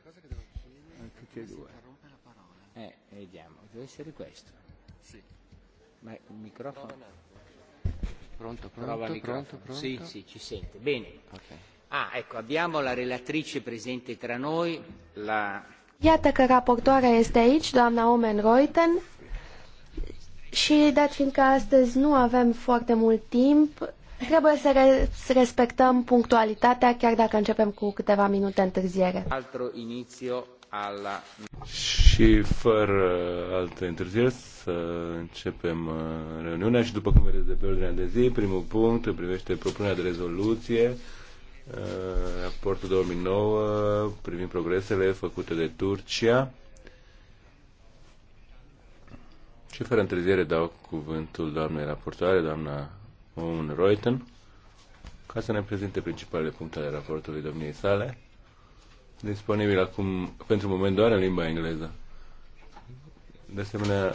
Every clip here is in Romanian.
qualcosa che devo chiedere. Tutti e due. la parola. Eh, vediamo, deve essere questo. Sì. Ma il microfono. Pronto, pronto, Prova pronto, pronto, pronto. Sì, sì, ci sente. Bene. Okay. Ah, ecco, abbiamo la relatrice presente tra noi, la... Iată că raportoarea este aici, doamna Omen Reuten. Și dat fiindcă astăzi nu avem foarte mult timp, Trebuie să, re să respectăm punctualitatea, chiar dacă începem cu câteva minute întârziere. Alla... Și fără alte întârziere, să începem uh, reuniunea și după cum vedeți de pe ordinea de zi, primul punct privește propunerea de rezoluție, uh, raportul 2009 privind progresele făcute de Turcia. Și fără întârziere dau cuvântul doamnei raportoare, doamna un Reuten ca să ne prezinte principalele puncte ale raportului domniei sale, disponibil acum, pentru moment, doar în limba engleză. De asemenea,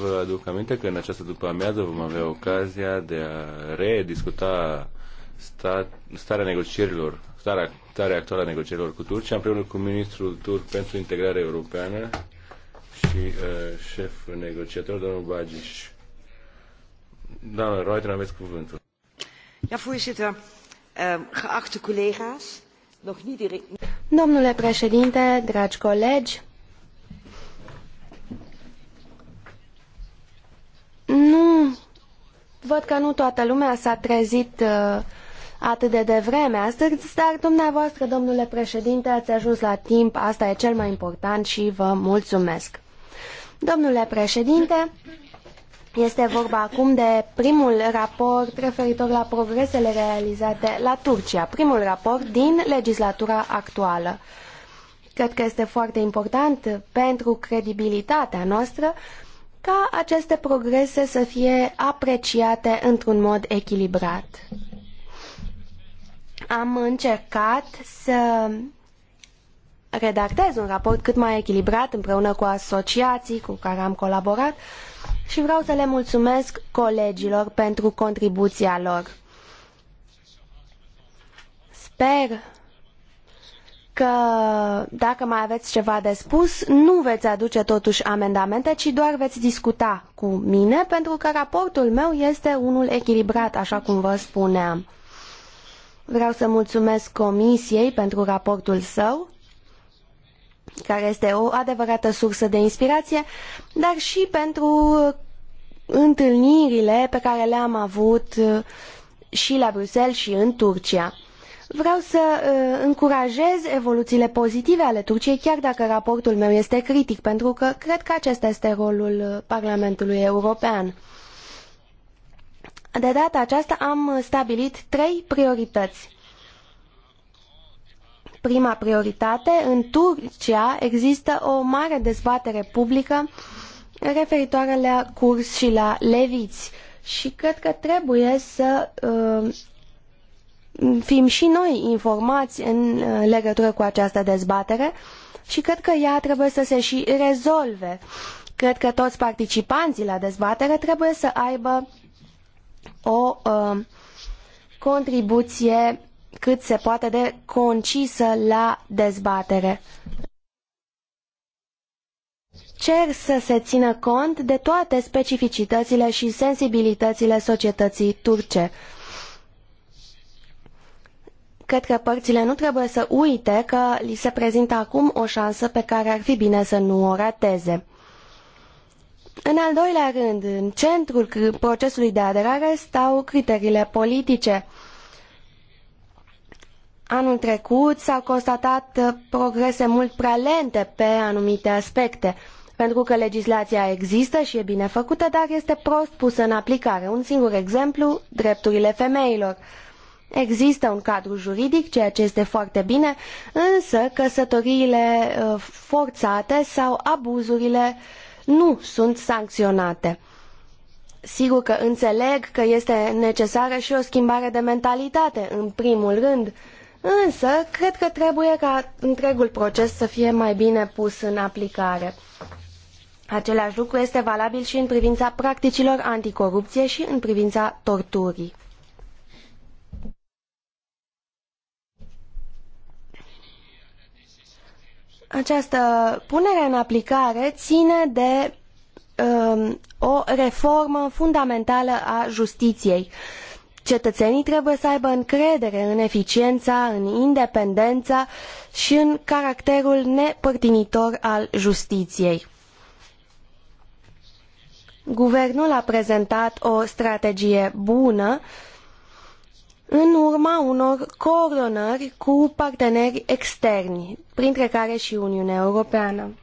vă aduc aminte că în această după-amiază vom avea ocazia de a rediscuta sta, starea negocierilor, starea, starea actuală a negocierilor cu Turcia, împreună cu ministrul turc pentru integrare europeană și uh, șef negociator, domnul Bagiș. Doamna da, Reuter, aveți cuvântul. Ja, voorzitter, ehm, geachte collega's, nog niet direct... Domnule președinte, dragi colegi, nu, văd că nu toată lumea s-a trezit uh, atât de devreme astăzi, dar dumneavoastră, domnule președinte, ați ajuns la timp, asta e cel mai important și vă mulțumesc. Domnule președinte, este vorba acum de primul raport referitor la progresele realizate la Turcia, primul raport din legislatura actuală. Cred că este foarte important pentru credibilitatea noastră ca aceste progrese să fie apreciate într-un mod echilibrat. Am încercat să redactez un raport cât mai echilibrat împreună cu asociații cu care am colaborat, uh, și vreau să le mulțumesc colegilor pentru contribuția lor. Sper că dacă mai aveți ceva de spus, nu veți aduce totuși amendamente, ci doar veți discuta cu mine, pentru că raportul meu este unul echilibrat, așa cum vă spuneam. Vreau să mulțumesc Comisiei pentru raportul său care este o adevărată sursă de inspirație, dar și pentru întâlnirile pe care le-am avut uh, și la Bruxelles și în Turcia. Vreau să uh, încurajez evoluțiile pozitive ale Turciei, chiar dacă raportul meu este critic, pentru că cred că acesta este rolul uh, Parlamentului European. De data aceasta am stabilit trei priorități prima prioritate. În Turcia există o mare dezbatere publică referitoare la curs și la leviți. Și cred că trebuie să uh, fim și noi informați în uh, legătură cu această dezbatere și cred că ea trebuie să se și rezolve. Cred că toți participanții la dezbatere trebuie să aibă o uh, contribuție cât se poate de concisă la dezbatere. Cer să se țină cont de toate specificitățile și sensibilitățile societății turce. Cred că părțile nu trebuie să uite că li se prezintă acum o șansă pe care ar fi bine să nu o rateze. În al doilea rând, în centrul procesului de aderare stau criteriile politice – Anul trecut s-au constatat uh, progrese mult prea lente pe anumite aspecte, pentru că legislația există și e bine făcută, dar este prost pusă în aplicare. Un singur exemplu, drepturile femeilor. Există un cadru juridic, ceea ce este foarte bine, însă căsătoriile uh, forțate sau abuzurile nu sunt sancționate. Sigur că înțeleg că este necesară și o schimbare de mentalitate, în primul rând, Însă, cred că trebuie ca întregul proces să fie mai bine pus în aplicare. Același lucru este valabil și în privința practicilor anticorupție și în privința torturii. Această punere în aplicare ține de um, o reformă fundamentală a justiției. Uh, Cetățenii trebuie să aibă încredere în eficiența, în independența și în caracterul nepărtinitor al justiției. Guvernul a prezentat o strategie bună în urma unor coordonări cu parteneri externi, printre care și Uniunea Europeană.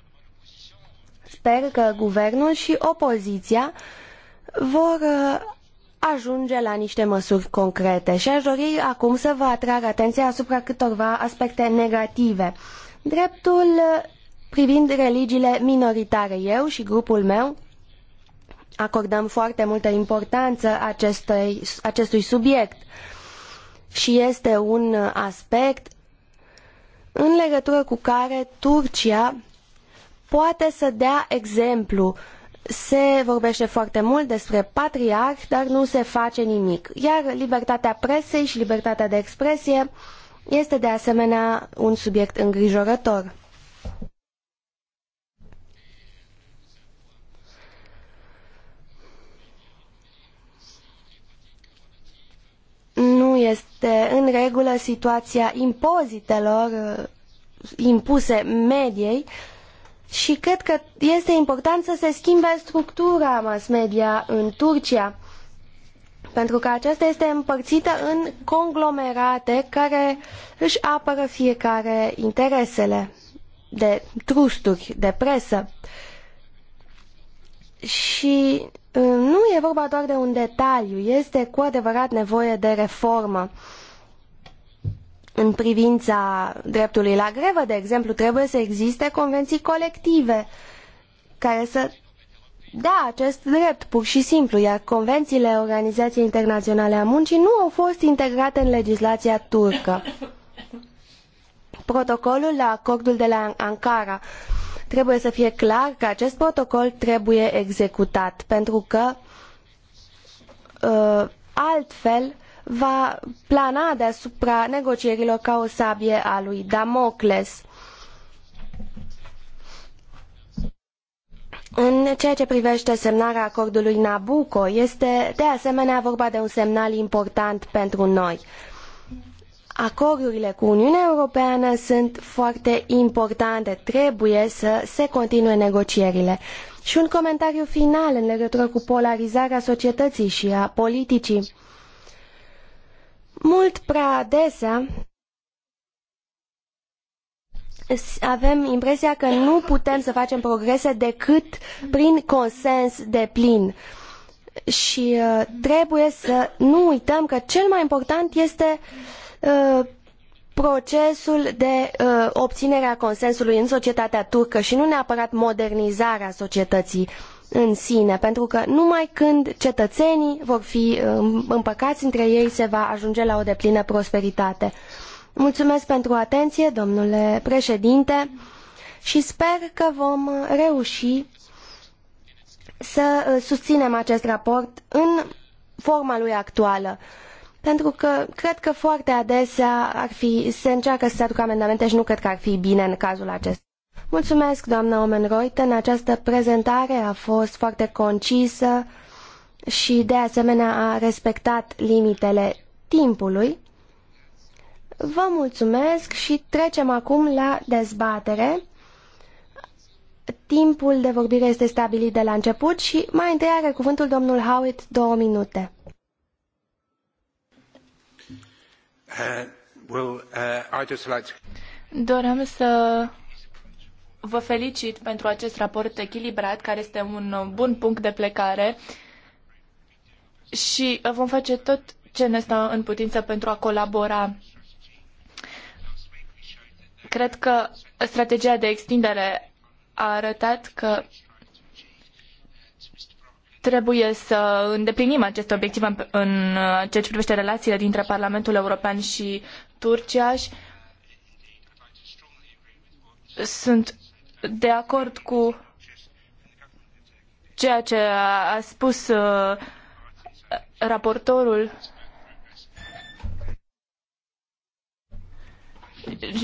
Sper că guvernul și opoziția vor uh, ajunge la niște măsuri concrete și aș dori acum să vă atrag atenția asupra câtorva aspecte negative. Dreptul privind religiile minoritare, eu și grupul meu acordăm foarte multă importanță acestui, acestui subiect și este un aspect în legătură cu care Turcia poate să dea exemplu uh, se vorbește foarte mult despre patriarh, dar nu se face nimic. Iar libertatea presei și libertatea de expresie este de asemenea un subiect îngrijorător. Nu este în regulă situația impozitelor uh, impuse mediei, și cred că este important să se schimbe structura mass media în Turcia, pentru că aceasta este împărțită în conglomerate care își apără fiecare interesele de trusturi, de presă. Și uh, nu e vorba doar de un detaliu, este cu adevărat nevoie de reformă. În privința dreptului la grevă, de exemplu, trebuie să existe convenții colective care să dea acest drept, pur și simplu, iar convențiile Organizației Internaționale a Muncii nu au fost integrate în legislația turcă. Protocolul la acordul de la Ankara trebuie să fie clar că acest protocol trebuie executat, pentru că uh, altfel va plana deasupra negocierilor ca o sabie a lui Damocles. În ceea ce privește semnarea acordului Nabucco, este de asemenea vorba de un semnal important pentru noi. Acordurile cu Uniunea Europeană sunt foarte importante, trebuie să se continue negocierile. Și un comentariu final în legătură cu polarizarea societății și a politicii. Mult prea adesea avem impresia că nu putem să facem progrese decât prin consens de plin. Și uh, trebuie să nu uităm că cel mai important este uh, procesul de uh, obținere a consensului în societatea turcă și nu neapărat modernizarea societății în sine, pentru că numai când cetățenii vor fi uh, împăcați între ei se va ajunge la o deplină prosperitate. Mulțumesc pentru atenție, domnule președinte, și sper că vom reuși să uh, susținem acest raport în forma lui actuală. Pentru că cred că foarte adesea ar fi, se încearcă să se aducă amendamente și nu cred că ar fi bine în cazul acesta. Mulțumesc, doamna Omenroiten. Această prezentare a fost foarte concisă și, de asemenea, a respectat limitele timpului. Vă mulțumesc și trecem acum la dezbatere. Timpul de vorbire este stabilit de la început și mai întâi are cuvântul domnul Howitt două minute. Uh, well, uh, like to... Doream să Vă felicit pentru acest raport echilibrat, care este un uh, bun punct de plecare și uh, vom face tot ce ne stă în putință pentru a colabora. Cred că strategia de extindere a arătat că trebuie să îndeplinim aceste obiective în uh, ceea ce privește relațiile dintre Parlamentul European și Turcia. Sunt de acord cu ceea ce a spus uh, raportorul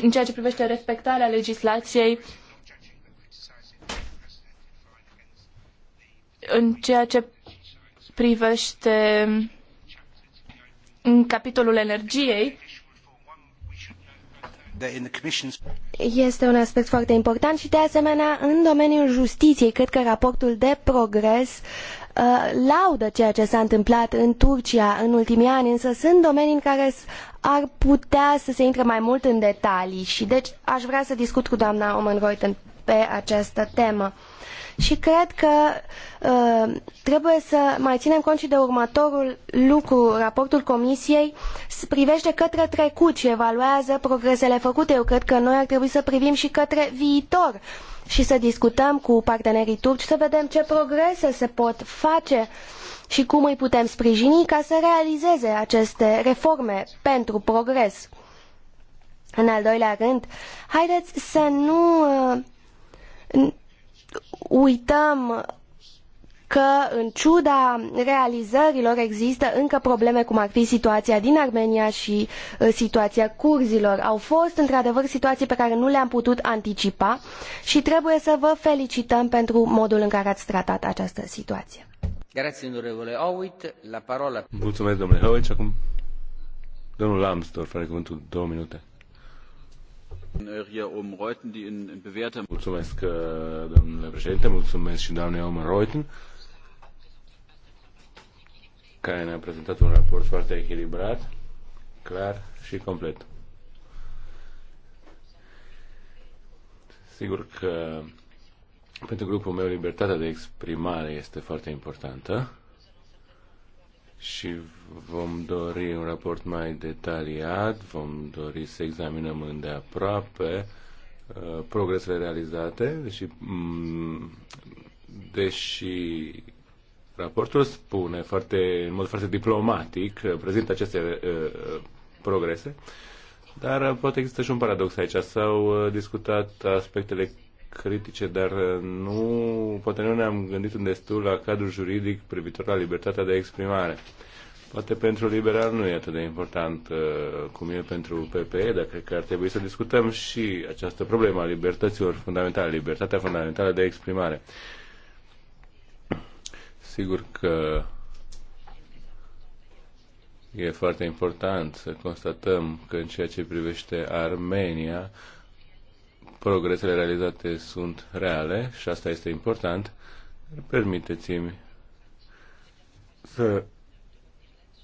în ceea ce privește respectarea legislației, în ceea ce privește în capitolul energiei, este un aspect foarte important și de asemenea în domeniul justiției cred că raportul de progres uh, laudă ceea ce s-a întâmplat în Turcia în ultimii ani, însă sunt domenii în care ar putea să se intre mai mult în detalii și deci aș vrea să discut cu doamna ruijten pe această temă. Uh, și cred că uh, trebuie să mai ținem cont și de următorul lucru. Raportul Comisiei privește către trecut și evaluează progresele făcute. Eu cred că noi ar trebui să privim și către viitor și să discutăm cu partenerii turci, să vedem ce progrese se pot face și cum îi putem sprijini ca să realizeze aceste reforme pentru progres. În al doilea rând, haideți să nu uh, uităm că, în ciuda realizărilor, există încă probleme cum ar fi situația din Armenia și uh, situația curzilor. Au fost, într-adevăr, situații pe care nu le-am putut anticipa și trebuie să vă felicităm pentru modul în care ați tratat această situație. Mulțumesc, domnule Howitt. Acum, domnul Lambsdorff are cuvântul două minute. Mulțumesc, uh, domnule președinte, mulțumesc și doamnei Omer Reuten, care ne-a prezentat un raport foarte echilibrat, clar și complet. Sigur că pentru grupul meu libertatea de exprimare este foarte importantă și vom dori un raport mai detaliat, vom dori să examinăm îndeaproape uh, progresele realizate, deși, mm, deși raportul spune foarte, în mod foarte diplomatic, uh, prezintă aceste uh, progrese, dar poate există și un paradox aici. S-au discutat aspectele critice, dar uh, nu, poate nu ne-am gândit în destul la cadrul juridic privitor la libertatea de exprimare. Poate pentru liberal nu e atât de important uh, cum e pentru PPE, dar cred că ar trebui să discutăm și această problemă a libertăților fundamentale, libertatea fundamentală de exprimare. Sigur că e foarte important să constatăm că în ceea ce privește Armenia, uh, progresele realizate sunt reale și asta este important, permiteți-mi să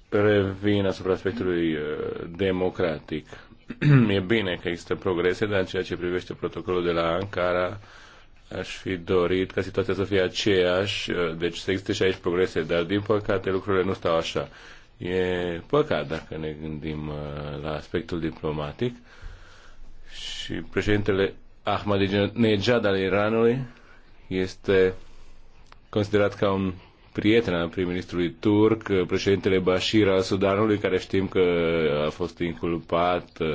revin asupra aspectului uh, democratic. e bine că există progrese, dar în ceea ce privește protocolul de la Ankara, aș fi dorit ca situația să fie aceeași, uh, deci să existe și aici progrese, dar din păcate lucrurile nu stau așa. E păcat dacă ne gândim uh, la aspectul diplomatic și președintele Ahmadinejad al Iranului este considerat ca un prieten al prim-ministrului turc, președintele Bashir al Sudanului, care știm că a fost inculpat uh,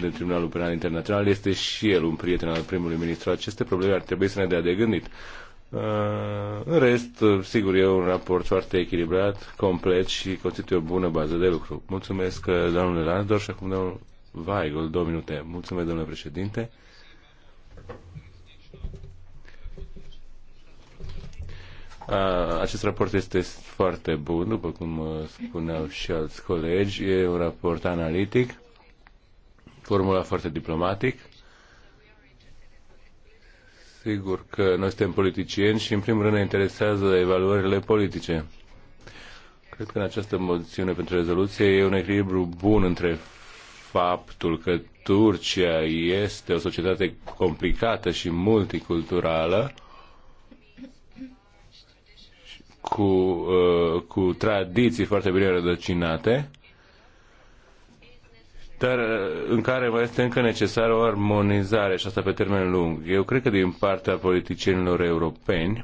de Tribunalul Penal Internațional, este și el un prieten al primului ministru. Aceste probleme ar trebui să ne dea de gândit. Uh, în rest, uh, sigur, e un raport foarte echilibrat, complet și constituie o bună bază de lucru. Mulțumesc, domnule Landor, și acum domnul Weigl, două minute. Mulțumesc, domnule președinte. acest raport este foarte bun, după cum uh, spuneau și alți colegi. E un raport analitic, formula foarte diplomatic. Sigur că noi suntem politicieni și, în primul rând, ne interesează evaluările politice. Cred că în această moțiune pentru rezoluție e un echilibru bun între faptul că Turcia este o societate complicată și multiculturală, cu, uh, cu tradiții foarte bine rădăcinate, dar uh, în care mai este încă necesară o armonizare și asta pe termen lung. Eu cred că din partea politicienilor europeni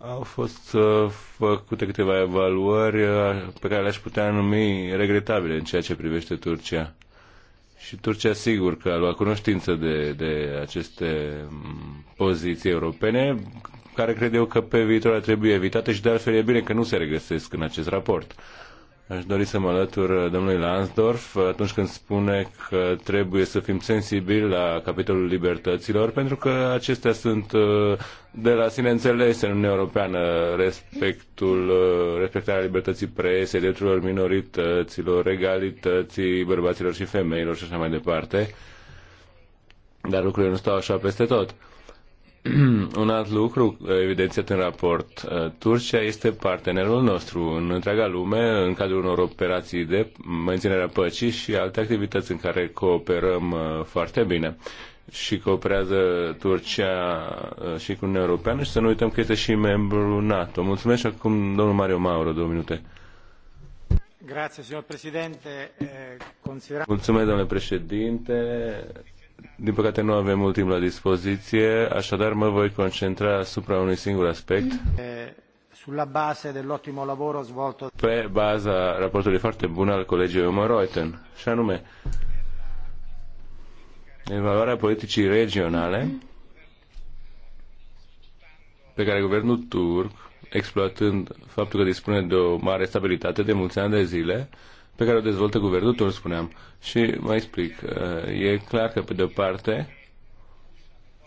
au fost uh, făcute câteva evaluări uh, pe care le-aș putea numi regretabile în ceea ce privește Turcia. Și Turcia sigur că a luat cunoștință de, de aceste mm, poziții europene care cred eu că pe viitor ar trebui evitate și de altfel e bine că nu se regăsesc în acest raport. Aș dori să mă alătur domnului Lansdorf atunci când spune că trebuie să fim sensibili la capitolul libertăților, pentru că acestea sunt uh, de la sine înțelese în Uniunea Europeană, respectul, uh, respectarea libertății presei, drepturilor minorităților, egalității bărbaților și femeilor și așa mai departe. Dar lucrurile nu stau așa peste tot. un alt lucru evidențiat în raport. Uh, Turcia este partenerul nostru în întreaga lume, în cadrul unor operații de menținere a păcii și alte activități în care cooperăm uh, foarte bine. Și cooperează Turcia uh, și cu Uniunea Europeană și să nu uităm că este și membru NATO. Mulțumesc și acum domnul Mario Mauro, două minute. Grazie, signor Presidente. Eh, considera... Mulțumesc, domnule președinte din păcate nu avem mult timp la dispoziție, așadar mă voi concentra asupra unui singur aspect. Sulla base dell'ottimo lavoro svolto. Pe baza raportului foarte bun al colegii Omar Reuten, și anume evaluarea politicii regionale pe care guvernul turc, exploatând faptul că dispune de o mare stabilitate de mulți ani de zile, pe care o dezvoltă guvernul, tot spuneam. Și mai explic. Eh, e clar că, pe de-o parte,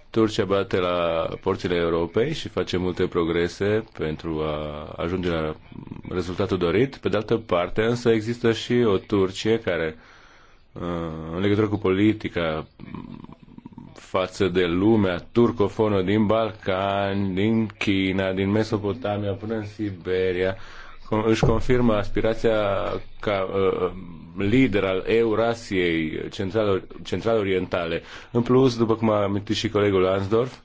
Turcia bate la porțile Europei și face multe progrese pentru a ajunge la rezultatul dorit. Pe de altă parte, însă, există și o Turcie care, eh, în legătură cu politica față de lumea turcofonă din Balcani, din China, din Mesopotamia până în Siberia, își confirmă aspirația ca uh, lider al Eurasiei central-orientale. În plus, după cum a amintit și colegul Ansdorf,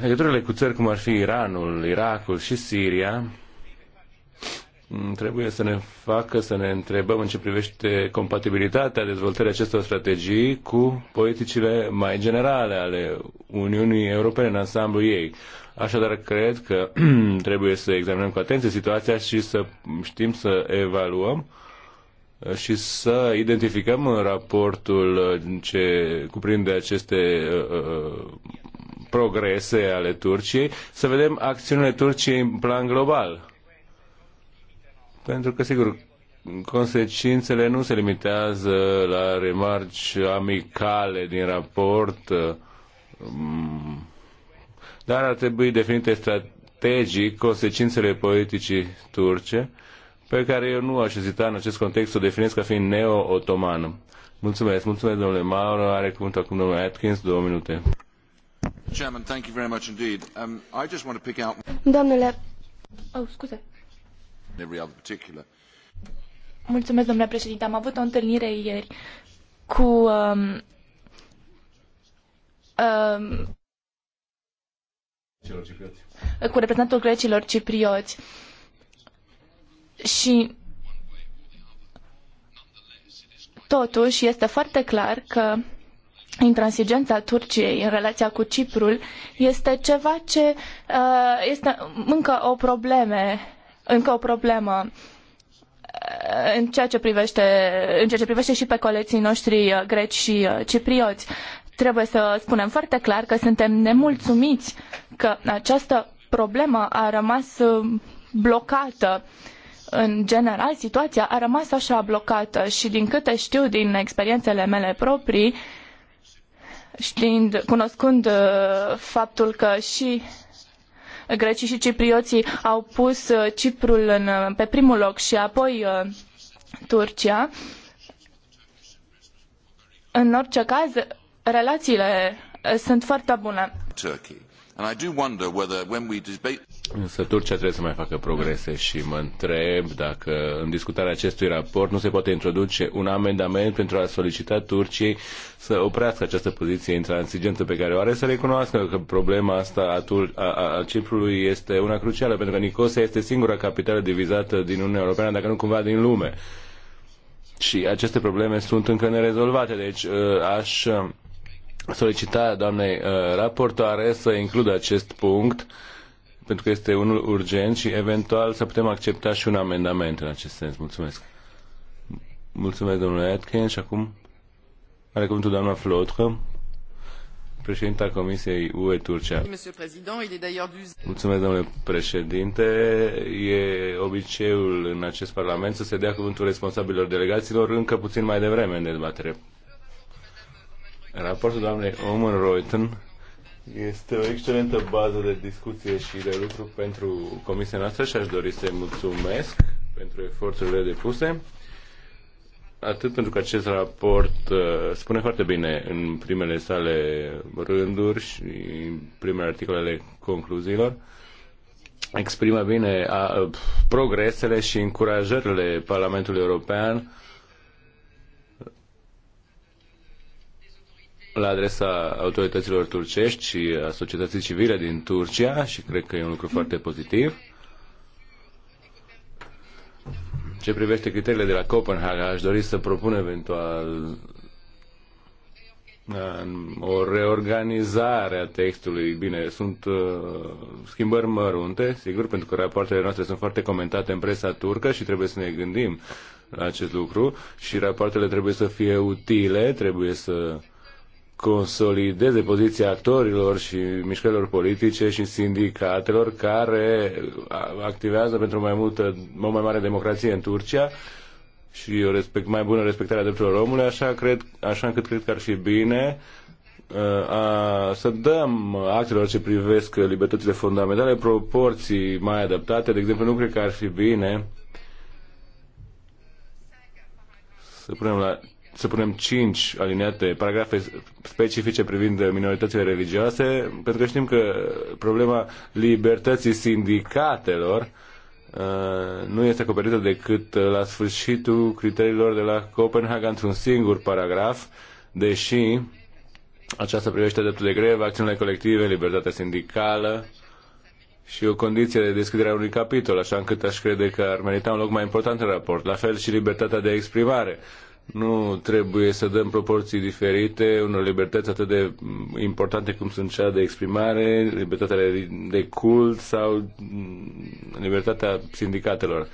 legăturile cu țări cum ar fi Iranul, Irakul și Siria mm, trebuie să ne facă să ne întrebăm în ce privește compatibilitatea dezvoltării acestor strategii cu politicile mai generale ale Uniunii Europene în ansamblu ei. Așadar, cred că trebuie să examinăm cu atenție situația și să știm să evaluăm uh, și să identificăm în raportul uh, ce cuprinde aceste uh, progrese ale Turciei, să vedem acțiunile Turciei în plan global. Pentru că, sigur, consecințele nu se limitează la remarci amicale din raport, um, dar ar trebui definite strategic consecințele politicii turce, pe care eu nu aș ezita în acest context să o definesc ca fiind neo-otomană. Mulțumesc, mulțumesc domnule Mauro, are cuvântul acum domnul Atkins, două minute. Chairman, thank you very much indeed. Um, I just want to pick out... Domnule... Oh, scuze. Every other particular. Mulțumesc, domnule președinte. Am avut o întâlnire ieri cu um, um, Celor ciprioți. Cu reprezentantul grecilor ciprioți. Și totuși este foarte clar că intransigența Turciei în relația cu Ciprul este ceva ce uh, este încă o probleme, încă o problemă uh, în ceea ce privește, în ceea ce privește și pe colegii noștri uh, greci și ciprioți. Trebuie să spunem foarte clar că suntem nemulțumiți că această problemă a rămas uh, blocată. În general, situația a rămas așa blocată și din câte știu din experiențele mele proprii, știind, cunoscând uh, faptul că și grecii și ciprioții au pus uh, Ciprul în, pe primul loc și apoi Turcia. În orice caz, relațiile eh, sunt foarte bune. Însă Turcia trebuie să mai facă progrese și mă întreb dacă în discutarea acestui raport nu se poate introduce un amendament pentru a solicita Turciei să oprească această poziție intransigentă pe care o are, să recunoască că problema asta a, a, a Ciprului este una crucială, pentru că Nicosia este singura capitală divizată din Uniunea Europeană, dacă nu cumva din lume. Și aceste probleme sunt încă nerezolvate, deci eh, aș solicita doamnei uh, raportoare să includă acest punct pentru că este unul urgent și eventual să putem accepta și un amendament în acest sens. Mulțumesc. Mulțumesc, domnule Atkin. Și acum are cuvântul doamna Flotră, președinta Comisiei UE Turcia. Mulțumesc, domnule președinte. E obiceiul în acest parlament să se dea cuvântul responsabililor delegaților încă puțin mai devreme în dezbatere Raportul doamnei Omen Reuten este o excelentă bază de discuție și de lucru pentru comisia noastră și aș dori să-i mulțumesc pentru eforturile depuse. Atât pentru că acest raport uh, spune foarte bine în primele sale rânduri și în primele articolele concluziilor, exprimă bine a, a, uh, progresele și încurajările Parlamentului European la adresa autorităților turcești și a societății civile din Turcia și cred că e un lucru foarte pozitiv. Ce privește criteriile de la Copenhaga, aș dori să propun eventual uh, o reorganizare a textului. Bine, sunt uh, schimbări mărunte, sigur, pentru că rapoartele noastre sunt foarte comentate în presa turcă și trebuie să ne gândim la acest lucru și rapoartele trebuie să fie utile, trebuie să consolideze poziția actorilor și mișcărilor politice și sindicatelor care activează pentru mai multă, o mai mare democrație în Turcia și o respect, mai bună respectare a drepturilor omului, așa, cred, așa încât cred că ar fi bine uh, a, să dăm actelor ce privesc libertățile fundamentale proporții mai adaptate. De exemplu, nu cred că ar fi bine să punem la să punem cinci alineate paragrafe specifice privind minoritățile religioase, pentru că știm că problema libertății sindicatelor uh, nu este acoperită decât la sfârșitul criteriilor de la Copenhaga într-un singur paragraf, deși aceasta privește dreptul de grevă, acțiunile colective, libertatea sindicală și o condiție de deschidere a unui capitol, așa încât aș crede că ar merita un loc mai important în raport. La fel și libertatea de exprimare. Uh, nu trebuie să dăm proporții diferite unor libertăți atât de importante cum sunt cea de exprimare, libertatea de cult sau libertatea sindicatelor.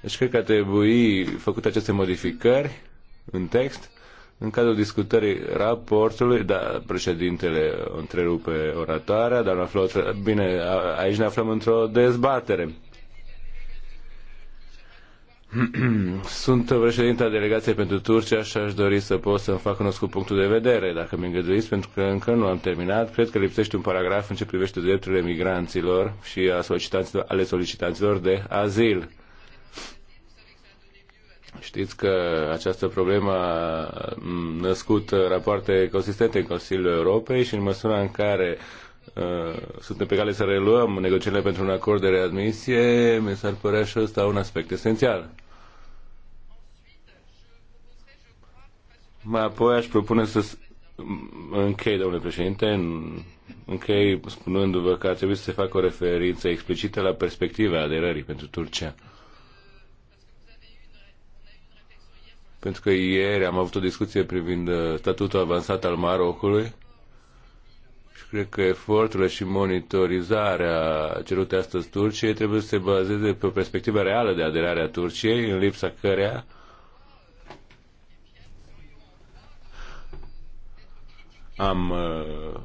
Deci cred că ar trebui făcute aceste modificări în text în cadrul discutării raportului, da, președintele întrerupe oratoarea, dar ne aflăm, bine, aici ne aflăm într-o dezbatere. Sunt președinta delegației pentru Turcia și aș dori să pot să-mi fac cunoscut punctul de vedere, dacă mi îngăduiți, pentru că încă nu am terminat. Cred că lipsește un paragraf în ce privește drepturile migranților și a solicitanților, ale solicitanților de azil. Știți că această problemă a născut rapoarte consistente în Consiliul Europei și în măsura în care uh, suntem pe cale să reluăm negocierile pentru un acord de readmisie, mi s-ar părea și ăsta un aspect esențial. Mai apoi aș propune să închei, domnule președinte, închei spunându-vă că ar trebui să se facă o referință explicită la perspectiva aderării pentru Turcia. Pentru că ieri am avut o discuție privind uh, statutul avansat al Marocului și cred că eforturile și monitorizarea cerute astăzi Turciei trebuie să se bazeze pe o perspectivă reală de aderare a Turciei, în lipsa căreia am uh,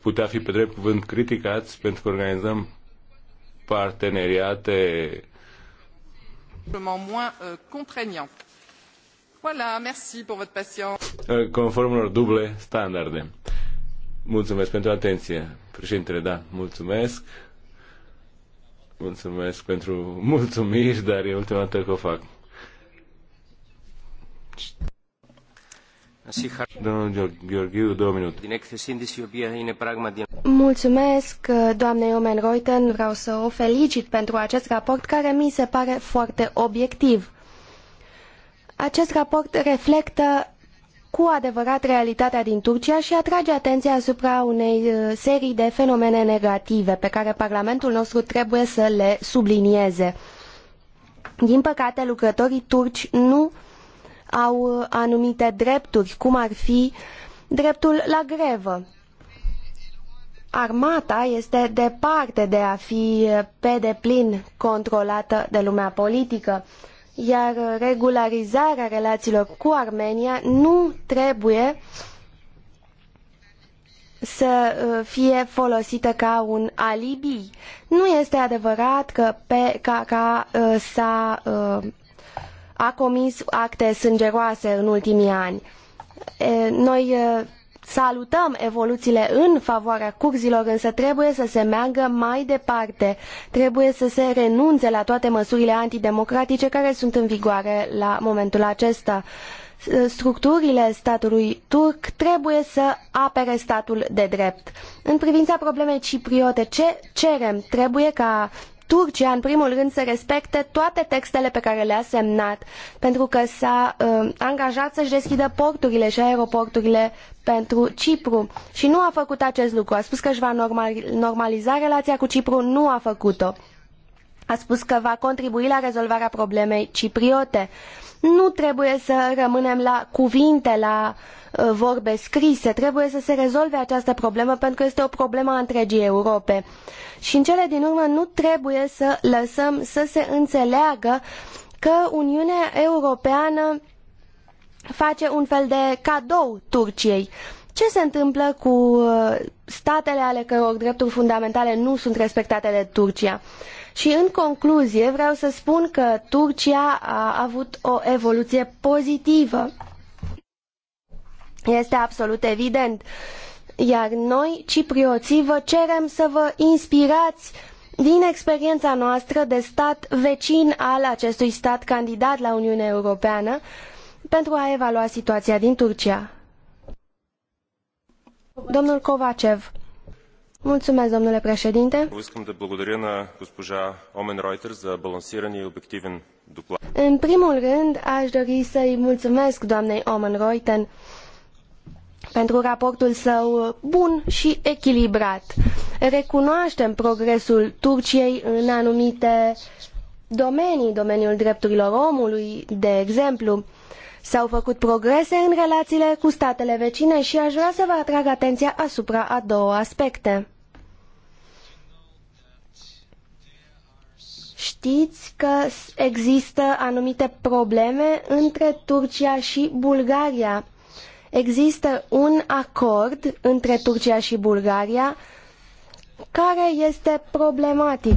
putea fi pe drept cuvânt criticați pentru că organizăm parteneriate moins euh, contraignant. Voilà, merci pour votre patience. Euh, conform unor duble standarde. Mulțumesc pentru atenție. Președintele, da, mulțumesc. Mulțumesc pentru mulțumiri, dar e ultima dată că o fac. Domnul Gheorghiu, două minute. Mulțumesc, doamnei Omen Reuten. Vreau să o felicit pentru acest raport care mi se pare foarte obiectiv. Acest raport reflectă cu adevărat realitatea din Turcia și atrage atenția asupra unei uh, serii de fenomene negative pe care Parlamentul nostru trebuie să le sublinieze. Din păcate, lucrătorii turci nu au anumite drepturi, cum ar fi dreptul la grevă. Armata este departe de a fi pe deplin controlată de lumea politică, iar regularizarea relațiilor cu Armenia nu trebuie să uh, fie folosită ca un alibi. Nu este adevărat că PKK uh, s-a uh, a comis acte sângeroase în ultimii ani. Noi salutăm evoluțiile în favoarea curzilor, însă trebuie să se meargă mai departe. Trebuie să se renunțe la toate măsurile antidemocratice care sunt în vigoare la momentul acesta. Structurile statului turc trebuie să apere statul de drept. În privința problemei cipriote, ce cerem? Trebuie ca Turcia, în primul rând, să respecte toate textele pe care le-a semnat, pentru că s-a uh, angajat să-și deschidă porturile și aeroporturile pentru Cipru și nu a făcut acest lucru. A spus că își va normaliza relația cu Cipru, nu a făcut-o a spus că va contribui la rezolvarea problemei cipriote. Nu trebuie să rămânem la cuvinte, la uh, vorbe scrise, trebuie să se rezolve această problemă pentru că este o problemă a întregii Europe. Și în cele din urmă nu trebuie să lăsăm să se înțeleagă că Uniunea Europeană face un fel de cadou Turciei. Ce se întâmplă cu uh, statele ale căror drepturi fundamentale nu sunt respectate de Turcia? Și în concluzie vreau să spun că Turcia a avut o evoluție pozitivă. Este absolut evident. Iar noi, ciprioții, vă cerem să vă inspirați din experiența noastră de stat vecin al acestui stat candidat la Uniunea Europeană pentru a evalua situația din Turcia. Domnul Kovacev. Mulțumesc, domnule președinte. În primul rând, aș dori să-i mulțumesc doamnei Omen Reuten pentru raportul său bun și echilibrat. Recunoaștem progresul Turciei în anumite domenii, domeniul drepturilor omului, de exemplu. S-au făcut progrese în relațiile cu statele vecine și aș vrea să vă atrag atenția asupra a două aspecte. Știți că există anumite probleme între Turcia și Bulgaria. Există un acord între Turcia și Bulgaria care este problematic.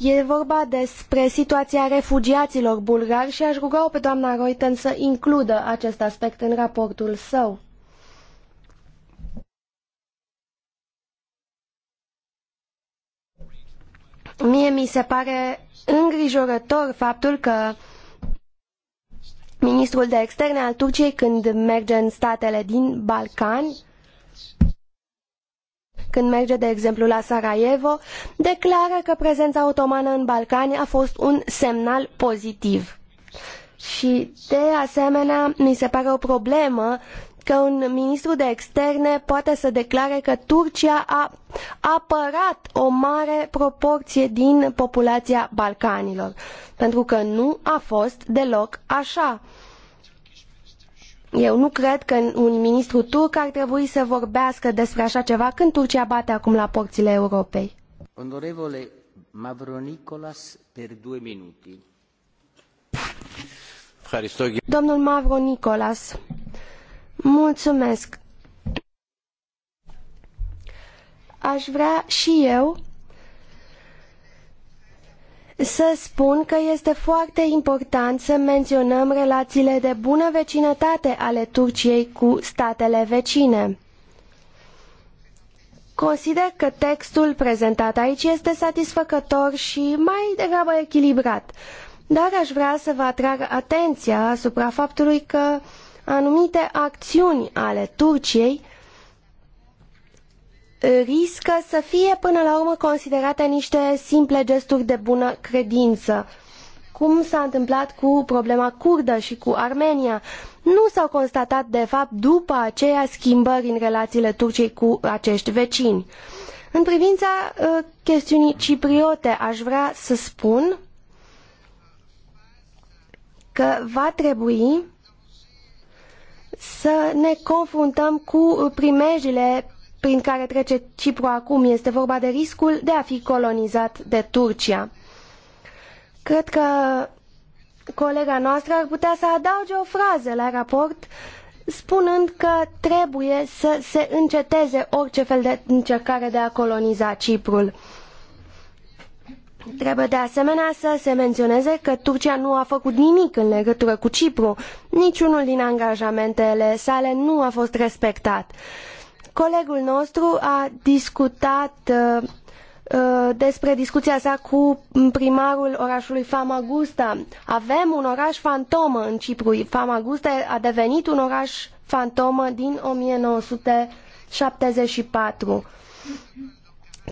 E vorba despre situația refugiaților bulgari și aș ruga-o pe doamna Reuten să includă acest aspect în raportul său. Mie mi se pare îngrijorător faptul că ministrul de externe al Turciei, când merge în statele din Balcani, când merge, de exemplu, la Sarajevo, declară că prezența otomană în Balcani a fost un semnal pozitiv. Și, de asemenea, mi se pare o problemă că un ministru de externe poate să declare că Turcia a apărat o mare proporție din populația Balcanilor, pentru că nu a fost deloc așa. Eu nu cred că un ministru turc ar trebui să vorbească despre așa ceva când Turcia bate acum la porțile Europei. Onorevole Mavronicolas, per două minute. Domnul Mavronicolas. Mulțumesc! Aș vrea și eu să spun că este foarte important să menționăm relațiile de bună vecinătate ale Turciei cu statele vecine. Consider că textul prezentat aici este satisfăcător și mai degrabă echilibrat, dar aș vrea să vă atrag atenția asupra faptului că anumite acțiuni ale Turciei riscă să fie până la urmă considerate niște simple gesturi de bună credință, cum s-a întâmplat cu problema kurdă și cu Armenia. Nu s-au constatat, de fapt, după aceea schimbări în relațiile Turciei cu acești vecini. În privința uh, chestiunii cipriote, aș vrea să spun că va trebui să ne confruntăm cu primejile prin care trece Cipru acum. Este vorba de riscul de a fi colonizat de Turcia. Cred că colega noastră ar putea să adauge o frază la raport spunând că trebuie să se înceteze orice fel de încercare de a coloniza Ciprul. Trebuie de asemenea să se menționeze că Turcia nu a făcut nimic în legătură cu Cipru. Niciunul din angajamentele sale nu a fost respectat. Colegul nostru a discutat uh, uh, despre discuția sa cu primarul orașului Famagusta. Avem un oraș fantomă în Cipru. Famagusta a devenit un oraș fantomă din 1974.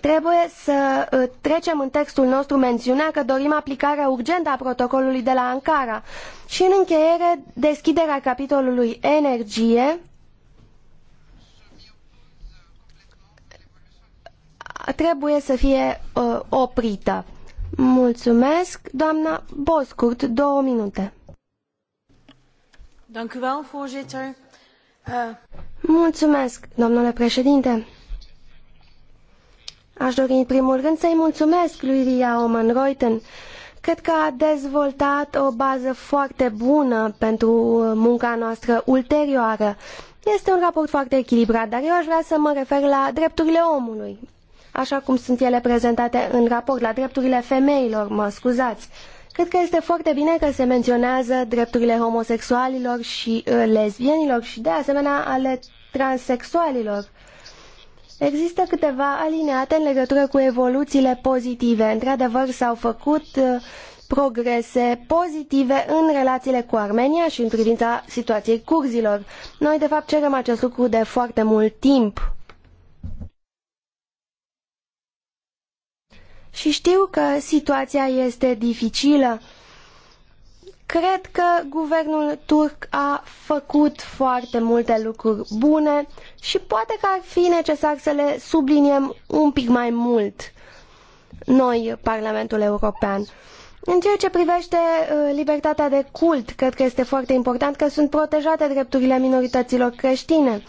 Trebuie să uh, trecem în textul nostru mențiunea că dorim aplicarea urgentă a protocolului de la Ankara și în încheiere deschiderea capitolului energie trebuie să fie uh, oprită. Mulțumesc, doamna Boscurt, două minute. Uh, Mulțumesc, domnule președinte. Aș dori în primul rând să-i mulțumesc lui Ria Oman Reuten. Cred că a dezvoltat o bază foarte bună pentru uh, munca noastră ulterioară. Este un raport foarte echilibrat, dar eu aș vrea să mă refer la drepturile omului, așa cum sunt ele prezentate în raport, la drepturile femeilor, mă scuzați. Cred că este foarte bine că se menționează drepturile homosexualilor și uh, lesbienilor și de asemenea ale transexualilor. Există câteva alineate în legătură cu evoluțiile pozitive. Într-adevăr, s-au făcut uh, progrese pozitive în relațiile cu Armenia și în privința situației curzilor. Noi, de fapt, cerem acest lucru de foarte mult timp. Și știu că situația este dificilă Cred că guvernul turc a făcut foarte multe lucruri bune și poate că ar fi necesar să le subliniem un pic mai mult noi, Parlamentul European. În ceea ce privește uh, libertatea de cult, cred că este foarte important că sunt protejate drepturile minorităților creștine.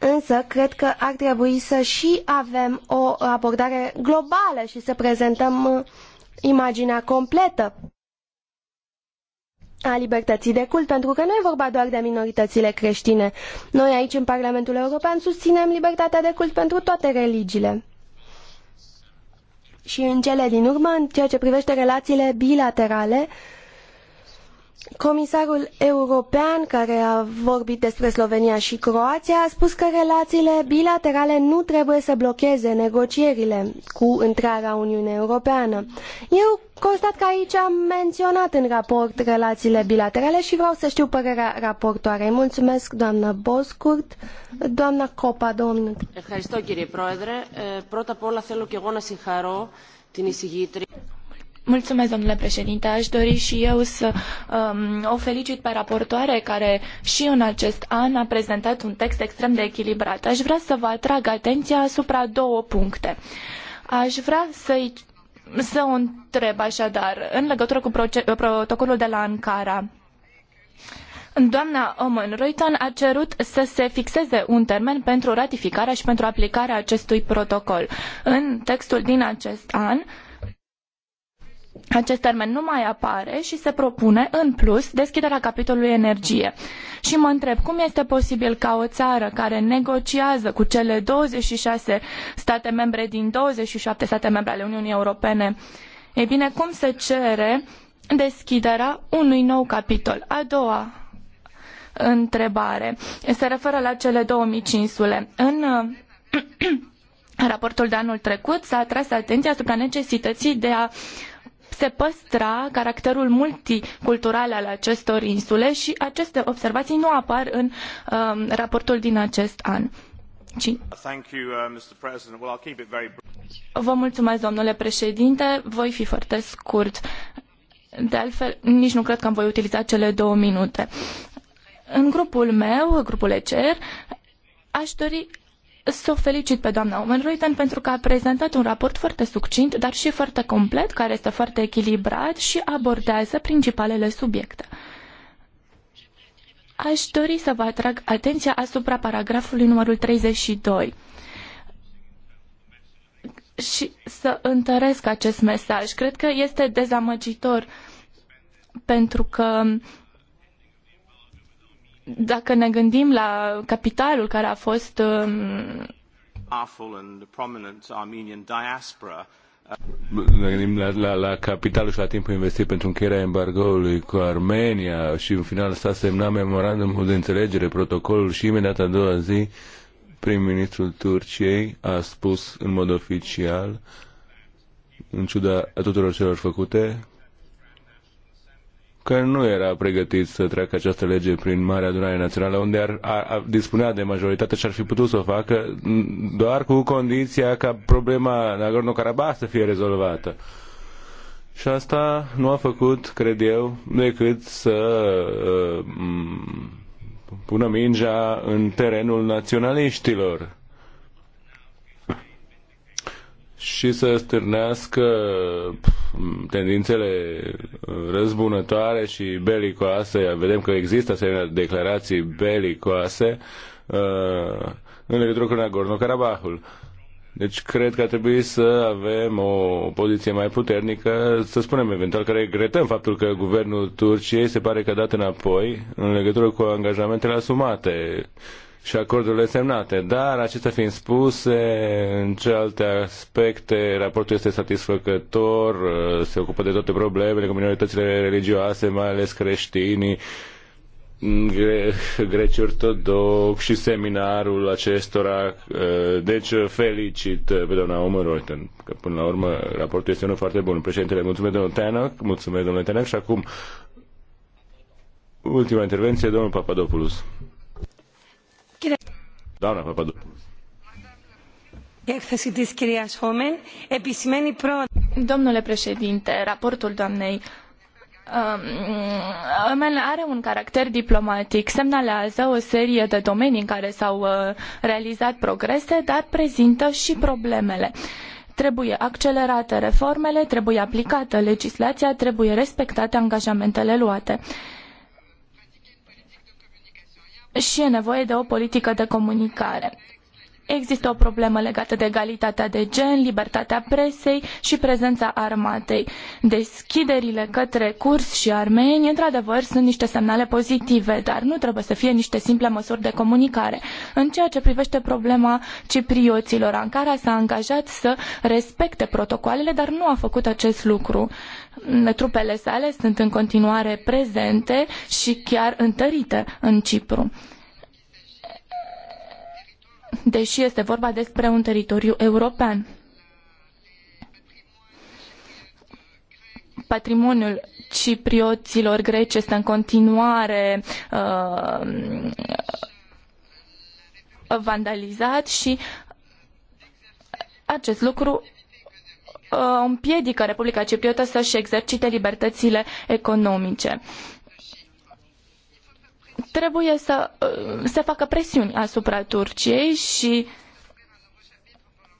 Însă, cred că ar trebui să și avem o abordare globală și să prezentăm uh, imaginea completă a libertății de cult, pentru că nu e vorba doar de minoritățile creștine. Noi aici, în Parlamentul European, susținem libertatea de cult pentru toate religiile. Și în cele din urmă, în ceea ce privește relațiile bilaterale, uh, Comisarul european care a vorbit despre Slovenia și Croația a spus că relațiile bilaterale nu trebuie să blocheze negocierile cu întreaga Uniune Europeană. Eu constat că aici am menționat în raport relațiile bilaterale și vreau să știu părerea raportoarei. Mulțumesc, doamna Boscurt. Doamna Copa, două minute. Ευχαριστώ κύριε Πρόεδρε. Πρώτα απ' όλα θέλω Mulțumesc, domnule președinte. Aș dori și eu să um, o felicit pe raportoare care și în acest an a prezentat un text extrem de echilibrat. Aș vrea să vă atrag atenția asupra două puncte. Aș vrea să-i să o întreb așadar, în legătură cu protocolul de la Ankara, Doamna Omen Reuten a cerut să se fixeze un termen pentru ratificarea și pentru aplicarea acestui protocol. În textul din acest an, acest termen nu mai apare și se propune, în plus, deschiderea capitolului energie. Și mă întreb, cum este posibil ca o țară care negociază cu cele 26 state membre din 27 state membre ale Uniunii Europene, ei bine, cum se cere deschiderea unui nou capitol? A doua întrebare se referă la cele 2000 insule. În raportul de anul trecut s-a atras atenția asupra necesității de a se păstra caracterul multicultural al acestor insule și aceste observații nu apar în um, raportul din acest an. Vă mulțumesc, domnule președinte. Voi fi foarte scurt. De altfel, nici nu cred că am voi utiliza cele două minute. În grupul meu, grupul ECR, aș dori să o felicit pe doamna Omenruiten pentru că a prezentat un raport foarte succint, dar și foarte complet, care este foarte echilibrat și abordează principalele subiecte. Aș dori să vă atrag atenția asupra paragrafului numărul 32 și să întăresc acest mesaj. Cred că este dezamăgitor pentru că dacă ne gândim la capitalul care a fost um, ne gândim la, la, la capitalul și la timpul investit pentru încheierea embargoului cu Armenia și în final s-a semnat memorandumul de înțelegere, protocolul și imediat a doua zi prim-ministrul Turciei a spus în mod oficial, în ciuda tuturor celor făcute, că nu era pregătit să treacă această lege prin Marea Adunare Națională, unde ar, ar, ar dispunea de majoritate și ar fi putut să o facă, mm, doar cu condiția ca problema Nagorno-Karabakh să fie rezolvată. Și asta nu a făcut, cred eu, decât să uh, mm, pună mingea în terenul naționaliștilor și să stârnească tendințele răzbunătoare și belicoase. Vedem că există asemenea declarații belicoase uh, în legătură cu Nagorno-Karabahul. Deci cred că ar trebui să avem o poziție mai puternică, să spunem eventual că regretăm faptul că guvernul Turciei se pare că a dat înapoi în legătură cu angajamentele asumate și acordurile semnate. Dar, acestea fiind spuse, în celelalte aspecte, raportul este satisfăcător, se ocupă de toate problemele cu minoritățile religioase, mai ales creștinii, gre- greci ortodoxi și seminarul acestora. Deci felicit pe doamna Omer Reuten, că până la urmă raportul este unul foarte bun. Președintele, mulțumesc domnul Tenoc, mulțumesc domnule Tenoc și acum ultima intervenție, domnul Papadopoulos. Doamna Domnule președinte, raportul doamnei Omen um, um, are un caracter diplomatic, semnalează o serie de domenii în care s-au uh, realizat progrese, dar prezintă și problemele. Trebuie accelerate reformele, trebuie aplicată legislația, trebuie respectate angajamentele luate și e nevoie de o politică de comunicare. Există o problemă legată de egalitatea de gen, libertatea presei și prezența armatei. Deschiderile către curs și armeni, într-adevăr, sunt niște semnale pozitive, dar nu trebuie să fie niște simple măsuri de comunicare. În ceea ce privește problema ciprioților, Ankara s-a angajat să respecte protocoalele, dar nu a făcut acest lucru. Trupele sale sunt în continuare prezente și chiar întărite în Cipru deși este vorba despre un teritoriu european. Patrimoniul ciprioților greci este în continuare uh, vandalizat și acest lucru uh, împiedică Republica Cipriotă să-și exercite libertățile economice. Uh, trebuie să uh, se facă presiuni asupra Turciei și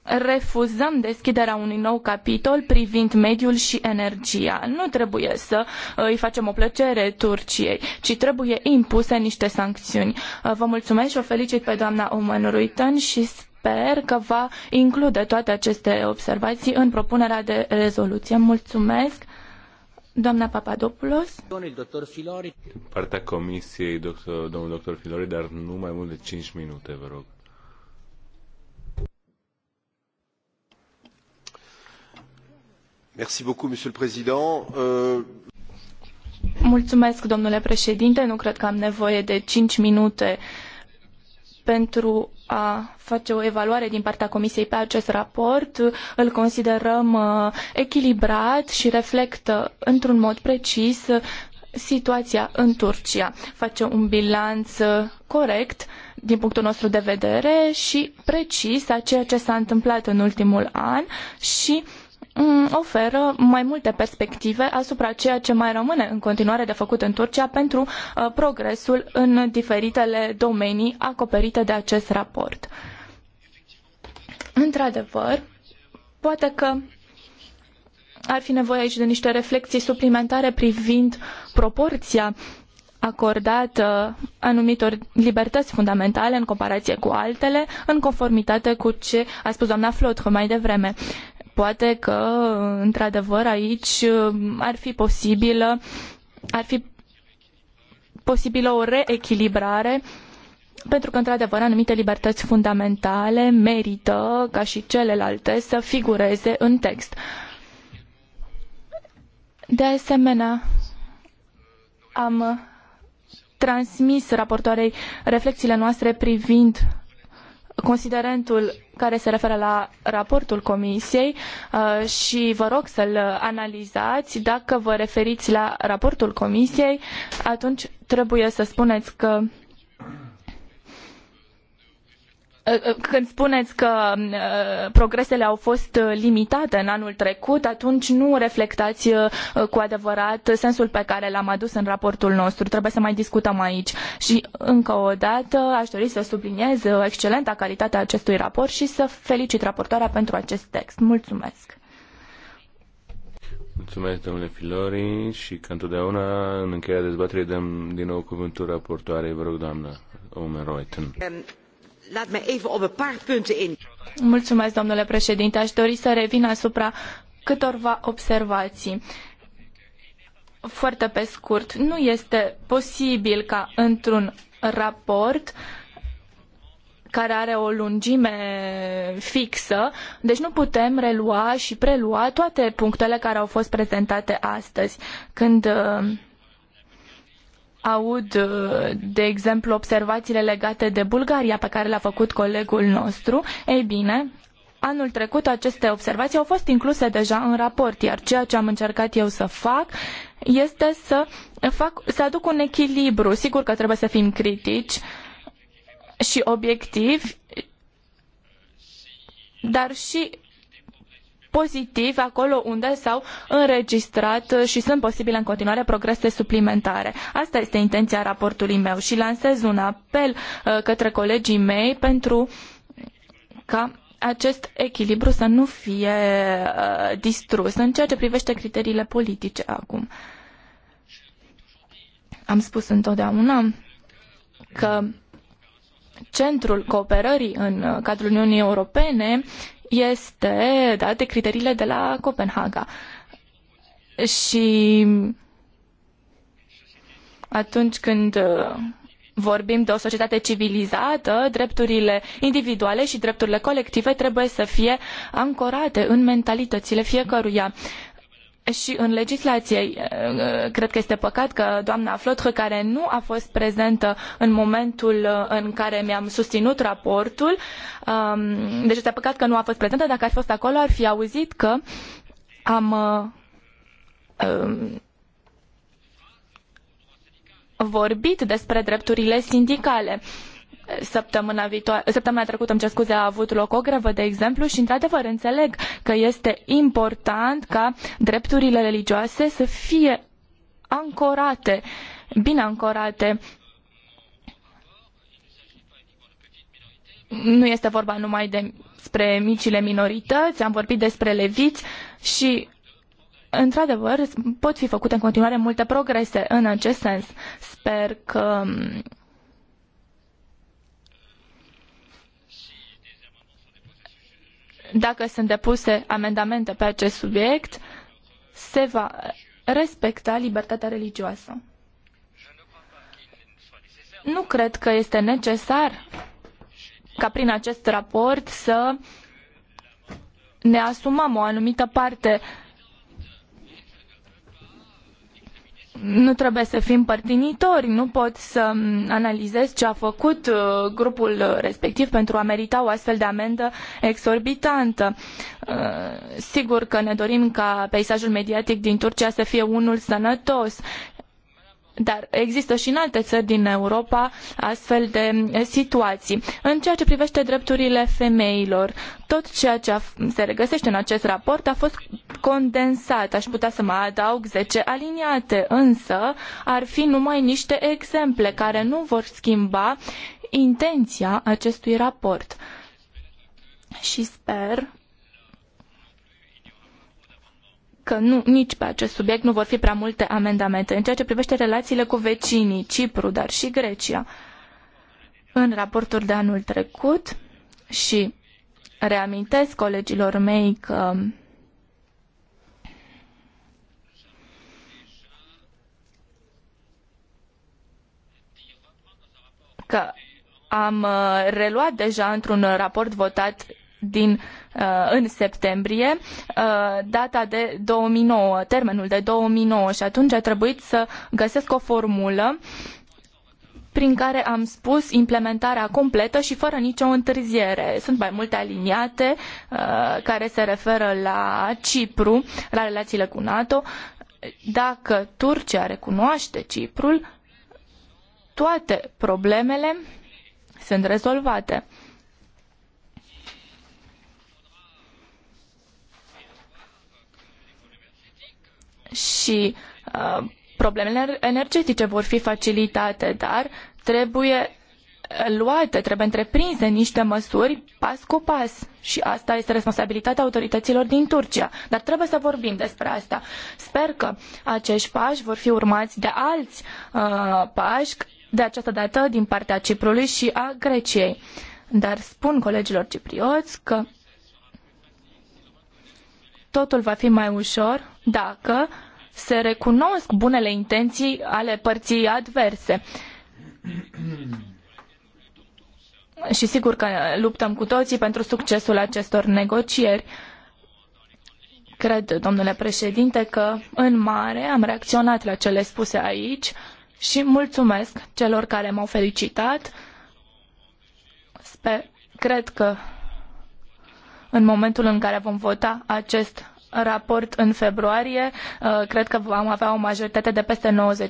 refuzăm deschiderea unui nou capitol privind mediul și energia. Nu trebuie să uh, îi facem o plăcere Turciei, ci trebuie impuse niște sancțiuni. Uh, vă mulțumesc și o felicit pe doamna Oman Ruitan și sper că va include toate aceste observații în propunerea de rezoluție. Mulțumesc! Doamna Papadopoulos. Doctor Filori. Partea comisiei, doctor, domnul doctor Filori, dar nu mai mult de 5 minute, vă rog. Merci beaucoup, monsieur le président. Euh, Mulțumesc, domnule președinte. Nu cred că am nevoie de 5 minute uh, pentru a face o evaluare din partea Comisiei pe acest raport. Îl considerăm uh, echilibrat și reflectă într-un mod precis uh, situația în Turcia. Face un bilanț uh, corect din punctul nostru de vedere și precis a ceea ce s-a întâmplat în ultimul an și Mm, oferă mai multe perspective asupra ceea ce mai rămâne în continuare de făcut în Turcia pentru uh, progresul în diferitele domenii acoperite de acest raport. Într-adevăr, poate că ar fi nevoie aici de niște reflexii suplimentare privind proporția acordată anumitor libertăți fundamentale în comparație cu altele, în conformitate cu ce a spus doamna Flotru mai devreme. Poate că, într-adevăr, aici uh, ar fi posibilă, ar fi posibilă o reechilibrare pentru că, într-adevăr, anumite libertăți fundamentale merită, ca și celelalte, să figureze în text. De asemenea, am transmis raportoarei reflexiile noastre privind considerentul care se referă la raportul Comisiei uh, și vă rog să-l analizați. Dacă vă referiți la raportul Comisiei, atunci trebuie să spuneți că Ă, ă, când spuneți că ă, progresele au fost limitate în anul trecut, atunci nu reflectați cu adevărat sensul pe care l-am adus în raportul nostru. Trebuie să mai discutăm aici. Și încă o dată aș dori să subliniez excelenta calitate a acestui raport și să felicit raportoarea pentru acest text. Mulțumesc! Mulțumesc, domnule Filori, și ca întotdeauna, în încheierea dezbaterii, dăm din nou cuvântul raportoarei. Vă rog, doamnă Omen Reuten laat domnule președinte. Aș dori să revin asupra câtorva observații. Foarte pe scurt, nu este posibil ca într-un raport care are o lungime fixă, deci nu putem relua și prelua toate punctele care au fost prezentate astăzi. Când uh, aud, uh, de exemplu, observațiile legate de Bulgaria pe care le-a făcut colegul nostru, ei bine, anul trecut aceste observații au fost incluse deja în raport, iar ceea ce am încercat eu să fac este să, fac, să aduc un echilibru. Sigur că trebuie să fim critici și obiectivi, dar și pozitiv acolo unde s-au înregistrat și sunt posibile în continuare progrese suplimentare. Asta este intenția raportului meu și lansez un apel uh, către colegii mei pentru ca acest echilibru să nu fie uh, distrus în ceea ce privește criteriile politice acum. Am spus întotdeauna că centrul cooperării în uh, cadrul Uniunii Europene este dat de criteriile de la Copenhaga. Și atunci când uh, vorbim de o societate civilizată, drepturile individuale și drepturile colective trebuie să fie ancorate în mentalitățile fiecăruia. Uh, și în legislație. Cred că este păcat că doamna Flotră, care nu a fost prezentă în momentul în care mi-am susținut raportul, um, deci este păcat că nu a fost prezentă, dacă ar fi fost acolo ar fi auzit că am um, vorbit despre drepturile sindicale. Uh, Săptămâna, viitoare, săptămâna trecută, îmi cer scuze, a avut loc o grevă, de exemplu, și într-adevăr înțeleg că este important ca drepturile religioase să fie ancorate, bine ancorate nu este vorba numai despre micile minorități, am vorbit despre leviți și, într-adevăr, pot fi făcute în continuare multe progrese în acest sens. Sper că dacă sunt depuse amendamente pe acest subiect, se va respecta libertatea religioasă. Nu cred că este necesar ca prin acest raport să ne asumăm o anumită parte nu trebuie să fim părtinitori, nu pot să analizez ce a făcut uh, grupul respectiv pentru a merita o astfel de amendă exorbitantă. Uh, sigur că ne dorim ca peisajul mediatic din Turcia să fie unul sănătos dar există și în alte țări din Europa astfel de eh, situații. În ceea ce privește drepturile femeilor, tot ceea ce se regăsește în acest raport a fost condensat. Aș putea să mai adaug zece aliniate, însă ar fi numai niște exemple care nu vor schimba intenția acestui raport. Și sper că nu, nici pe acest subiect nu vor fi prea multe amendamente. În ceea ce privește relațiile cu vecinii, Cipru, dar și Grecia, în raportul de anul trecut și reamintesc colegilor mei că că am uh, reluat deja într-un raport votat din Uh, în septembrie, uh, data de 2009, termenul de 2009 și atunci a trebuit să găsesc o formulă prin care am spus implementarea completă și fără nicio întârziere. Sunt mai multe aliniate uh, care se referă la Cipru, la relațiile cu NATO. Dacă Turcia recunoaște Ciprul, toate problemele sunt rezolvate. și uh, problemele energetice vor fi facilitate, dar trebuie luate, trebuie întreprinse niște măsuri pas cu pas și asta este responsabilitatea autorităților din Turcia. Dar trebuie să vorbim despre asta. Sper că acești pași vor fi urmați de alți uh, pași, de această dată din partea Ciprului și a Greciei. Dar spun colegilor ciprioți că totul va fi mai ușor dacă se recunosc bunele intenții ale părții adverse. Și sigur că luptăm cu toții pentru succesul acestor negocieri. Cred, domnule președinte, că în mare am reacționat la cele spuse aici și mulțumesc celor care m-au felicitat. Sper, cred că în momentul în care vom vota acest raport în februarie. Uh, cred că vom avea o majoritate de peste 90%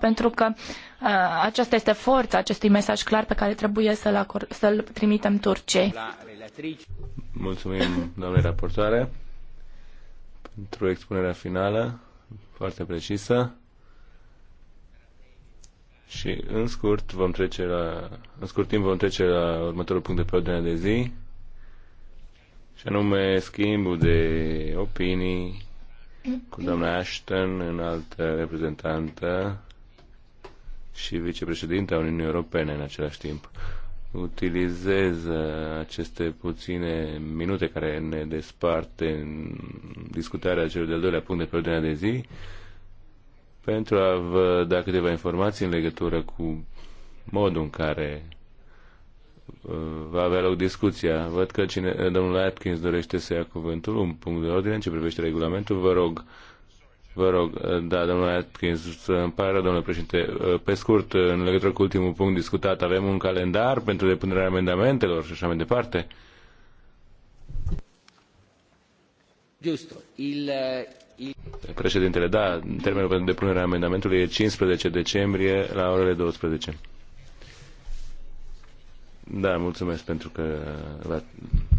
pentru că uh, aceasta este forța acestui mesaj clar pe care trebuie să-l, acord- să trimitem Turciei. Mulțumim, doamne raportoare, pentru expunerea finală foarte precisă. Și în scurt vom trece la, în scurt timp vom trece la următorul punct de pe ordinea de zi și anume schimbul de opinii cu doamna Ashton, în altă reprezentantă și a Uniunii Europene în același timp. Utilizez uh, aceste puține minute care ne despart în discutarea celui de-al doilea punct de pe ordinea de zi pentru a vă da câteva informații în legătură cu modul în care Uh, va avea loc discuția. Văd că cine, domnul Atkins dorește să ia cuvântul, un punct de ordine în ce privește regulamentul. Vă rog, vă rog, uh, da, domnul Atkins, să îmi pară, domnule președinte, uh, pe scurt, în legătură cu ultimul punct discutat, avem un calendar pentru depunerea amendamentelor și așa mai departe. Giusto. Il, il... Președintele, da, termenul pentru depunerea amendamentului e 15 decembrie la orele 12. Da, mulțumesc pentru că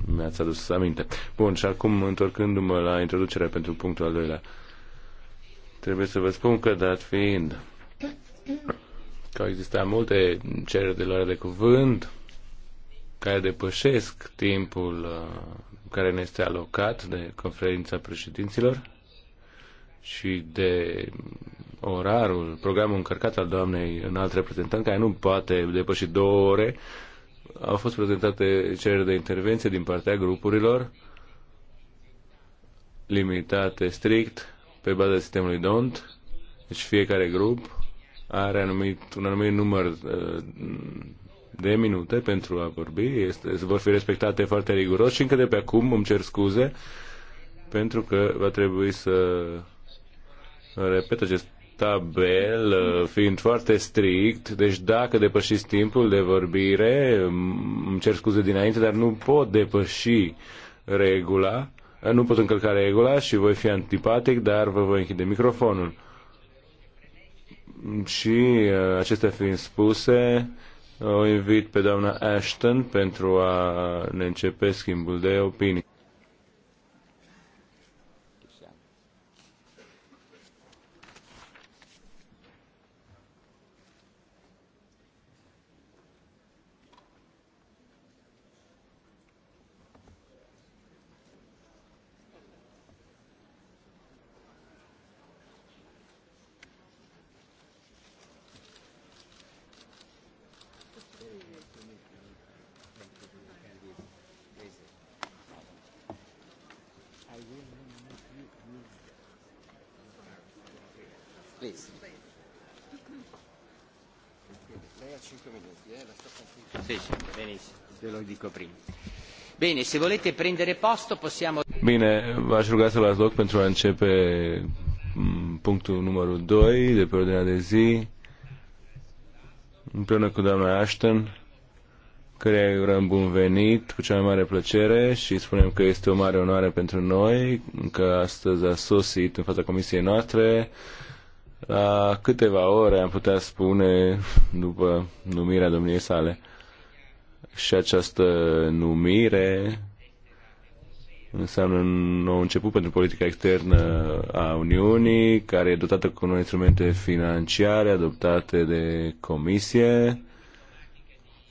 mi-ați adus aminte. Bun, și acum întorcându-mă la introducerea pentru punctul al doilea. Trebuie să vă spun că, dat fiind că au existat multe cereri de luare de cuvânt care depășesc timpul uh, care ne este alocat de conferința președinților și de orarul, programul încărcat al doamnei alt reprezentant, care nu poate depăși două ore, au fost prezentate cereri de intervenție din partea grupurilor limitate strict pe baza sistemului DONT. Deci fiecare grup are anumit, un anumit număr uh, de minute pentru a vorbi. Este, vor fi respectate foarte riguros și încă de pe acum îmi cer scuze pentru că va trebui să repet acest tabel, uh, fiind foarte strict, deci dacă depășiți timpul de vorbire, îmi cer scuze dinainte, dar nu pot depăși regula, uh, nu pot încălca regula și voi fi antipatic, dar vă voi închide microfonul. Și uh, acestea fiind spuse, o invit pe doamna Ashton pentru a ne începe schimbul de opinii. Please. Bine, se volete prendere posto possiamo... Bine, v-aș ruga să luați loc pentru a începe mm, punctul numărul 2 de pe ordinea de zi, împreună cu doamna Ashton, care îi urăm bun venit cu cea mai mare plăcere și spunem că este o mare onoare pentru noi că astăzi a sosit în fața comisiei noastre la câteva ore, am putea spune, după numirea domniei sale. Și această numire înseamnă un nou început pentru politica externă a Uniunii, care e dotată cu noi instrumente financiare adoptate de Comisie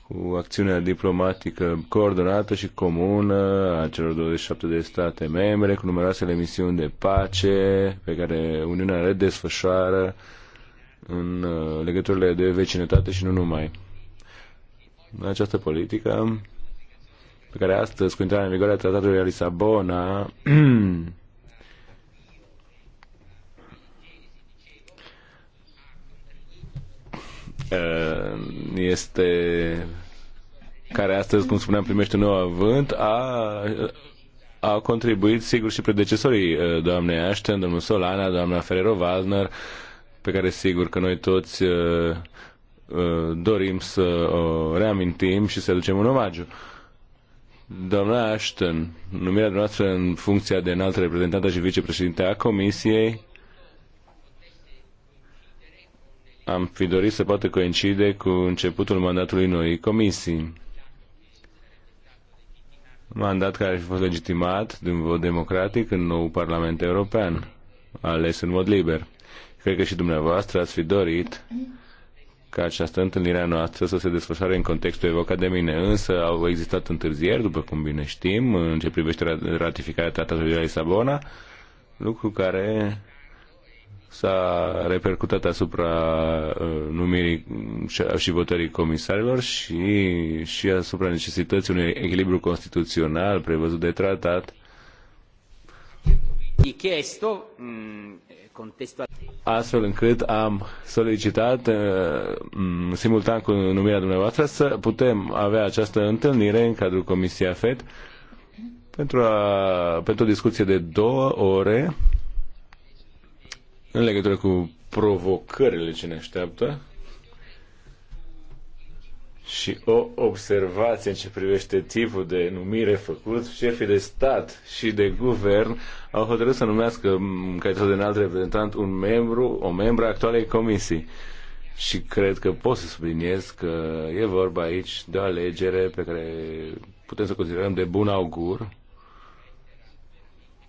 cu acțiunea diplomatică coordonată și comună a celor 27 de state membre, cu numeroasele misiuni de pace pe care Uniunea le desfășoară în uh, legăturile de vecinătate și nu numai. Această politică pe care astăzi, cu intrarea în vigoare a Tratatului Lisabona, Uh, este care astăzi, cum spuneam, primește un nou avânt, a, a contribuit, sigur, și predecesorii uh, doamnei Ashton, domnul Solana, doamna ferrero Wagner, pe care sigur că noi toți uh, dorim să o reamintim și să ducem un omagiu. Doamna Ashton, numirea dumneavoastră în funcția de înaltă reprezentantă și vicepreședinte a Comisiei am fi dorit să poată coincide cu începutul mandatului noii comisii. Mandat care a fost legitimat din vot democratic în nou Parlament European, ales în mod liber. Cred că și dumneavoastră ați fi dorit ca această întâlnire a noastră să se desfășoare în contextul evocat de mine, însă au existat întârzieri, după cum bine știm, în ce privește ratificarea Tratatului de la Lisabona, lucru care s-a repercutat asupra uh, numirii și, și votării comisarilor și, și asupra necesității unui echilibru constituțional prevăzut de tratat. Mm, Astfel încât am solicitat uh, mm, simultan cu numirea dumneavoastră să putem avea această întâlnire în cadrul Comisiei AFET pentru, a, pentru o discuție de două ore în legătură cu provocările ce ne așteaptă și o observație în ce privește tipul de numire făcut, șefii de stat și de guvern au hotărât să numească, ca de înalt reprezentant, un membru, o membră actualei comisii. Și cred că pot să subliniez că e vorba aici de o alegere pe care putem să considerăm de bun augur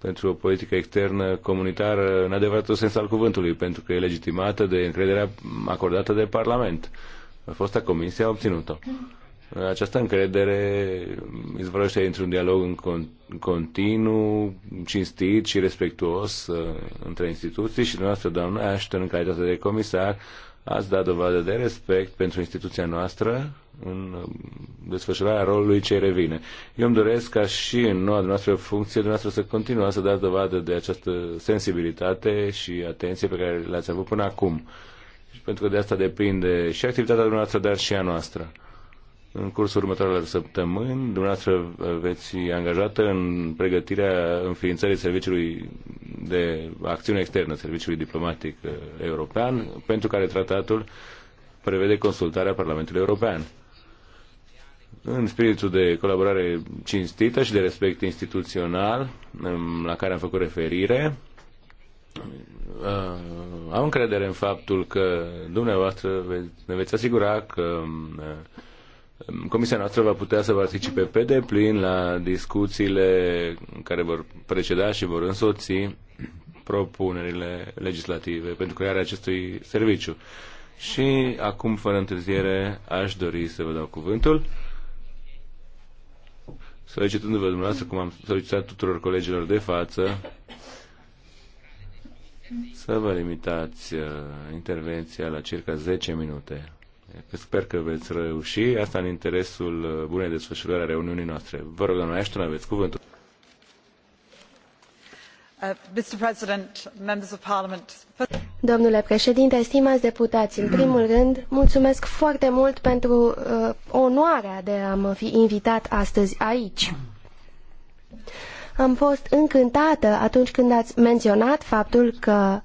pentru o politică externă comunitară în adevăratul sens al cuvântului, pentru că e legitimată de încrederea acordată de Parlament. Fosta Comisie a obținut-o. Această încredere izvorăște într-un dialog în continuu, cinstit și respectuos uh, între instituții și dumneavoastră, doamne aștept în calitate de comisar, ați dat dovadă de respect pentru instituția noastră în desfășurarea rolului ce revine. Eu îmi doresc ca și în noua noastră funcție dumneavoastră să continuați să dați dovadă de această sensibilitate și atenție pe care le-ați avut până acum. Și pentru că de asta depinde și activitatea dumneavoastră, dar și a noastră. În cursul următoarelor săptămâni, dumneavoastră veți fi angajată în pregătirea înființării Serviciului de Acțiune Externă, Serviciului Diplomatic uh, European, pentru care tratatul prevede consultarea Parlamentului European. În spiritul de colaborare cinstită și de respect instituțional, um, la care am făcut referire, uh, am încredere în faptul că dumneavoastră ne veți asigura că um, Comisia noastră va putea să participe pe deplin la discuțiile care vor preceda și vor însoți propunerile legislative pentru crearea acestui serviciu. Și acum, fără întârziere, aș dori să vă dau cuvântul, solicitându-vă dumneavoastră, cum am solicitat tuturor colegilor de față, să vă limitați uh, intervenția la circa 10 minute. Sper că veți reuși, asta în interesul uh, bunei desfășurări a reuniunii noastre. Vă rog, domnule Ashton, aveți cuvântul. Uh, domnule președinte, stimați deputați, în primul rând, mulțumesc foarte mult pentru uh, onoarea de a mă fi invitat astăzi aici. Am fost încântată atunci când ați menționat faptul că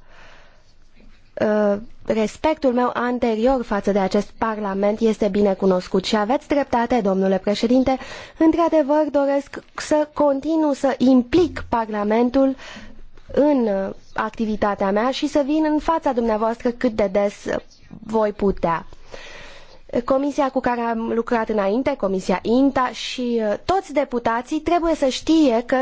Uh, respectul meu anterior față de acest Parlament este bine cunoscut și aveți dreptate, domnule președinte. Într-adevăr, doresc să continu să implic Parlamentul în uh, activitatea mea și să vin în fața dumneavoastră cât de des voi putea. Comisia cu care am lucrat înainte, Comisia INTA și uh, toți deputații trebuie să știe că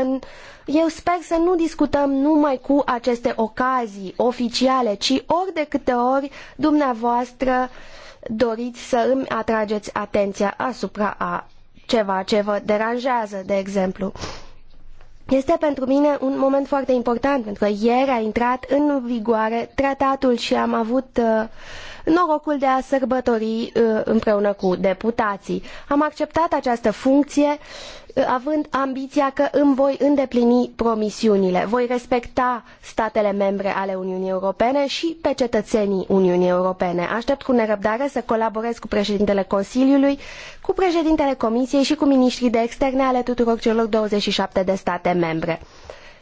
eu sper să nu discutăm numai cu aceste ocazii oficiale, ci ori de câte ori dumneavoastră doriți să îmi atrageți atenția asupra a ceva ce vă deranjează, de exemplu. Este pentru mine un moment foarte important, pentru că ieri a intrat în vigoare tratatul și am avut uh, norocul de a sărbători uh, împreună cu deputații. Am acceptat această funcție uh, având ambiția că îmi voi îndeplini promisiunile, voi respecta statele membre ale Uniunii Europene și pe cetățenii Uniunii Europene. Aștept cu nerăbdare să colaborez cu președintele Consiliului, cu președintele Comisiei și cu ministrii de externe ale tuturor celor 27 de state membre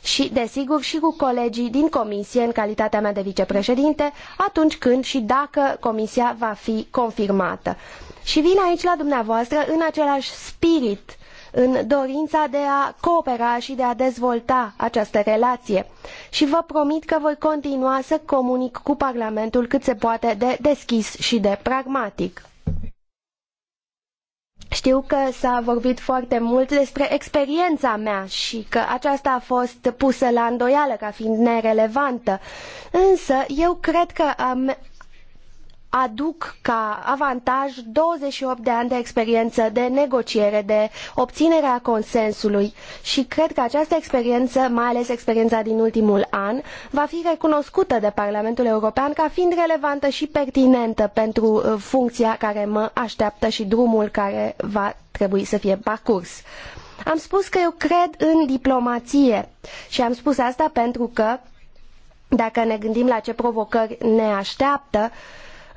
și, desigur, și cu colegii din comisie în calitatea mea de vicepreședinte, atunci când și dacă comisia va fi confirmată. Și vin aici la dumneavoastră în același spirit, în dorința de a coopera și de a dezvolta această relație. Și vă promit că voi continua să comunic cu Parlamentul cât se poate de deschis și de pragmatic. Știu că s-a vorbit foarte mult despre experiența mea și că aceasta a fost pusă la îndoială ca fiind nerelevantă, însă eu cred că am aduc ca avantaj 28 de ani de experiență de negociere, de obținere a consensului și cred că această experiență, mai ales experiența din ultimul an, va fi recunoscută de Parlamentul European ca fiind relevantă și pertinentă pentru uh, funcția care mă așteaptă și drumul care va trebui să fie parcurs. Am spus că eu cred în diplomație și am spus asta pentru că dacă ne gândim la ce provocări ne așteaptă,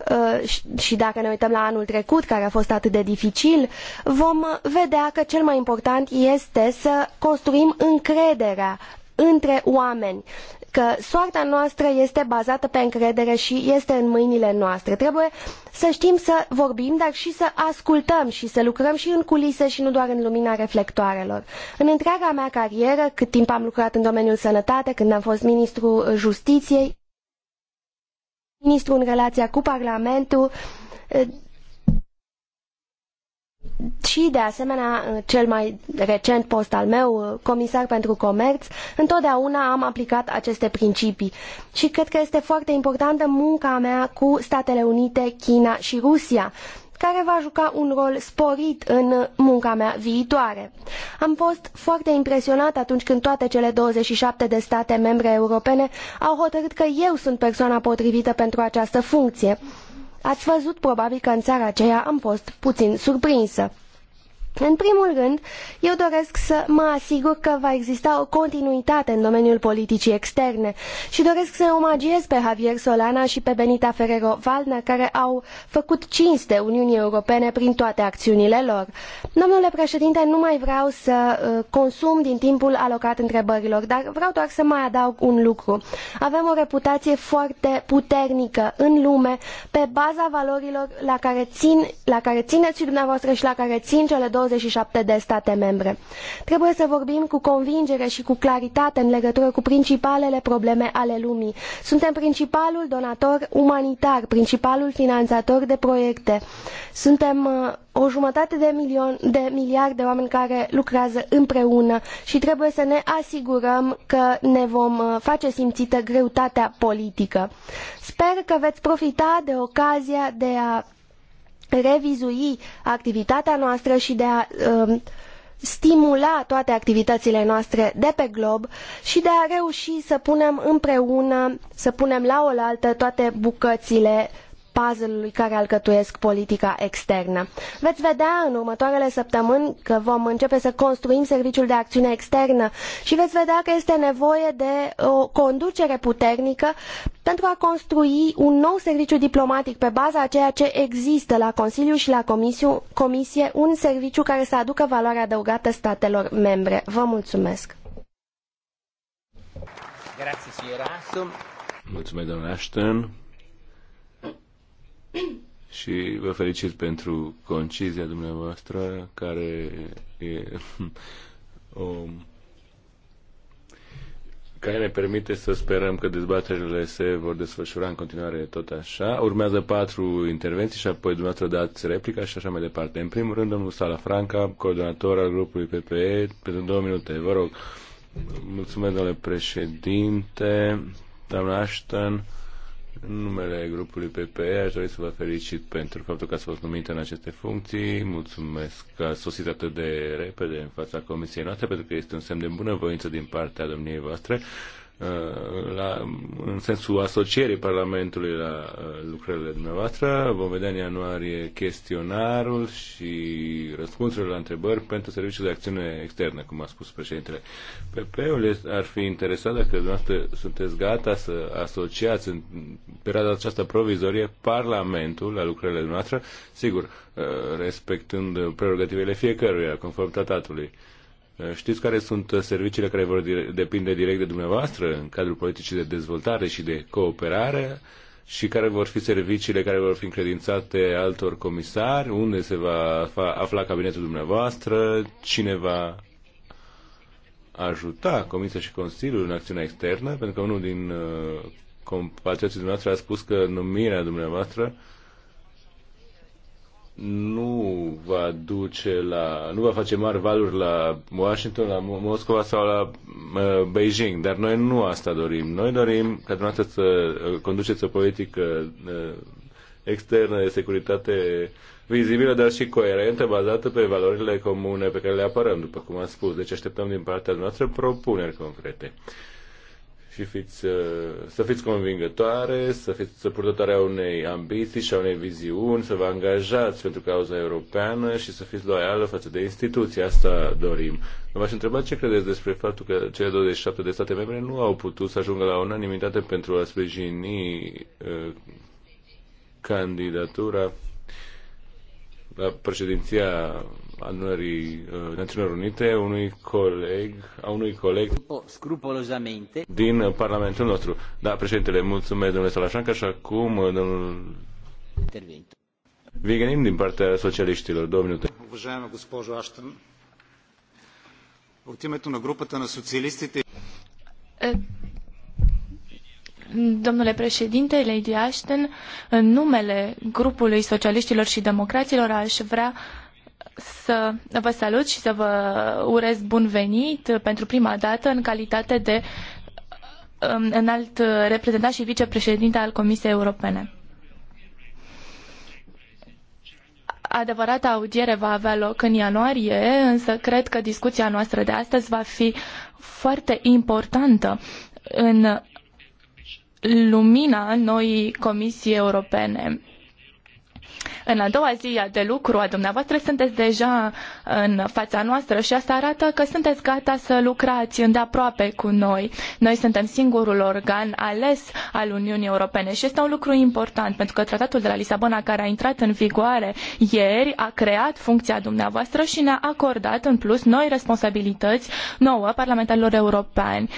Uh, și dacă ne uităm la anul trecut, care a fost atât de dificil, vom vedea că cel mai important este să construim încrederea între oameni că soarta noastră este bazată pe încredere și este în mâinile noastre. Trebuie să știm să vorbim, dar și să ascultăm și să lucrăm și în culise și nu doar în lumina reflectoarelor. În întreaga mea carieră, cât timp am lucrat în domeniul sănătate, când am fost ministru justiției, ministru în relația cu Parlamentul și, de asemenea, cel mai recent post al meu, comisar pentru comerț, întotdeauna am aplicat aceste principii. Și cred că este foarte importantă munca mea cu Statele Unite, China și Rusia, care va juca un rol sporit în munca mea viitoare. Am fost foarte impresionat atunci când toate cele 27 de state membre europene au hotărât că eu sunt persoana potrivită pentru această funcție. Ați văzut probabil că în țara aceea am fost puțin surprinsă. În primul rând, eu doresc să mă asigur că va exista o continuitate în domeniul politicii externe și doresc să omagiez pe Javier Solana și pe Benita ferrero waldner care au făcut cinste Uniunii Europene prin toate acțiunile lor. Domnule președinte, nu mai vreau să uh, consum din timpul alocat întrebărilor, dar vreau doar să mai adaug un lucru. Avem o reputație foarte puternică în lume pe baza valorilor la care, țin, la care țineți și dumneavoastră și la care țin cele două 27 de state membre. Trebuie să vorbim cu convingere și cu claritate în legătură cu principalele probleme ale lumii. Suntem principalul donator umanitar, principalul finanțator de proiecte. Suntem uh, o jumătate de, milion, de miliard de oameni care lucrează împreună și trebuie să ne asigurăm că ne vom uh, face simțită greutatea politică. Sper că veți profita de ocazia de a revizui activitatea noastră și de a um, stimula toate activitățile noastre de pe glob și de a reuși să punem împreună, să punem la oaltă toate bucățile puzzle-ului care alcătuiesc politica externă. Veți vedea în următoarele săptămâni că vom începe să construim serviciul de acțiune externă și veți vedea că este nevoie de o conducere puternică pentru a construi un nou serviciu diplomatic pe baza a ceea ce există la Consiliu și la Comisie, un serviciu care să aducă valoare adăugată statelor membre. Vă mulțumesc! Grazie, Mulțumesc, domnule Ashton. și vă felicit pentru concizia dumneavoastră, care e o, care ne permite să sperăm că dezbaterile se vor desfășura în continuare tot așa. Urmează patru intervenții și apoi dumneavoastră dați replica și așa mai departe. În primul rând, domnul Sala Franca, coordonator al grupului PPE, pentru două minute, vă rog. Mulțumesc, domnule președinte, doamna Ashton. În numele grupului PPE aș dori să vă felicit pentru faptul că ați fost numită în aceste funcții. Mulțumesc că ați sosit atât de repede în fața comisiei noastre, pentru că este un semn de bunăvoință din partea domniei voastre Uh, la, în sensul asocierii Parlamentului la uh, lucrările dumneavoastră. Vom vedea în ianuarie chestionarul și răspunsurile la întrebări pentru serviciul de acțiune externă, cum a spus președintele. PP-ul ar fi interesat dacă dumneavoastră sunteți gata să asociați în perioada aceasta provizorie Parlamentul la lucrările dumneavoastră, sigur, uh, respectând prerogativele fiecăruia, conform tratatului. Eh, știți care sunt eh, serviciile care vor depinde direct de dumneavoastră în cadrul politicii de dezvoltare și de cooperare și care vor fi serviciile care vor fi încredințate altor comisari, unde se va afla cabinetul dumneavoastră, cine va ajuta Comisia și Consiliul în acțiunea externă, pentru că unul din eh, compatrioții dumneavoastră a spus că numirea dumneavoastră uh, nu va duce la, nu va face mari valuri la Washington, la Moscova sau la uh, Beijing, dar noi nu asta dorim. Noi dorim ca dumneavoastră să uh, conduceți o politică uh, externă de securitate vizibilă, dar și coerentă, bazată pe valorile comune pe care le apărăm, după cum am spus. Deci așteptăm din partea noastră propuneri concrete. Uh, și fiți, uh, să fiți convingătoare, să fiți să a unei ambiții și a unei viziuni, să vă angajați pentru cauza europeană și să fiți loială față de instituții. Asta dorim. V-aș întreba ce credeți despre faptul că cele 27 de state membre nu au putut să ajungă la unanimitate pentru a sprijini uh, candidatura la președinția adunării uh, Națiunilor Unite unui coleg, a unui coleg scrupulosamente din Parlamentul nostru. Da, președintele, mulțumesc domnule Salașanca și acum uh, domnul Intervent. Vigenin din partea socialiștilor, două minute. Уважаема госпожо Аштън, от името на групата на социалистите Domnule președinte, Lady Ashton, în numele grupului socialiștilor și democraților aș vrea să vă salut și să vă urez bun venit pentru prima dată în calitate de um, înalt reprezentant și vicepreședinte al Comisiei Europene. Adevărata audiere va avea loc în ianuarie, însă cred că discuția noastră de astăzi va fi foarte importantă în lumina noii Comisii Europene. În a doua zi de lucru a dumneavoastră sunteți deja în fața noastră și asta arată că sunteți gata să lucrați îndeaproape cu noi. Noi suntem singurul organ ales al Uniunii Europene și este un lucru important pentru că tratatul de la Lisabona care a intrat în vigoare ieri a creat funcția dumneavoastră și ne-a acordat în plus noi responsabilități nouă parlamentarilor europeni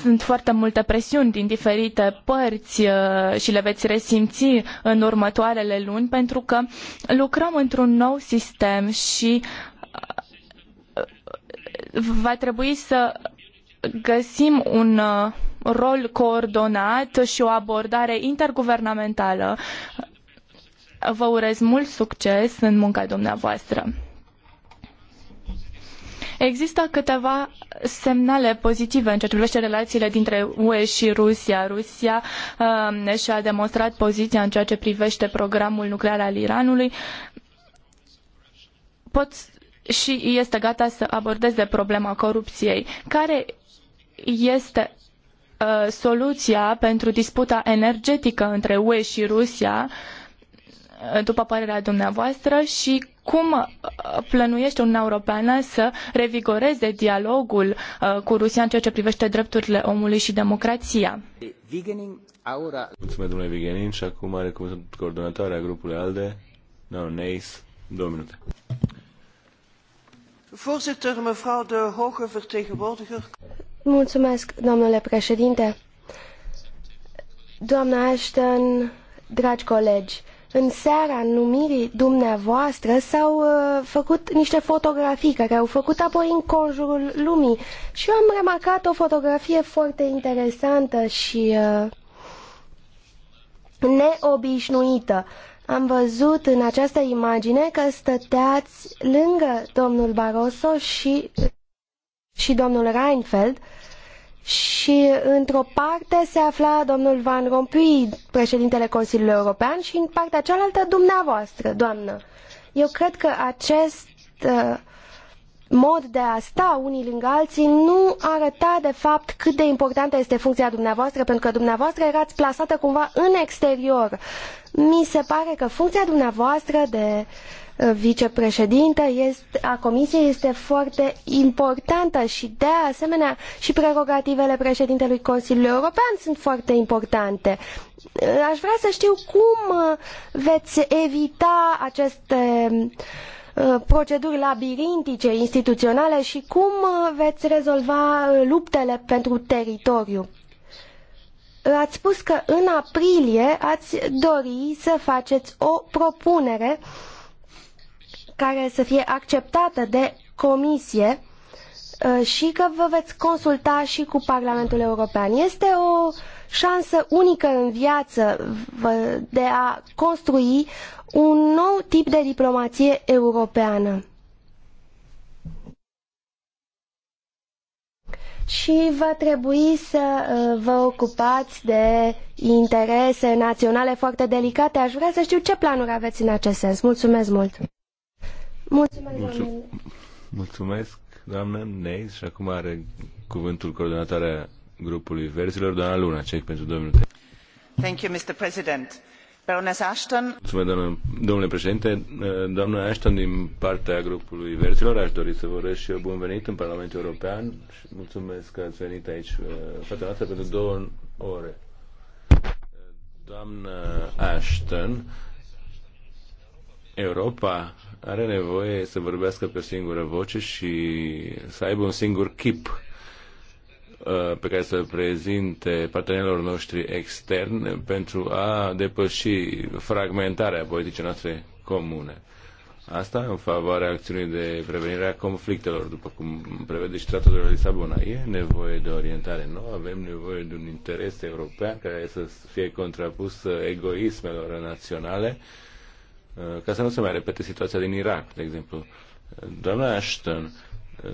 sunt foarte multe presiuni din diferite părți uh, și le veți resimți în următoarele luni pentru că lucrăm într-un nou sistem și uh, uh, va trebui să găsim un rol coordonat și o abordare interguvernamentală. Vă urez mult succes în munca dumneavoastră. Există câteva semnale pozitive în ceea ce privește relațiile dintre UE și Rusia. Rusia uh, și-a demonstrat poziția în ceea ce privește programul nuclear al Iranului. Pot și este gata să abordeze problema corupției. Care este uh, soluția pentru disputa energetică între UE și Rusia? Uh, după părerea dumneavoastră, și cum uh, plănuiește Uniunea Europeană să revigoreze dialogul uh, cu Rusia în ceea ce privește drepturile omului și democrația? Mulțumesc, domnule Vigenin, și acum are cuvântul coordonatoarea grupului ALDE, doamna no, Neis, două minute. Voorzitter, mevrouw de hoge vertegenwoordiger. Mulțumesc, domnule președinte. Doamna Ashton, dragi colegi, în seara numirii dumneavoastră s-au uh, făcut niște fotografii care au făcut apoi în conjurul lumii și eu am remarcat o fotografie foarte interesantă și uh, neobișnuită. Am văzut în această imagine că stăteați lângă domnul Barroso și, și domnul Reinfeldt și într-o parte se afla domnul Van Rompuy, președintele Consiliului European, și în partea cealaltă dumneavoastră, doamnă. Eu cred că acest uh, mod de a sta unii lângă alții nu arăta de fapt cât de importantă este funcția dumneavoastră, pentru că dumneavoastră erați plasată cumva în exterior. Mi se pare că funcția dumneavoastră de uh, vicepreședintă este, a Comisiei este foarte importantă și de asemenea și prerogativele președintelui Consiliului European sunt foarte importante. Aș vrea să știu cum uh, veți evita aceste uh, proceduri labirintice instituționale și cum uh, veți rezolva luptele pentru teritoriu. Ați spus că în aprilie ați dori să faceți o propunere uh, care să fie acceptată de comisie uh, și că vă veți consulta și cu Parlamentul European. Este o șansă unică în viață de a construi un nou tip de diplomație europeană. și va trebui să uh, vă ocupați de interese naționale foarte delicate. Aș vrea să știu ce planuri aveți în acest sens. Mulțumesc mult! Mulțumesc, Mulțu- Mulțumesc, doamnă Neis. Și acum are cuvântul coordonatoarea grupului Verzilor, doamna Lunacek, pentru două minute. Thank you, Mr. President. Baroness Ashton. Doamnă, domnule președinte. Doamna Ashton, din partea grupului Verzilor, aș dori să vă urez și eu bun venit în Parlamentul European și mulțumesc că ați venit aici uh, fața noastră pentru două ore. Doamna Ashton, Europa are nevoie să vorbească pe o singură voce și să aibă un singur chip uh, pe care să-l prezinte partenerilor noștri externi pentru a depăși fragmentarea politicii noastre comune. Asta în favoarea acțiunii de prevenire a conflictelor, după cum prevede și tratatul de la Lisabona. E nevoie de orientare nouă, avem nevoie de un interes european care să fie contrapus egoismelor naționale uh, Uh, ca să nu se mai repete situația din Irak, de exemplu. Uh, doamna Ashton, uh,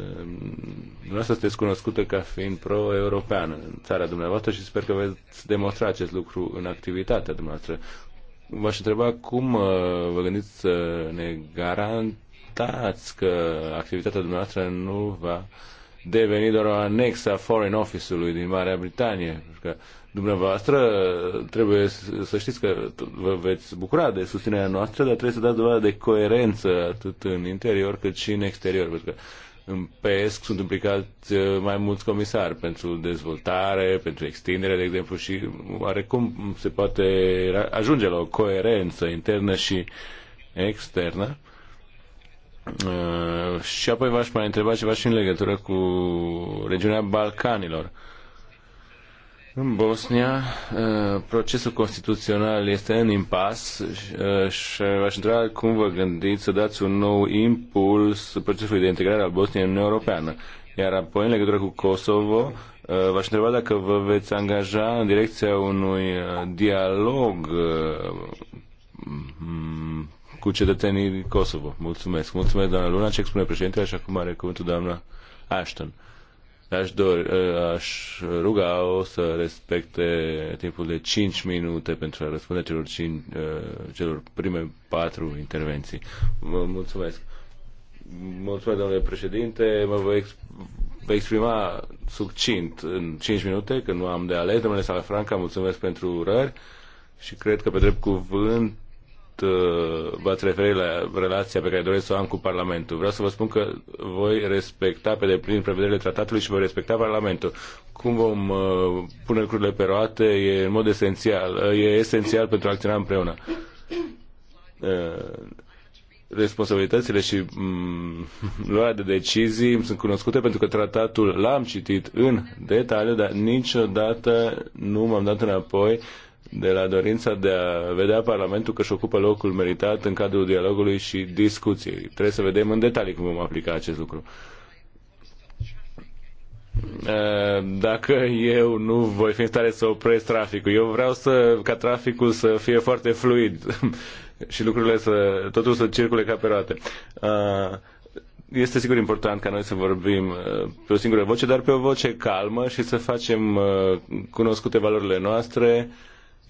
dumneavoastră sunteți cunoscută ca fiind pro-europeană în țara dumneavoastră și sper că veți demonstra acest lucru în activitatea dumneavoastră. V-aș întreba cum vă gândiți să ne garantați că activitatea dumneavoastră nu va deveni doar o anexă a Foreign Office-ului din Marea Britanie, pentru că Dumneavoastră uh, trebuie să știți că vă veți bucura de susținerea noastră, dar trebuie să dați dovadă de coerență atât în interior cât și în exterior, pentru că în PESC sunt implicați uh, mai mulți comisari pentru dezvoltare, pentru extindere, de exemplu, și oarecum se poate ajunge la o coerență internă și externă. Uh, și apoi v-aș mai întreba ceva și în legătură cu regiunea Balcanilor. Uh, în Bosnia, procesul constituțional este în impas și aș întreba cum vă gândiți să dați un nou impuls procesului de integrare al Bosniei în Uniunea Europeană. Iar apoi, în legătură cu Kosovo, v-aș întreba dacă vă veți angaja în direcția unui dialog cu cetățenii Kosovo. Mulțumesc. Mulțumesc, doamna Luna. Ce spune președintele? Așa cum are cuvântul doamna Ashton. Aș, dori, ă, aș ruga o să respecte timpul de 5 minute pentru a răspunde celor, 5, ă, celor prime 4 intervenții. Vă mulțumesc. Mulțumesc, domnule președinte. Mă voi exprima succint în 5 minute, că nu am de ales. Domnule Salafranca, mulțumesc pentru urări și cred că pe drept cuvânt Uh, v-ați referit la relația pe care doresc să o am cu Parlamentul. Vreau să vă spun că voi respecta pe deplin prevederile tratatului și voi respecta Parlamentul. Cum vom uh, pune lucrurile pe roate e în mod esențial. Uh, e esențial pentru a acționa împreună. Responsabilitățile și mm, luarea de decizii sunt cunoscute pentru că tratatul l-am citit în detaliu, dar niciodată nu m-am dat înapoi uh, de la dorința de a vedea Parlamentul că își ocupă locul meritat în cadrul dialogului și discuției. Trebuie să vedem în detalii cum vom aplica acest lucru. Dacă eu nu voi fi în stare să opresc traficul, eu vreau să, ca traficul să fie foarte fluid și lucrurile să, totul să circule ca pe roate. Este sigur important ca noi să vorbim pe o singură voce, dar pe o voce calmă și să facem cunoscute valorile noastre,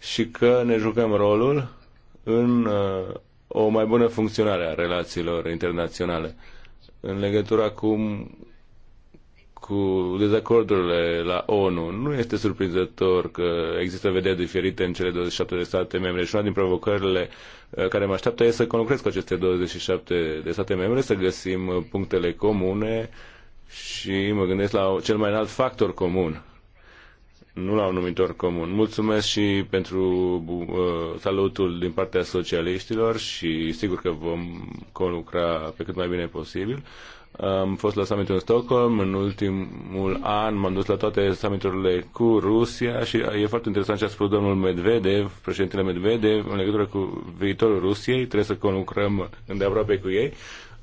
și că ne jucăm rolul în uh, o mai bună funcționare a relațiilor internaționale. În legătură acum cu dezacordurile la ONU. Nu este surprinzător că există vederi diferite în cele 27 de state membre și una din provocările uh, care mă așteaptă este să conlucrez cu aceste 27 de state membre, să găsim punctele comune și mă gândesc la cel mai înalt factor comun nu la un numitor comun. Mulțumesc și pentru uh, salutul din partea socialiștilor și sigur că vom conlucra pe cât mai bine posibil. Am fost la summitul în Stockholm, în ultimul an m-am dus la toate summiturile cu Rusia și uh, e foarte interesant ce a spus domnul Medvedev, președintele Medvedev, în legătură cu viitorul Rusiei, trebuie să conlucrăm îndeaproape cu ei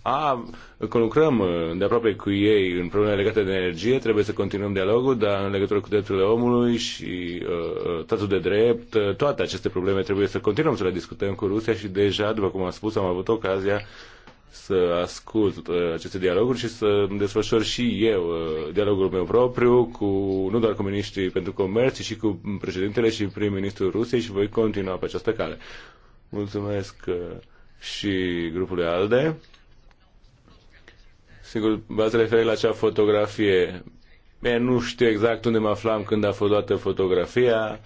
a, lucrăm uh, de aproape cu ei în probleme legate de energie, trebuie să continuăm dialogul, dar în legătură cu drepturile omului și uh, uh, statul de drept, uh, toate aceste probleme trebuie să continuăm să le discutăm cu Rusia și deja, după cum am spus, am avut ocazia să ascult uh, aceste dialoguri și să desfășor și eu uh, dialogul meu propriu, cu, nu doar cu ministrii pentru comerț, ci și cu președintele și prim-ministrul Rusiei și voi continua pe această cale. Mulțumesc uh, și grupului ALDE. Sigur, v-ați referit la acea fotografie. Bine, nu știu exact unde mă aflam când a fost luată fotografia.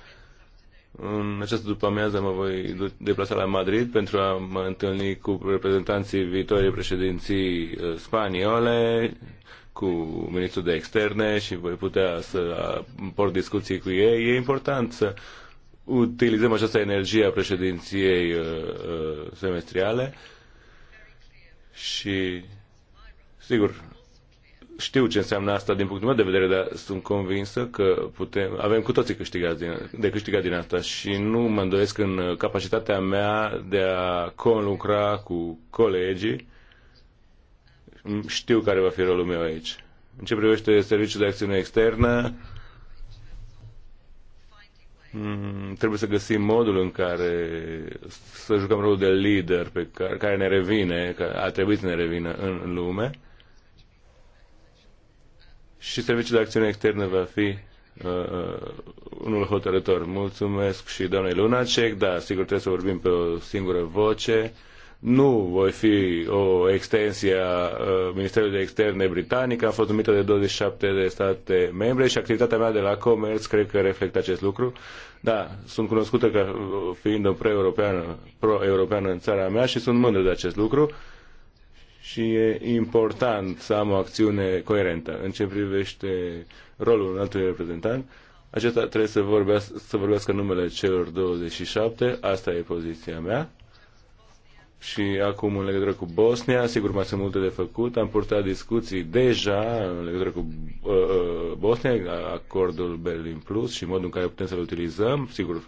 În această după-amiază mă voi deplasa la Madrid pentru a mă întâlni cu reprezentanții viitorii președinții uh, spaniole, cu ministrul de externe și voi putea să port discuții cu ei. E important să utilizăm această energie a președinției uh, uh, semestriale și Sigur, știu ce înseamnă asta din punctul meu de vedere, dar sunt convinsă că putem, avem cu toții câștigat din, de câștigat din asta și nu mă îndoiesc în capacitatea mea de a conlucra cu colegii. Știu care va fi rolul meu aici. În ce privește serviciul de acțiune externă, mm, trebuie să găsim modul în care să jucăm rolul de lider pe care, care ne revine, care a trebuit să ne revină în lume și Serviciul de Acțiune Externă va fi uh, uh, unul hotărător. Mulțumesc și doamnei Lunacek, da, sigur trebuie să vorbim pe o singură voce. Nu voi fi o extensie a uh, Ministerului de Externe britanic, am fost numită de 27 de state membre și activitatea mea de la Comerț cred că reflectă acest lucru. Da, sunt cunoscută ca fiind o pro europeană pro-europeană în țara mea și sunt mândru de acest lucru. Uh, și e important să am o acțiune coerentă. În ce privește rolul înaltului reprezentant, acesta trebuie să vorbească, să vorbească numele celor 27, asta e poziția mea. Și acum în legătură cu Bosnia, sigur mai sunt multe de făcut, am purtat discuții deja în legătură cu uh, uh Bosnia, acordul Berlin Plus și modul în care putem să-l utilizăm, sigur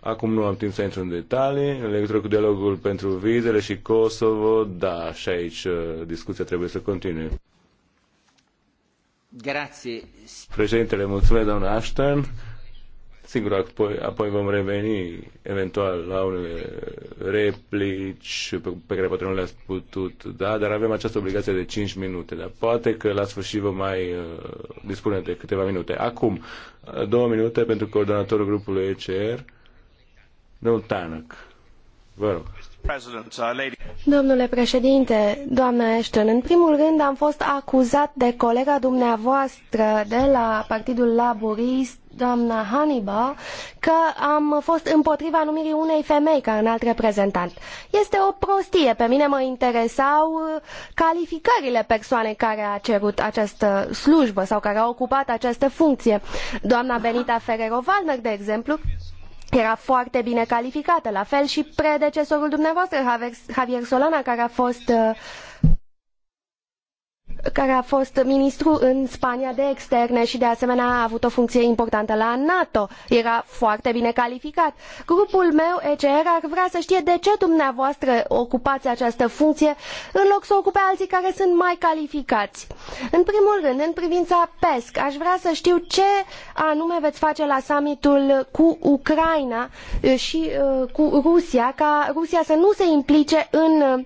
Acum nu am timp să intru în detalii în legătură cu dialogul pentru vizele și Kosovo, da, și aici uh, discuția trebuie să continue. Grazie. Președintele, mulțumesc, doamna Ashton. Sigur, apoi, apoi vom reveni eventual la unele replici pe, pe care poate nu le-ați putut da, dar avem această obligație de 5 minute, dar poate că la sfârșit vă mai uh, dispune de câteva minute. Acum, uh, două minute pentru coordonatorul grupului ECR Uh, Domnule președinte, doamnă Ashton, în primul rând am fost acuzat de colega dumneavoastră de la Partidul Laborist, doamna Hannibal, că am fost împotriva numirii unei femei ca înalt reprezentant. Este o prostie. Pe mine mă interesau calificările persoanei care a cerut această slujbă sau care a ocupat această funcție. Doamna Benita Ferrero-Valner, de exemplu, era foarte bine calificată, la fel și predecesorul dumneavoastră, Javier Solana, care a fost uh, care a fost ministru în Spania de externe și de asemenea a avut o funcție importantă la NATO. Era foarte bine calificat. Grupul meu, ECR, ar vrea să știe de ce dumneavoastră ocupați această funcție în loc să ocupe alții care sunt mai calificați. În primul rând, în privința PESC, aș vrea să știu ce anume veți face la summitul cu Ucraina și uh, cu Rusia, ca Rusia să nu se implice în uh,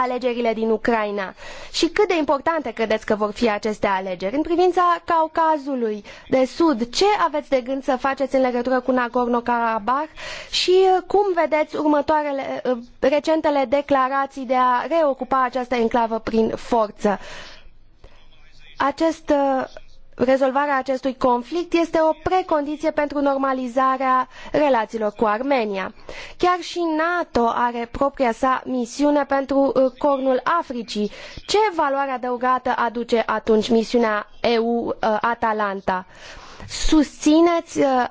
alegerile din Ucraina și cât de importante credeți că vor fi aceste alegeri. În privința Caucazului de Sud, ce aveți de gând să faceți în legătură cu Nagorno-Karabakh și cum vedeți următoarele, eh, recentele declarații de a reocupa această enclavă prin forță? Acest eh, rezolvarea acestui conflict este o precondiție pentru normalizarea relațiilor cu Armenia. Chiar și NATO are propria sa misiune pentru uh, Cornul Africii. Ce valoare adăugată aduce atunci misiunea EU uh, Atalanta? Susțineți uh,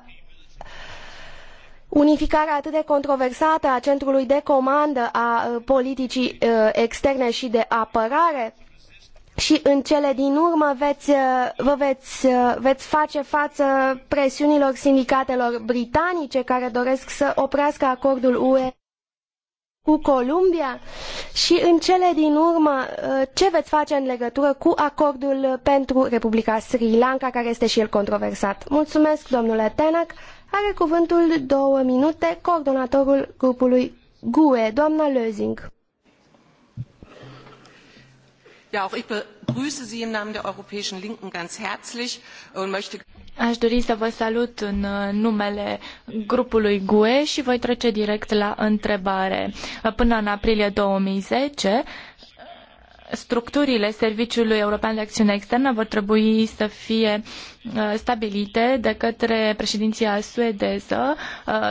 unificarea atât de controversată a centrului de comandă a politicii externe și de apărare? și în cele din urmă veți, uh, vă veți, uh, veți face față presiunilor sindicatelor britanice care doresc să oprească acordul UE cu Columbia și în cele din urmă uh, ce veți face în legătură cu acordul pentru Republica Sri Lanka care este și el controversat. Mulțumesc domnule Tenac. Are cuvântul două minute coordonatorul grupului GUE, doamna Lözing auch ich begrüße Sie im Namen der Europäischen Linken ganz herzlich und möchte Aș dori să vă salut în uh, numele grupului GUE și voi trece direct la întrebare. Până în aprilie 2010, structurile Serviciului European de Acțiune Externă vor trebui să fie uh, stabilite de către președinția suedeză. Uh,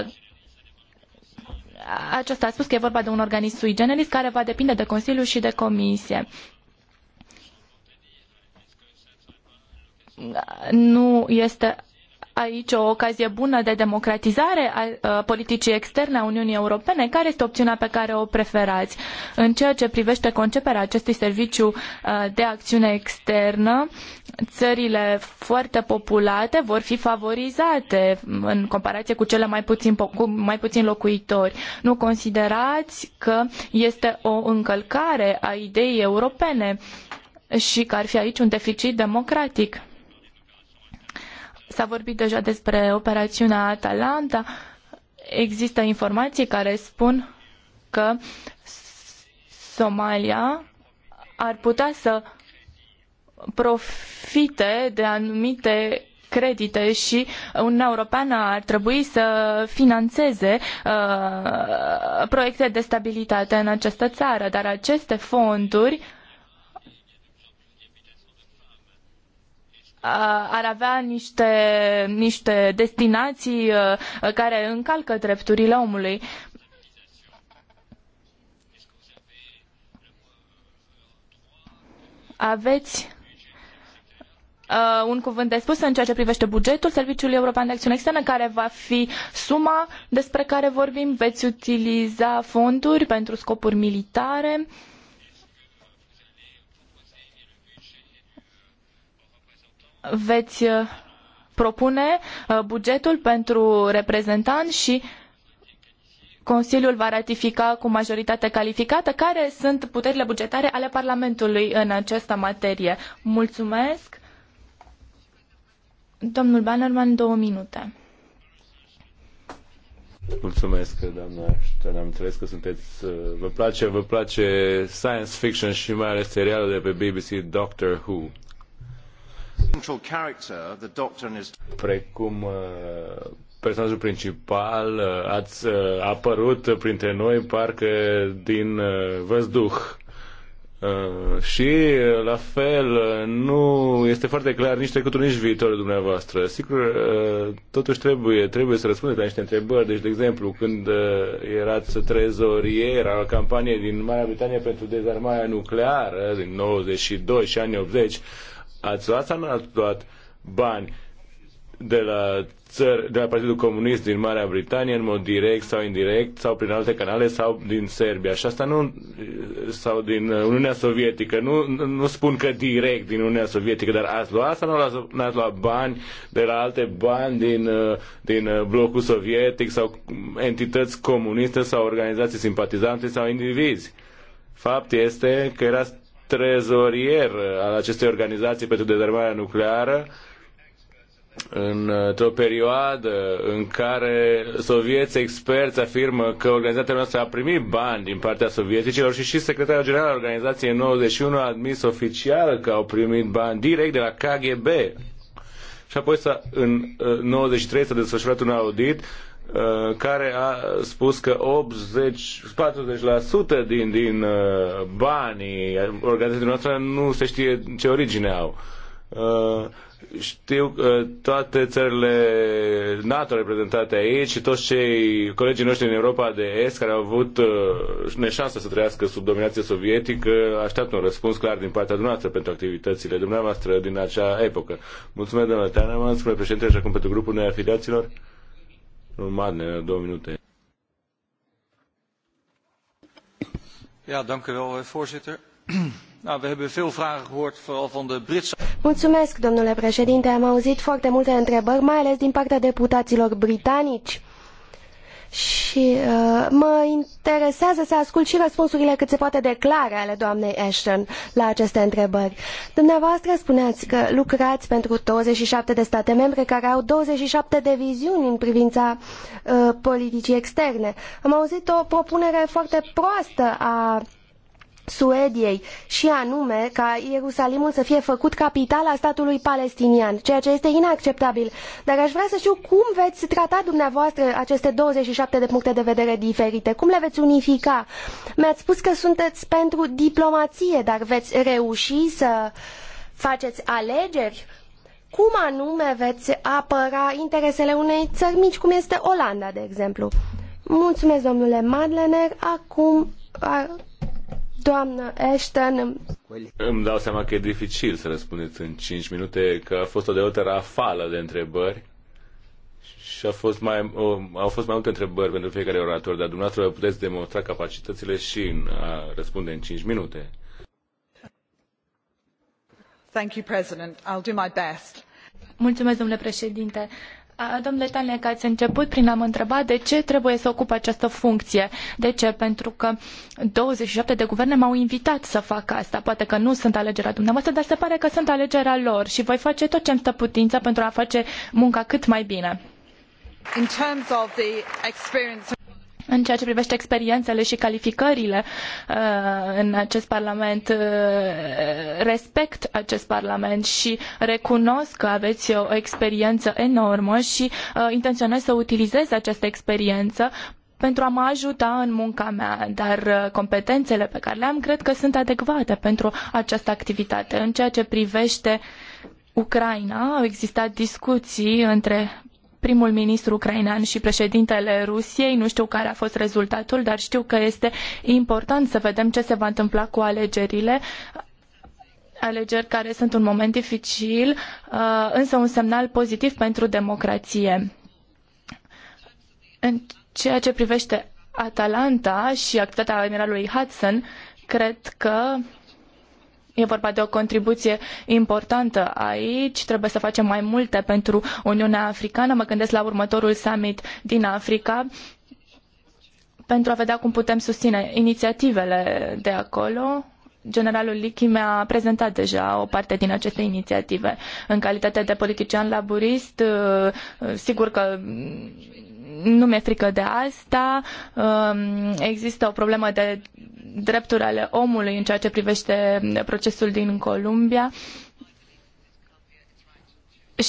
aceasta a spus că e vorba de un organism sui generis care va depinde de Consiliu și de Comisie. nu este aici o ocazie bună de democratizare a politicii externe a Uniunii Europene? Care este opțiunea pe care o preferați? În ceea ce privește conceperea acestui serviciu de acțiune externă, țările foarte populate vor fi favorizate în comparație cu cele mai puțin, cu mai puțin locuitori. Nu considerați că este o încălcare a ideii europene și că ar fi aici un deficit democratic? S-a vorbit deja despre operațiunea Atalanta. Există informații care spun că Somalia ar putea să profite de anumite credite și Uniunea Europeană ar trebui să financeze uh, proiecte de stabilitate în această țară, dar aceste fonduri ar avea niște, niște destinații care încalcă drepturile omului. Aveți un cuvânt de spus în ceea ce privește bugetul Serviciului European de Acțiune Externă, care va fi suma despre care vorbim? Veți utiliza fonduri pentru scopuri militare? Uh, veți uh, propune uh, bugetul pentru reprezentant și Consiliul va ratifica cu majoritate calificată. Care sunt puterile bugetare ale Parlamentului în această materie? Mulțumesc. Domnul Bannerman, două minute. Mulțumesc, doamna Aștean. Am înțeles că sunteți... Uh, vă place, vă place science fiction și mai ales serialul de pe BBC Doctor Who. Precum uh, personajul principal, uh, ați uh, apărut printre noi parcă din văzduh. Și, la fel, nu este foarte clar nici trecutul, nici viitorul dumneavoastră. Sigur, totuși trebuie, trebuie să răspundeți la niște întrebări. Deci, de exemplu, când erați trezorier al campaniei din Marea Britanie pentru dezarmarea nucleară din 92 și anii 80, Ați luat sau nu ați luat bani de la, țări, de la Partidul Comunist din Marea Britanie în mod direct sau indirect sau prin alte canale sau din Serbia și asta nu sau din Uniunea Sovietică nu, nu spun că direct din Uniunea Sovietică dar ați luat sau nu ați luat bani de la alte bani din, din blocul sovietic sau entități comuniste sau organizații simpatizante sau indivizi fapt este că erați trezorier al acestei organizații pentru dezarmarea nucleară într-o perioadă în care sovieți experți afirmă că organizația noastră a primit bani din partea sovieticilor și și secretarul general al organizației 91 a admis oficial că au primit bani direct de la KGB. Și apoi s-a, în 93 s-a desfășurat un audit Uh, care a spus că 80, 40% din, din uh, banii organizației noastre nu se știe ce origine au. Uh, știu că toate țările NATO reprezentate aici și toți cei colegii noștri din Europa de Est care au avut neșansa să trăiască sub dominație sovietică așteaptă un răspuns clar din partea dumneavoastră pentru activitățile dumneavoastră din acea epocă. Mulțumesc, domnule Teană, mulțumesc președinte și acum pentru grupul noi afiliaților. Domnul Madner, două minute. Ja, dank u wel, eh, voorzitter. Nou, we hebben veel vragen gehoord, vooral van de Britse... Mulțumesc, domnule președinte. Am auzit foarte multe întrebări, mai ales din partea deputaților britanici. Și uh, mă interesează să ascult și răspunsurile cât se poate declare ale doamnei Ashton la aceste întrebări. Dumneavoastră spuneați că lucrați pentru 27 de state membre care au 27 de viziuni în privința uh, politicii externe. Am auzit o propunere foarte proastă a Suediei și anume ca Ierusalimul să fie făcut capitala statului palestinian, ceea ce este inacceptabil. Dar aș vrea să știu cum veți trata dumneavoastră aceste 27 de puncte de vedere diferite, cum le veți unifica. Mi-ați spus că sunteți pentru diplomație, dar veți reuși să faceți alegeri? Cum anume veți apăra interesele unei țări mici, cum este Olanda, de exemplu? Mulțumesc, domnule Madlener. Acum Doamnă Ashton... Îmi dau seama că e dificil să răspundeți în 5 minute, că a fost o deodată rafală de întrebări și a fost mai, o, au fost mai multe întrebări pentru fiecare orator, dar dumneavoastră puteți demonstra capacitățile și în a răspunde în 5 minute. Thank you, President. I'll do my best. Mulțumesc, domnule președinte. Domnule Tanec, ați început prin a mă întreba de ce trebuie să ocup această funcție. De ce? Pentru că 27 de guverne m-au invitat să fac asta. Poate că nu sunt alegerea dumneavoastră, dar se pare că sunt alegerea lor și voi face tot ce-mi stă putință pentru a face munca cât mai bine. In terms of the experience în ceea ce privește experiențele și calificările uh, în acest Parlament. Uh, respect acest Parlament și recunosc că aveți o experiență enormă și uh, intenționez să utilizez această experiență pentru a mă ajuta în munca mea, dar competențele pe care le-am cred că sunt adecvate pentru această activitate. În ceea ce privește Ucraina, au existat discuții între primul ministru ucrainean și președintele Rusiei. Nu știu care a fost rezultatul, dar știu că este important să vedem ce se va întâmpla cu alegerile alegeri care sunt un moment dificil, uh, însă un semnal pozitiv pentru democrație. În ceea ce privește Atalanta și activitatea admiralului Hudson, cred că E vorba de o contribuție importantă aici. Trebuie să facem mai multe pentru Uniunea Africană. Mă gândesc la următorul summit din Africa pentru a vedea cum putem susține inițiativele de acolo. Generalul Lichi mi-a prezentat deja o parte din aceste inițiative. În calitate de politician laburist, sigur că nu mi-e frică de asta. Um, există o problemă de drepturi ale omului în ceea ce privește procesul din Columbia.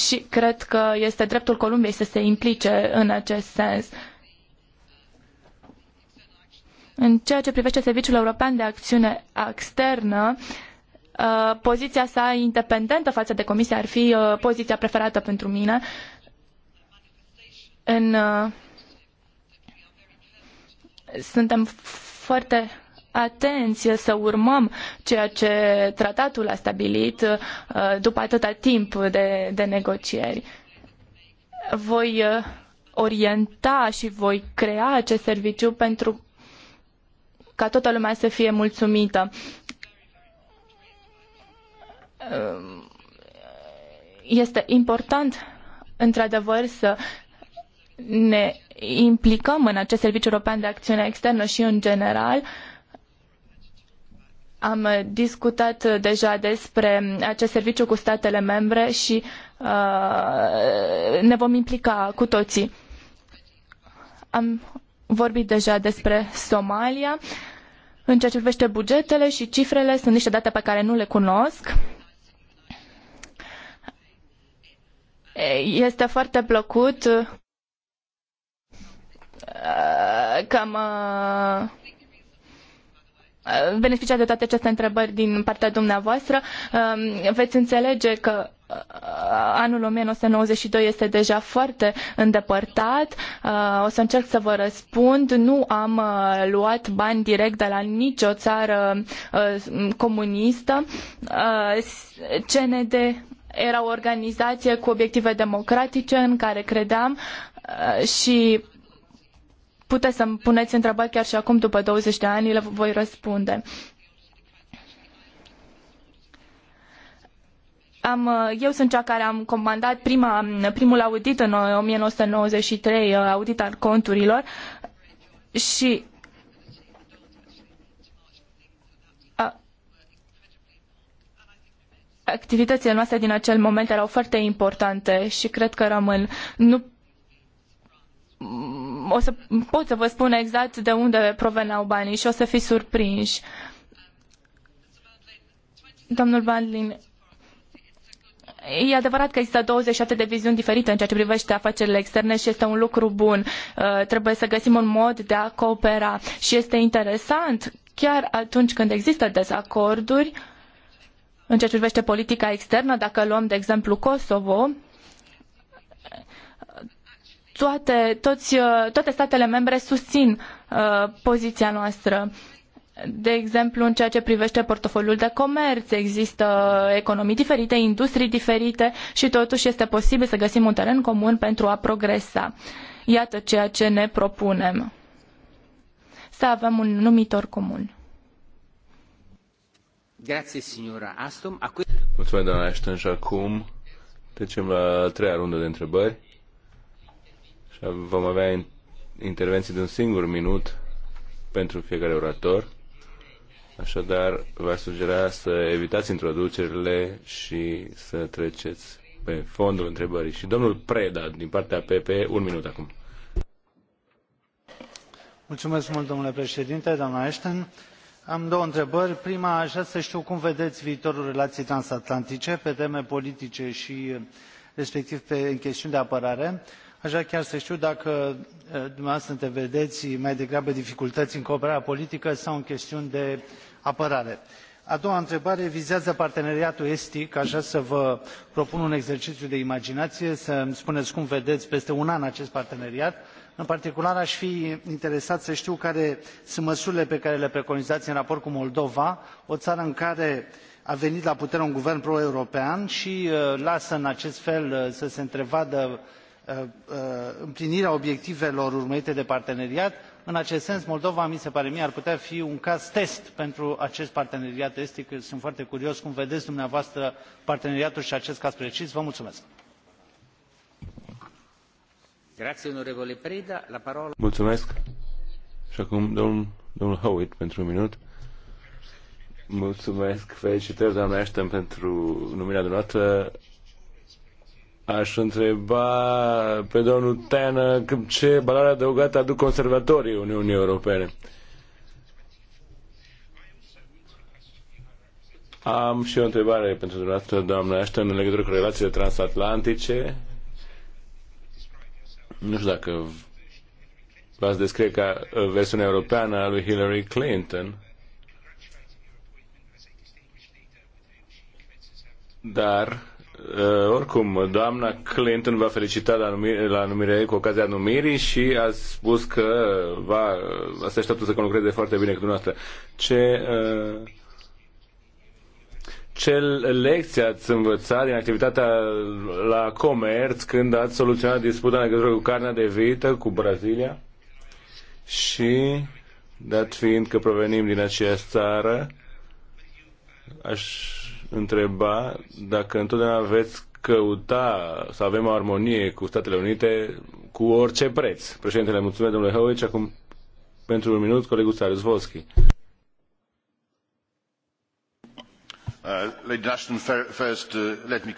Și cred că este dreptul Columbiei să se implice în acest sens. În ceea ce privește Serviciul European de Acțiune Externă, uh, poziția sa independentă față de Comisie ar fi uh, poziția preferată pentru mine în, uh, suntem foarte atenți să urmăm ceea ce tratatul a stabilit uh, după atâta timp de, de negocieri. Voi uh, orienta și voi crea acest serviciu pentru ca toată lumea să fie mulțumită. Este important, într-adevăr, să ne implicăm în acest serviciu european de acțiune externă și în general. Am discutat deja despre acest serviciu cu statele membre și uh, ne vom implica cu toții. Am vorbit deja despre Somalia. În ceea ce privește bugetele și cifrele, sunt niște date pe care nu le cunosc. Este foarte plăcut că am uh, beneficiat de toate aceste întrebări din partea dumneavoastră. Um, veți înțelege că uh, anul 1992 este deja foarte îndepărtat. Uh, o să încerc să vă răspund. Nu am luat bani direct de la nicio țară comunistă. CND era o organizație cu obiective democratice în care credeam și Puteți să-mi puneți întrebări chiar și acum, după 20 de ani, le voi răspunde. Am, uh, eu sunt cea care am comandat prima, primul audit în 1993, uh, uh, audit al conturilor și activitățile noastre din acel moment erau foarte importante și cred că rămân. Nu o să pot să vă spun exact de unde proveneau banii și o să fiți surprinși. Domnul Bandlin, E adevărat că există 27 de viziuni diferite în ceea ce privește afacerile externe și este un lucru bun. Uh, trebuie să găsim un mod de a coopera și este interesant chiar atunci când există dezacorduri în ceea ce privește politica externă, dacă luăm de exemplu Kosovo, toate, toți, uh, toate statele membre susțin uh, poziția noastră. De exemplu, în ceea ce privește portofoliul de comerț, există economii diferite, industrii diferite și totuși este posibil să găsim un teren comun pentru a progresa. Iată ceea ce ne propunem. Să avem un numitor comun. Grazie, signora Aston. Mulțumesc, doamna Ashton. Și acum trecem la a treia rundă de întrebări și vom avea intervenții de un singur minut pentru fiecare orator. Așadar, vă sugera să evitați introducerile și să treceți pe fondul întrebării. Și domnul Preda, din partea PP, un minut acum. Mulțumesc mult, domnule președinte, doamna Ashton. Am două întrebări. Prima, aș vrea să știu cum vedeți viitorul relației transatlantice pe teme politice și respectiv pe în chestiuni de apărare. Uh, Aș vrea chiar să știu dacă eh, dumneavoastră întrevedeți mai degrabă dificultăți în cooperarea politică sau în chestiuni de apărare. A doua întrebare vizează parteneriatul estic. Aș vrea să vă propun un exercițiu de imaginație, să îmi spuneți cum vedeți peste un an acest parteneriat. În particular, aș fi interesat să știu care sunt măsurile pe care le preconizați în raport cu Moldova, o țară în care a venit la putere un guvern pro-european și eh, lasă în acest fel eh, să se întrevadă Uh, uh, împlinirea obiectivelor urmărite de parteneriat. în acest sens moldova mi se pare mie ar putea fi un caz test pentru acest parteneriat estic. sunt foarte curios cum vedeți dumneavoastră parteneriatul și acest caz precis. vă mulțumesc. Mulțumesc. Și acum domnul, Howitt pentru un minut. Mulțumesc, felicitări doamna Ashton pentru numirea dumneavoastră. Aș întreba pe domnul Teană ce valoare adăugată aduc conservatorii Uniunii Europene. Am și o întrebare pentru dumneavoastră, doamnă Ashton, în legătură cu relațiile transatlantice. Nu știu dacă v-ați descrie ca versiunea europeană a lui Hillary Clinton. Dar Eh, oricum, doamna Clinton va felicita la, numire, la numire, cu ocazia numirii și a spus că va, se așteaptă să conlucreze foarte bine cu dumneavoastră. Ce, eh, ce lecție ați învățat din activitatea la comerț când ați soluționat disputa în legătură cu carnea de vită cu Brazilia? Și, dat fiind că provenim din aceeași țară, aș întreba dacă întotdeauna veți căuta să avem o armonie cu Statele Unite cu orice preț. Președintele, mulțumesc domnule Howic. Acum, pentru un minut, colegul Sarus Zvolski. Uh,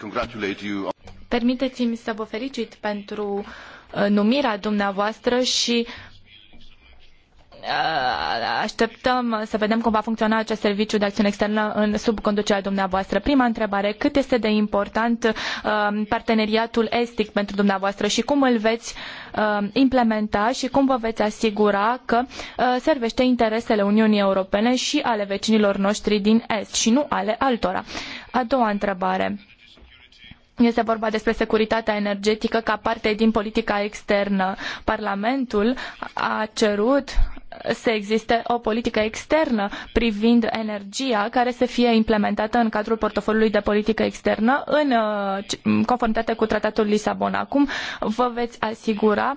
uh, Permiteți-mi să vă felicit pentru uh, numirea dumneavoastră și Uh, așteptăm să vedem cum va funcționa acest serviciu de acțiune externă în, sub conducerea dumneavoastră. Prima întrebare, cât este de important uh, parteneriatul estic pentru dumneavoastră și cum îl veți uh, implementa și cum vă veți asigura că servește interesele Uniunii Europene și ale vecinilor noștri din Est și nu ale altora? A doua întrebare. Este vorba despre securitatea energetică ca parte din politica externă. Parlamentul a cerut să existe o politică externă privind energia care să fie implementată în cadrul portofoliului de politică externă uh, în conformitate cu tratatul Lisabona. Acum vă veți asigura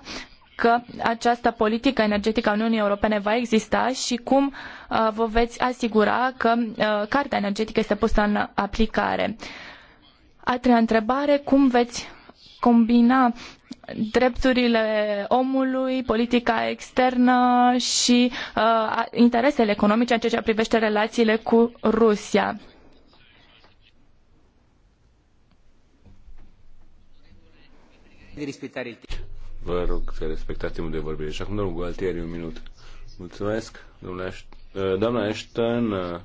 că această politică energetică a Uniunii Europene va exista și cum uh, vă veți asigura că uh, cartea energetică este pusă în aplicare. A treia întrebare, cum veți combina drepturile omului, politica externă și uh, interesele economice în ceea ce privește relațiile cu Rusia. Vă rog să respectați timpul de vorbire. Și acum, domnul Gualtieri, un minut. Mulțumesc, domnule Ashton. Uh, doamna Ashton, uh,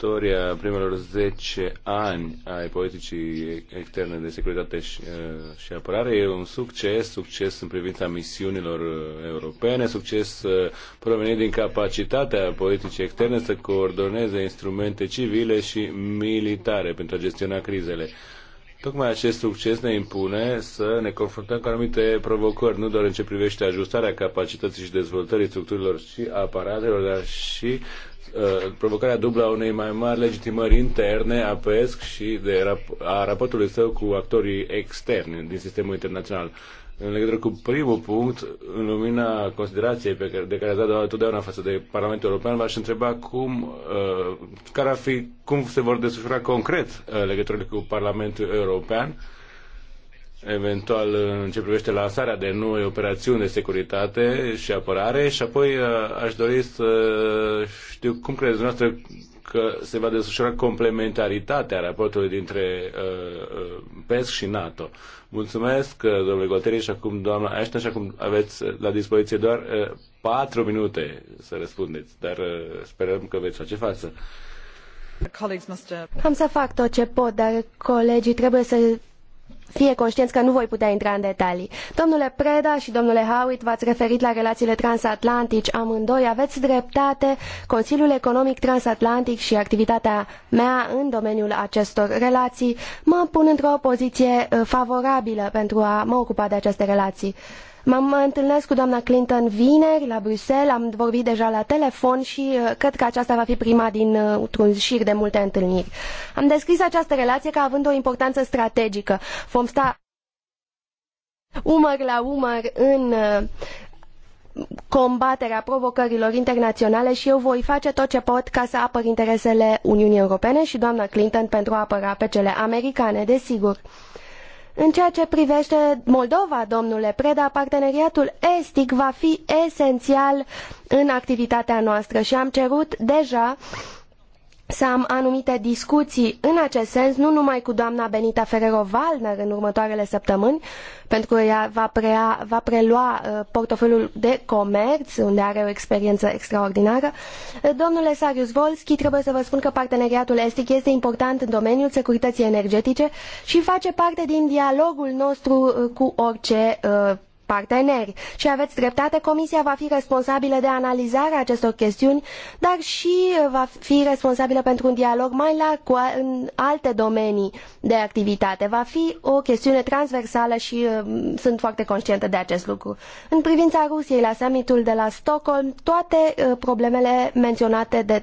istoria primelor 10 ani ai politicii externe de securitate și, uh, și apărare. E un succes, succes în privința misiunilor uh, europene, succes uh, provenit din capacitatea politicii externe să coordoneze instrumente civile și militare pentru a gestiona crizele. Tocmai acest succes ne impune să ne confruntăm cu anumite provocări, nu doar în ce privește ajustarea capacității și dezvoltării structurilor și aparatelor, dar și Uh, provocarea dublă a unei mai mari legitimări interne a PESC și de rap- a raportului său cu actorii externi din sistemul internațional. În legătură cu primul punct, în lumina considerației pe care, de care ați dat totdeauna față de Parlamentul European, v-aș întreba cum, uh, care ar fi, cum se vor desfășura concret uh, legăturile cu Parlamentul European eventual în ce privește lansarea de noi operațiuni de securitate și apărare și apoi uh, aș dori să știu cum credeți dumneavoastră că se va desfășura complementaritatea raportului dintre uh, uh, PESC și NATO. Mulțumesc, domnule Goteri, și acum doamna Ashton, și acum aveți la dispoziție doar patru minute să răspundeți, dar sperăm că veți face față. Am să fac tot ce pot, dar colegii trebuie să fie conștienți că nu voi putea intra în detalii. Domnule Preda și domnule Howitt, v-ați referit la relațiile transatlantice amândoi, aveți dreptate, Consiliul Economic Transatlantic și activitatea mea în domeniul acestor relații mă pun într-o poziție uh, favorabilă pentru a mă ocupa de aceste relații. M-am întâlnesc cu doamna Clinton vineri la Bruxelles, am vorbit deja la telefon și uh, cred că aceasta va fi prima dintr-un uh, șir de multe întâlniri. Am descris această relație ca având o importanță strategică. Vom sta umăr la umăr în uh, combaterea provocărilor internaționale și eu voi face tot ce pot ca să apăr interesele Uniunii Europene și doamna Clinton pentru a apăra pe cele americane, desigur. În ceea ce privește Moldova, domnule Preda, parteneriatul estic va fi esențial în activitatea noastră și am cerut deja uh, să am anumite discuții în acest sens, nu numai cu doamna Benita Ferrero-Valner în următoarele săptămâni, pentru că ea va, prea, va prelua uh, portofoliul de comerț, unde are o experiență extraordinară. Uh, domnule Sarius Volski, trebuie să vă spun că parteneriatul estic este important în domeniul securității energetice și face parte din dialogul nostru uh, cu orice parteneri. Și aveți dreptate, Comisia va fi responsabilă de analizarea acestor chestiuni, dar și uh, va fi responsabilă pentru un dialog mai larg cu în alte domenii de activitate. Va fi o chestiune transversală și uh, sunt foarte conștientă de acest lucru. În privința Rusiei la summitul de la Stockholm, toate uh, problemele menționate de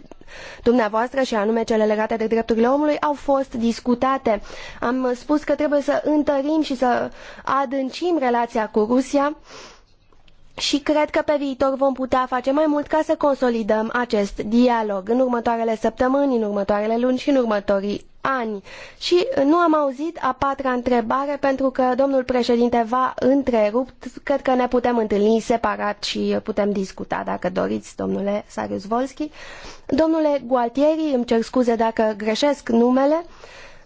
dumneavoastră și anume cele legate de drepturile omului au fost discutate. Am spus că trebuie să întărim și să adâncim relația cu Rusia și cred că pe viitor vom putea face mai mult ca să consolidăm acest dialog în următoarele săptămâni, în următoarele luni și în următorii ani. Și nu am auzit a patra întrebare pentru că domnul președinte va întrerupt. Cred că ne putem întâlni separat și putem discuta dacă doriți, domnule Sarius Volski. Domnule Gualtieri, îmi cer scuze dacă greșesc numele. Uh,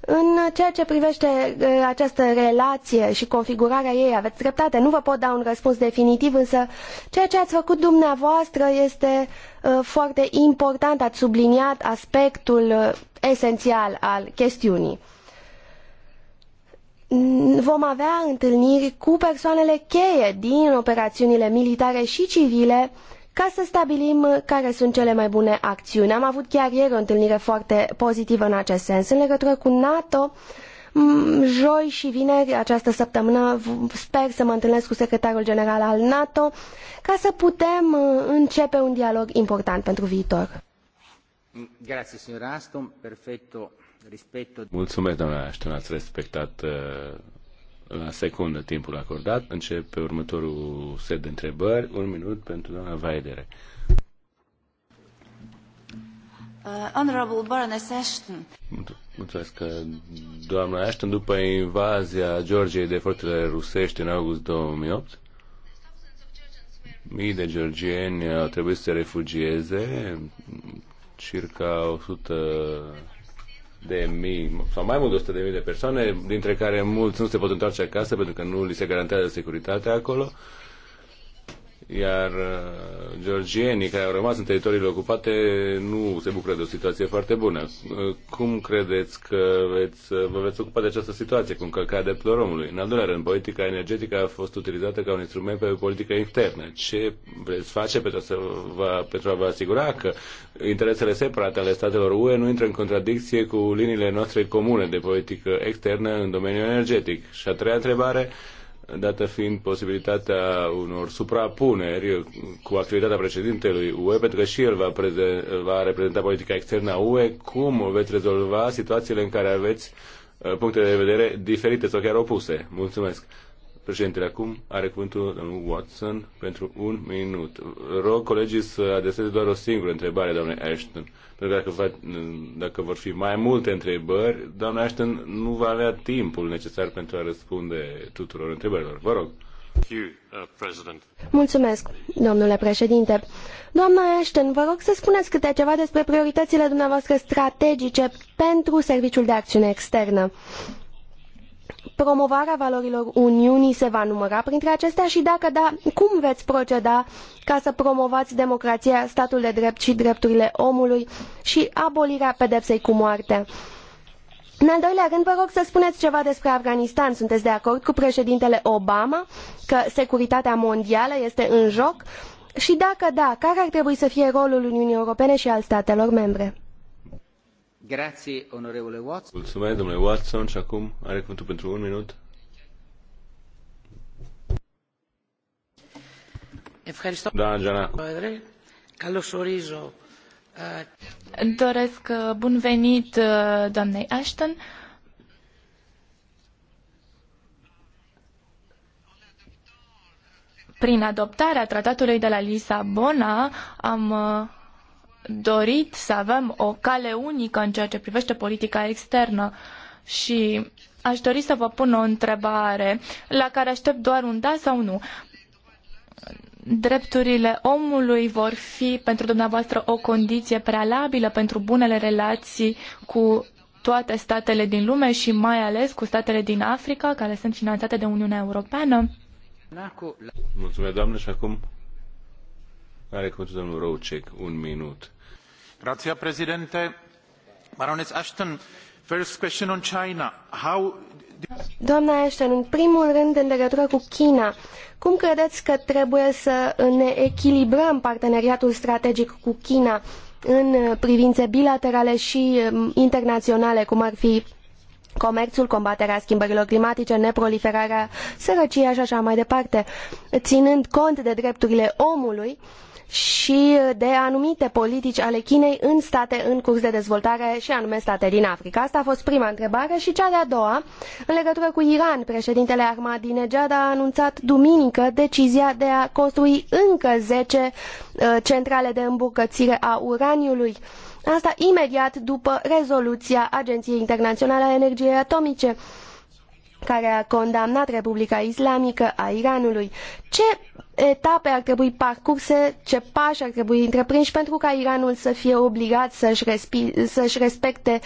în ceea ce privește uh, această relație și configurarea ei, aveți dreptate, nu vă pot da un răspuns definitiv, însă ceea ce ați făcut dumneavoastră este uh, foarte important, ați subliniat aspectul uh, esențial al chestiunii. Vom avea întâlniri cu persoanele cheie din operațiunile militare și civile ca să stabilim care sunt cele mai bune acțiuni. Am avut chiar ieri o întâlnire foarte pozitivă în acest sens. În legătură cu NATO, joi și vineri această săptămână sper să mă întâlnesc cu secretarul general al NATO ca să putem uh, începe un dialog important pentru viitor. Grazie, signora Aston. Perfetto rispetto. Mulțumesc, doamna Ashton, ați respectat uh la secundă timpul acordat. Începe următorul set de întrebări. Un minut pentru doamna Vaidere. Uh, Baroness Ashton. Mulțumesc, doamna Ashton. După invazia Georgiei de forțele rusești în august 2008, mii de georgieni au trebuit să se refugieze, circa 100 de mii sau mai mult de 100 de mii de persoane, dintre care mulți nu se pot întoarce acasă pentru că nu li se garantează securitatea acolo. Uh, iar uh, georgienii care au rămas în teritoriile ocupate nu se bucură de o situație foarte bună. Uh, cum credeți că veți, uh, vă veți ocupa de această situație cu încălcarea drepturilor omului? În al doilea rând, politica energetică a fost utilizată ca un instrument pe politică internă. Ce veți face pentru, să vă, pentru a vă asigura că interesele separate ale statelor UE nu intră în contradicție cu liniile noastre comune de politică externă în domeniul energetic? Și a treia întrebare, dată fiind posibilitatea unor suprapuneri cu activitatea președintelui UE, pentru că și el va, va reprezenta politica externă a UE, cum veți rezolva situațiile în care aveți uh, puncte de vedere diferite sau chiar opuse? Mulțumesc! Președintele, acum are cuvântul domnul Watson pentru un minut. Rog colegii să adreseze doar o singură întrebare, doamne Ashton. Pentru că dacă, va, dacă vor fi mai multe întrebări, doamne Ashton nu va avea timpul necesar pentru a răspunde tuturor întrebărilor. Vă rog. Uh, Mulțumesc, domnule președinte. Doamna Ashton, vă rog să spuneți câte ceva despre prioritățile dumneavoastră strategice pentru Serviciul de Acțiune Externă promovarea valorilor Uniunii se va număra printre acestea și dacă da, cum veți proceda ca să promovați democrația, statul de drept și drepturile omului și abolirea pedepsei cu moartea? În al doilea rând, vă rog să spuneți ceva despre Afganistan. Sunteți de acord cu președintele Obama că securitatea mondială este în joc? Și dacă da, care ar trebui să fie rolul Uniunii Europene și al statelor membre? Mulțumesc, domnule Watson. Și acum are cuvântul pentru un minut. Da, Angela. Eh. Doresc eh, bun venit eh, doamnei Ashton. Prin adoptarea tratatului de la Lisabona am dorit să avem o cale unică în ceea ce privește politica externă și aș dori să vă pun o întrebare la care aștept doar un da sau nu. Drepturile omului vor fi pentru dumneavoastră o condiție prealabilă pentru bunele relații cu toate statele din lume și mai ales cu statele din Africa, care sunt finanțate de Uniunea Europeană. Mulțumesc, doamnă, și acum are cuvântul domnul Roucek, un minut. Grazie, domnule Baroness Ashton, first question on China. How... Ashton, în primul rând, în legătură cu China, cum credeți că trebuie să ne echilibrăm parteneriatul strategic cu China în privințe bilaterale și um, internaționale, cum ar fi comerțul, combaterea schimbărilor climatice, neproliferarea sărăciei și așa mai departe, ținând cont de drepturile omului, uh, și de anumite politici ale Chinei în state în curs de dezvoltare și anume state din Africa? Asta a fost prima întrebare și cea de-a doua, în legătură cu Iran, președintele Ahmadinejad a anunțat duminică decizia de a construi încă zece uh, centrale de îmbucățire a uraniului. Asta imediat după rezoluția Agenției Internaționale a Energiei Atomice care a condamnat Republica Islamică a Iranului. Ce etape ar trebui parcurse, ce pași ar trebui întreprinși pentru ca Iranul să fie obligat să-și, să respecte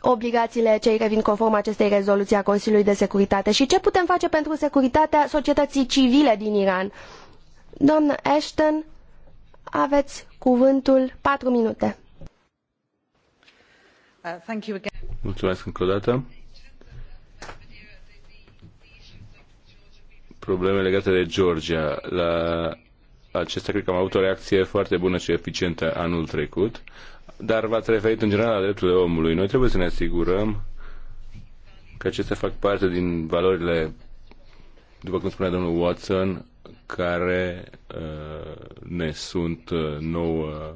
obligațiile ce îi revin conform acestei rezoluții a Consiliului de Securitate și ce putem face pentru securitatea societății civile din Iran. Doamnă Ashton, aveți cuvântul patru minute. Uh, Mulțumesc încă o dată. probleme legate de Georgia. La acesta cred că am avut o reacție foarte bună și eficientă anul trecut, dar v-ați referit în general la drepturile omului. Noi trebuie să ne asigurăm că acestea fac parte din valorile, după cum spunea domnul Watson, care uh, ne sunt uh, nouă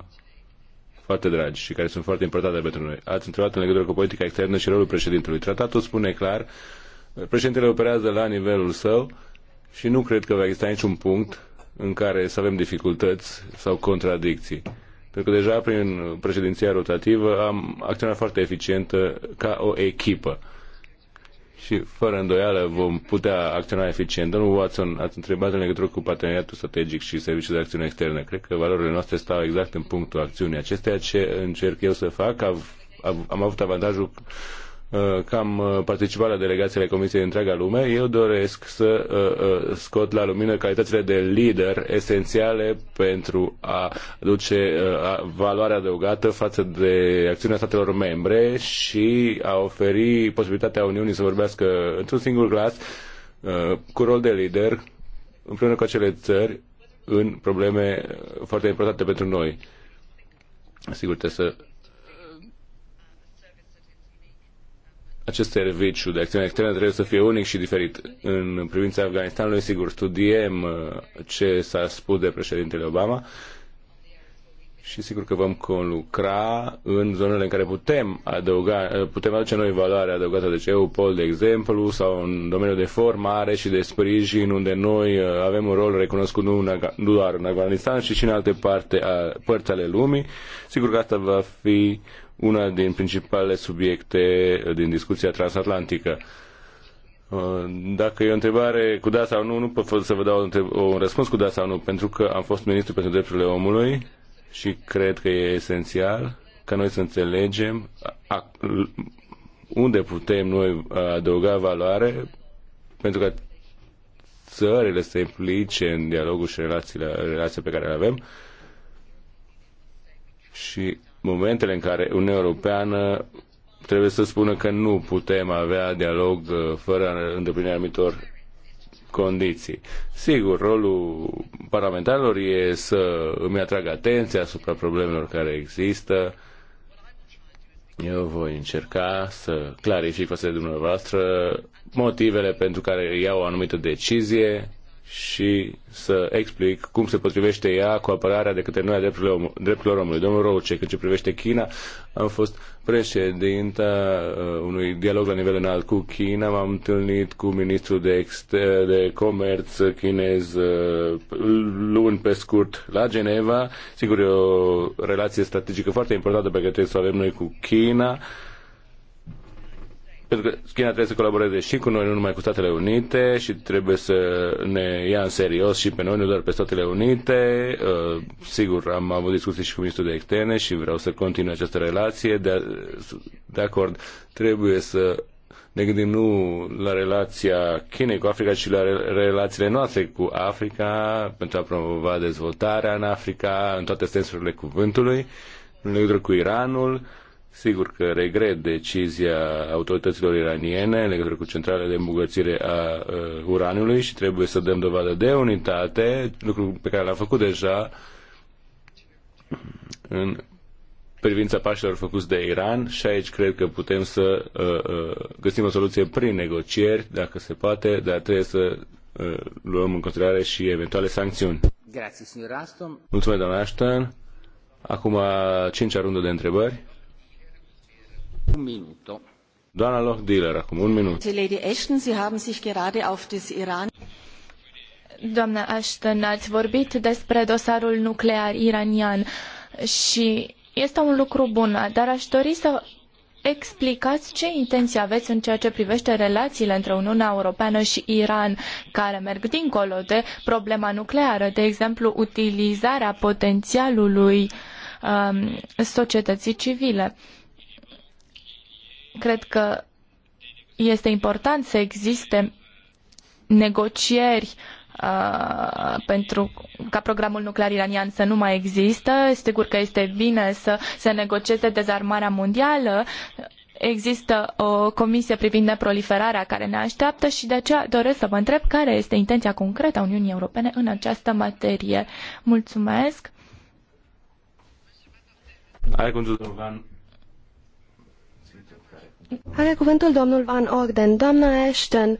foarte dragi și care sunt foarte importante pentru noi. Ați întrebat în legătură cu politica externă și rolul președintelui. Tratatul spune clar, președintele operează la nivelul său, uh, și nu cred că va exista niciun punct în care să avem dificultăți sau contradicții. Pentru că deja prin președinția rotativă am acționat foarte eficient uh, ca o echipă. Și fără îndoială vom putea acționa eficient. Domnul Watson, ați întrebat în legătură cu parteneriatul strategic și serviciul de acțiune externă. Cred că valorile noastre stau exact în punctul acțiunii. Acestea ce încerc eu să fac, am avut avantajul Uh, că am uh, participat la delegațiile Comisiei întreaga lume, eu doresc să uh, scot la lumină calitățile de lider esențiale pentru a duce valoarea adăugată față de acțiunea statelor membre și a oferi posibilitatea Uniunii să vorbească într-un singur glas cu rol de lider împreună cu acele țări în probleme foarte importante pentru noi. Sigur, trebuie să acest serviciu de acțiune externă trebuie să fie unic și diferit. În privința Afganistanului, sigur, studiem uh, ce s-a spus de președintele Obama și sigur că vom conlucra în zonele în care putem adăuga, uh, putem aduce noi valoare adăugată, de deci CEU, POL, de exemplu, sau în domeniul de formare și de sprijin, unde noi uh, avem un rol recunoscut nu, în, nu doar în Afganistan, ci și în alte parte, părți ale lumii. Sigur că asta va fi una din principalele subiecte din discuția transatlantică. Uh, dacă e o întrebare cu da sau nu, nu pot să vă dau un răspuns cu da sau nu, pentru că am fost ministru pentru drepturile omului și cred că e esențial ca noi să înțelegem unde putem noi adăuga valoare pentru că țările se implice în dialogul și relațiile, relația pe care le avem și momentele în care Uniunea Europeană trebuie să spună că nu putem avea dialog uh, fără îndeplinirea anumitor condiții. Sigur, rolul parlamentarilor e să îmi atrag atenția asupra problemelor care există. Eu voi încerca să clarific față de dumneavoastră motivele pentru care iau o anumită decizie și să explic cum se potrivește ea cu apărarea de către noi a drepturilor, om, drepturilor omului. Domnul Roce, când ce privește China, am fost președinta uh, unui dialog la nivel înalt cu China, m-am întâlnit cu ministrul de, de comerț chinez uh, luni pe scurt la Geneva. Sigur, e o relație strategică foarte importantă pe care trebuie să o avem noi cu China. Uh, pentru că China trebuie să colaboreze și cu noi, nu numai cu Statele Unite și trebuie să ne ia în serios și pe noi, nu doar pe Statele Unite. Uh, sigur, am avut discuții și cu ministrul de externe și vreau să continui această relație. De, de acord, trebuie să ne gândim nu la relația Chinei cu Africa, ci la relațiile noastre cu Africa pentru a promova dezvoltarea în Africa, în toate sensurile cuvântului, în legătură cu Iranul Sigur că regret decizia autorităților iraniene în legătură cu centrala de îmbogățire a uh, uraniului și trebuie să dăm dovadă de unitate, lucru pe care l-am făcut deja în privința pașilor făcuți de Iran și aici cred că putem să uh, uh, găsim o soluție prin negocieri, dacă se poate, dar trebuie să uh, luăm în considerare și eventuale sancțiuni. Grazie, Mulțumesc, doamna Ashton. Acum a cincea rundă de întrebări. Un Doamna acum un minut. Lady Ashton, Sie haben sich gerade auf das Iran... Doamna Ashton, ați vorbit despre dosarul nuclear iranian și este un lucru bun, dar aș dori să explicați ce intenții aveți în ceea ce privește relațiile între Uniunea Europeană și Iran, care merg dincolo de problema nucleară, de exemplu, utilizarea potențialului um, societății civile. Uh, Cred că este important să existe negocieri Uh, pentru ca programul nuclear iranian să nu mai există. Sigur că este bine să se negocieze dezarmarea mondială. Există o comisie privind neproliferarea care ne așteaptă și de aceea doresc să vă întreb care este intenția concretă a Uniunii Europene în această materie. Mulțumesc! Ai cuvântul, are cuvântul domnul Van Orden. Doamna Ashton,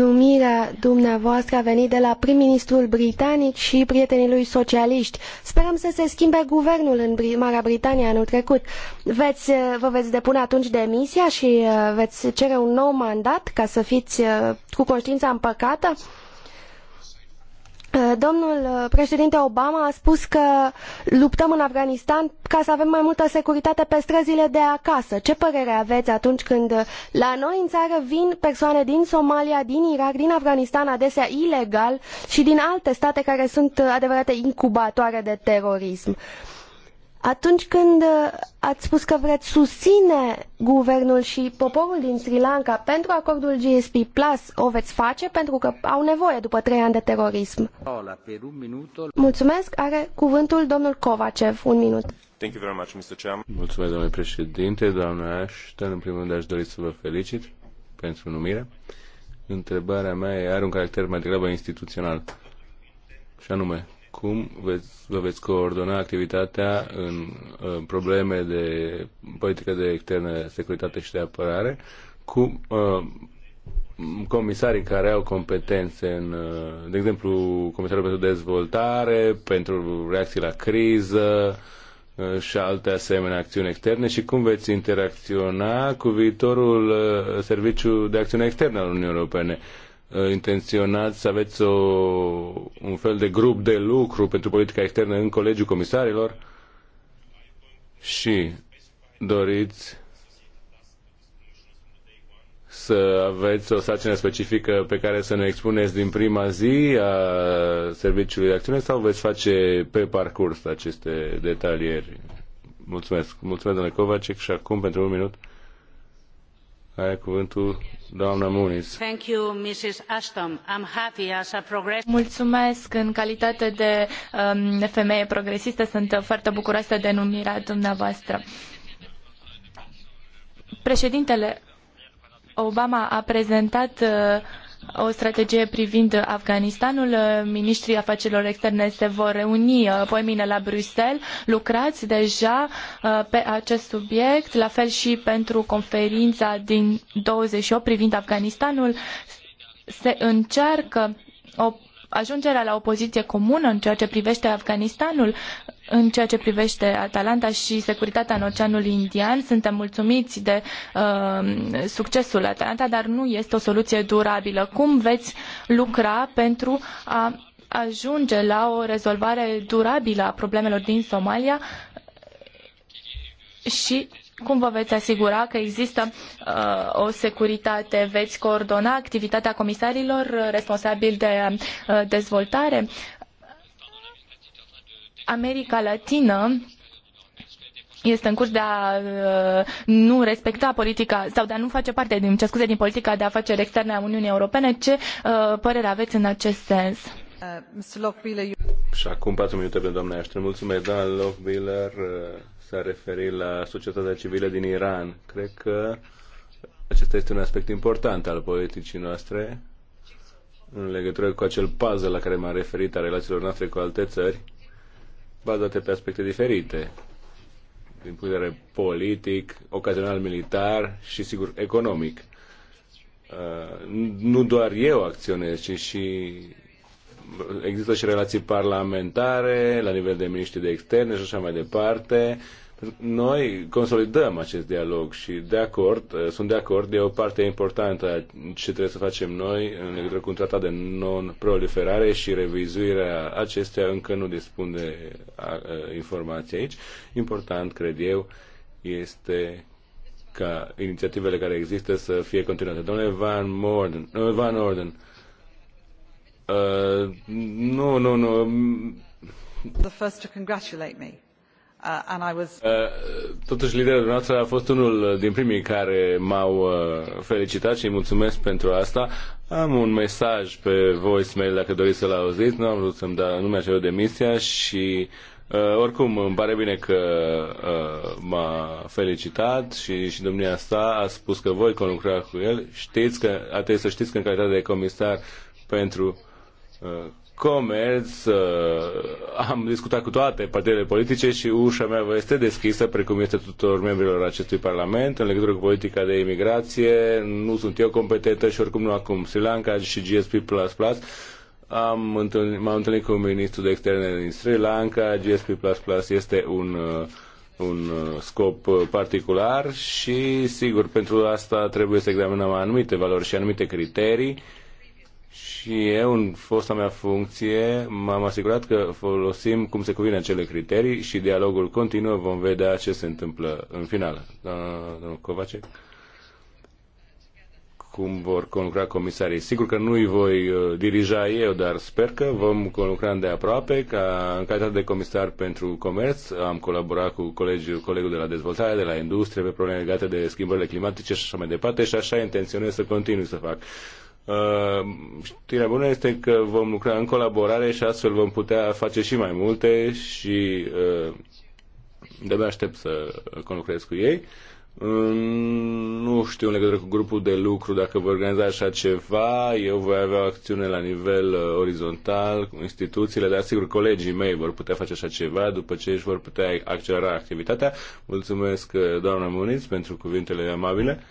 numirea dumneavoastră a venit de la prim-ministrul britanic și prietenii lui socialiști. Sperăm să se schimbe guvernul în Marea Britanie anul trecut. Veți, uh, vă veți depune atunci demisia și uh, veți cere un nou mandat ca să fiți uh, cu conștiința împăcată? Eh, domnul eh, președinte Obama a spus că luptăm în Afganistan ca să avem mai multă securitate pe străzile de acasă. Ce părere aveți atunci când eh, la noi în țară vin persoane din Somalia, din Irak, din Afganistan, adesea ilegal și din alte state care sunt adevărate incubatoare de terorism? Uh, atunci când uh, ați spus că vreți susține guvernul și poporul din Sri Lanka pentru acordul GSP Plus, o veți face pentru că au nevoie după trei ani de terorism. Mulțumesc, are cuvântul domnul Kovacev. Un minut. Thank you very much, Mr. Chairman. Mulțumesc, domnule președinte, doamna Ashton. În primul rând aș dori să vă felicit pentru numire. Întrebarea mea are un caracter mai degrabă instituțional. Și anume, cum veți, vă veți coordona activitatea în, în probleme de politică de externă, securitate și de apărare cu uh, comisarii care au competențe în, uh, de exemplu, comisarul pentru dezvoltare, pentru reacții la criză uh, și alte asemenea acțiuni externe și cum veți interacționa cu viitorul uh, serviciu de acțiune externă al Uniunii Europene Uh, intenționați să aveți o, un fel de grup de lucru pentru politica externă în Colegiul Comisarilor și doriți să aveți o sarcină specifică pe care să ne expuneți din prima zi a serviciului de acțiune sau veți face pe parcurs aceste detalieri? Mulțumesc. Mulțumesc, domnule Kovacic. și acum pentru un minut. Ai cuvântul doamna Muniz. Thank you, Mrs. Ashton. I'm happy as a progress... Mulțumesc în calitate de um, femeie progresistă. Sunt foarte bucuroasă de numirea dumneavoastră. Președintele Obama a prezentat uh, o strategie privind Afganistanul. Uh, ministrii afacerilor externe se vor reuni uh, mine la Bruxelles. Lucrați deja uh, pe acest subiect, la fel și pentru conferința din 28 privind Afganistanul. Se încearcă o ajungerea la o poziție comună în ceea ce privește Afganistanul, în ceea ce privește Atalanta și securitatea în Oceanul Indian. Suntem mulțumiți de uh, succesul Atalanta, dar nu este o soluție durabilă. Cum veți lucra pentru a ajunge la o rezolvare durabilă a problemelor din Somalia și cum vă veți asigura că există uh, o securitate? Veți coordona activitatea comisarilor responsabili de uh, dezvoltare? America Latină este în curs de a uh, nu respecta politica sau de a nu face parte din, ce scuze, din politica de afaceri externe a Uniunii Europene. Ce uh, părere aveți în acest sens? Uh, Și acum patru minute pentru doamna Ashton. Mulțumesc, doamna Lockbiller s-a referit la societatea civilă din Iran. Cred că acesta este un aspect important al politicii noastre în legătură cu acel puzzle la care m-am referit a relațiilor noastre cu alte țări, bazate pe aspecte diferite, din punct de vedere politic, ocazional militar și, sigur, economic. Uh, nu doar eu acționez, ci și există și relații parlamentare la nivel de miniștri de externe și așa mai departe, noi consolidăm acest dialog și de acord, eh, sunt de acord, e o parte importantă ce trebuie să facem noi în legătură cu tratat de non-proliferare și revizuirea acestea încă nu dispun de informații aici. Important, cred eu, este ca inițiativele care există să fie continuate. Domnule Van, Morden, eh, Van Orden, uh, nu, nu, nu. The first to congratulate me. Uh, and uh, Totuși, liderul dumneavoastră a fost unul din primii care m-au uh, felicitat și îi mulțumesc pentru asta. Am un mesaj pe voicemail dacă doriți să-l auziți. Nu am vrut să-mi da numele cerut demisia și Uh, oricum, îmi pare bine că uh, m-a felicitat și, și domnia sa a spus că voi conlucra cu el. Știți că, a trebuit să știți că în calitate de comisar pentru uh, comerț, am discutat cu toate partidele politice și ușa mea vă este deschisă, precum este tuturor membrilor acestui Parlament, în legătură cu politica de imigrație. Nu sunt eu competentă și oricum nu acum. Sri Lanka și GSP++. Am întâlnit, m-am întâlnit cu ministrul de externe din Sri Lanka. GSP++ este un un scop particular și, sigur, pentru asta trebuie să examinăm anumite valori și anumite criterii și eu, în fosta mea funcție, m-am asigurat că folosim cum se cuvine acele criterii și dialogul continuă. Vom vedea ce se întâmplă în final. Domnul Covace? Cum vor conlucra comisarii? Sigur că nu îi voi uh, dirija eu, dar sper că vom conlucra aproape. Ca în calitate de comisar pentru comerț, am colaborat cu colegii, colegul de la dezvoltare, de la industrie, pe probleme legate de schimbările climatice și așa mai departe și așa intenționez să continui să fac Uh, știrea bună este că vom lucra în colaborare și astfel vom putea face și mai multe și uh, de-abia aștept să conlucrez cu ei. Mm, nu știu în legătură cu grupul de lucru dacă voi organiza așa ceva. Eu voi avea o acțiune la nivel uh, orizontal cu instituțiile, dar sigur colegii mei vor putea face așa ceva după ce își vor putea accelera activitatea. Mulțumesc, doamna Muniz, pentru cuvintele amabile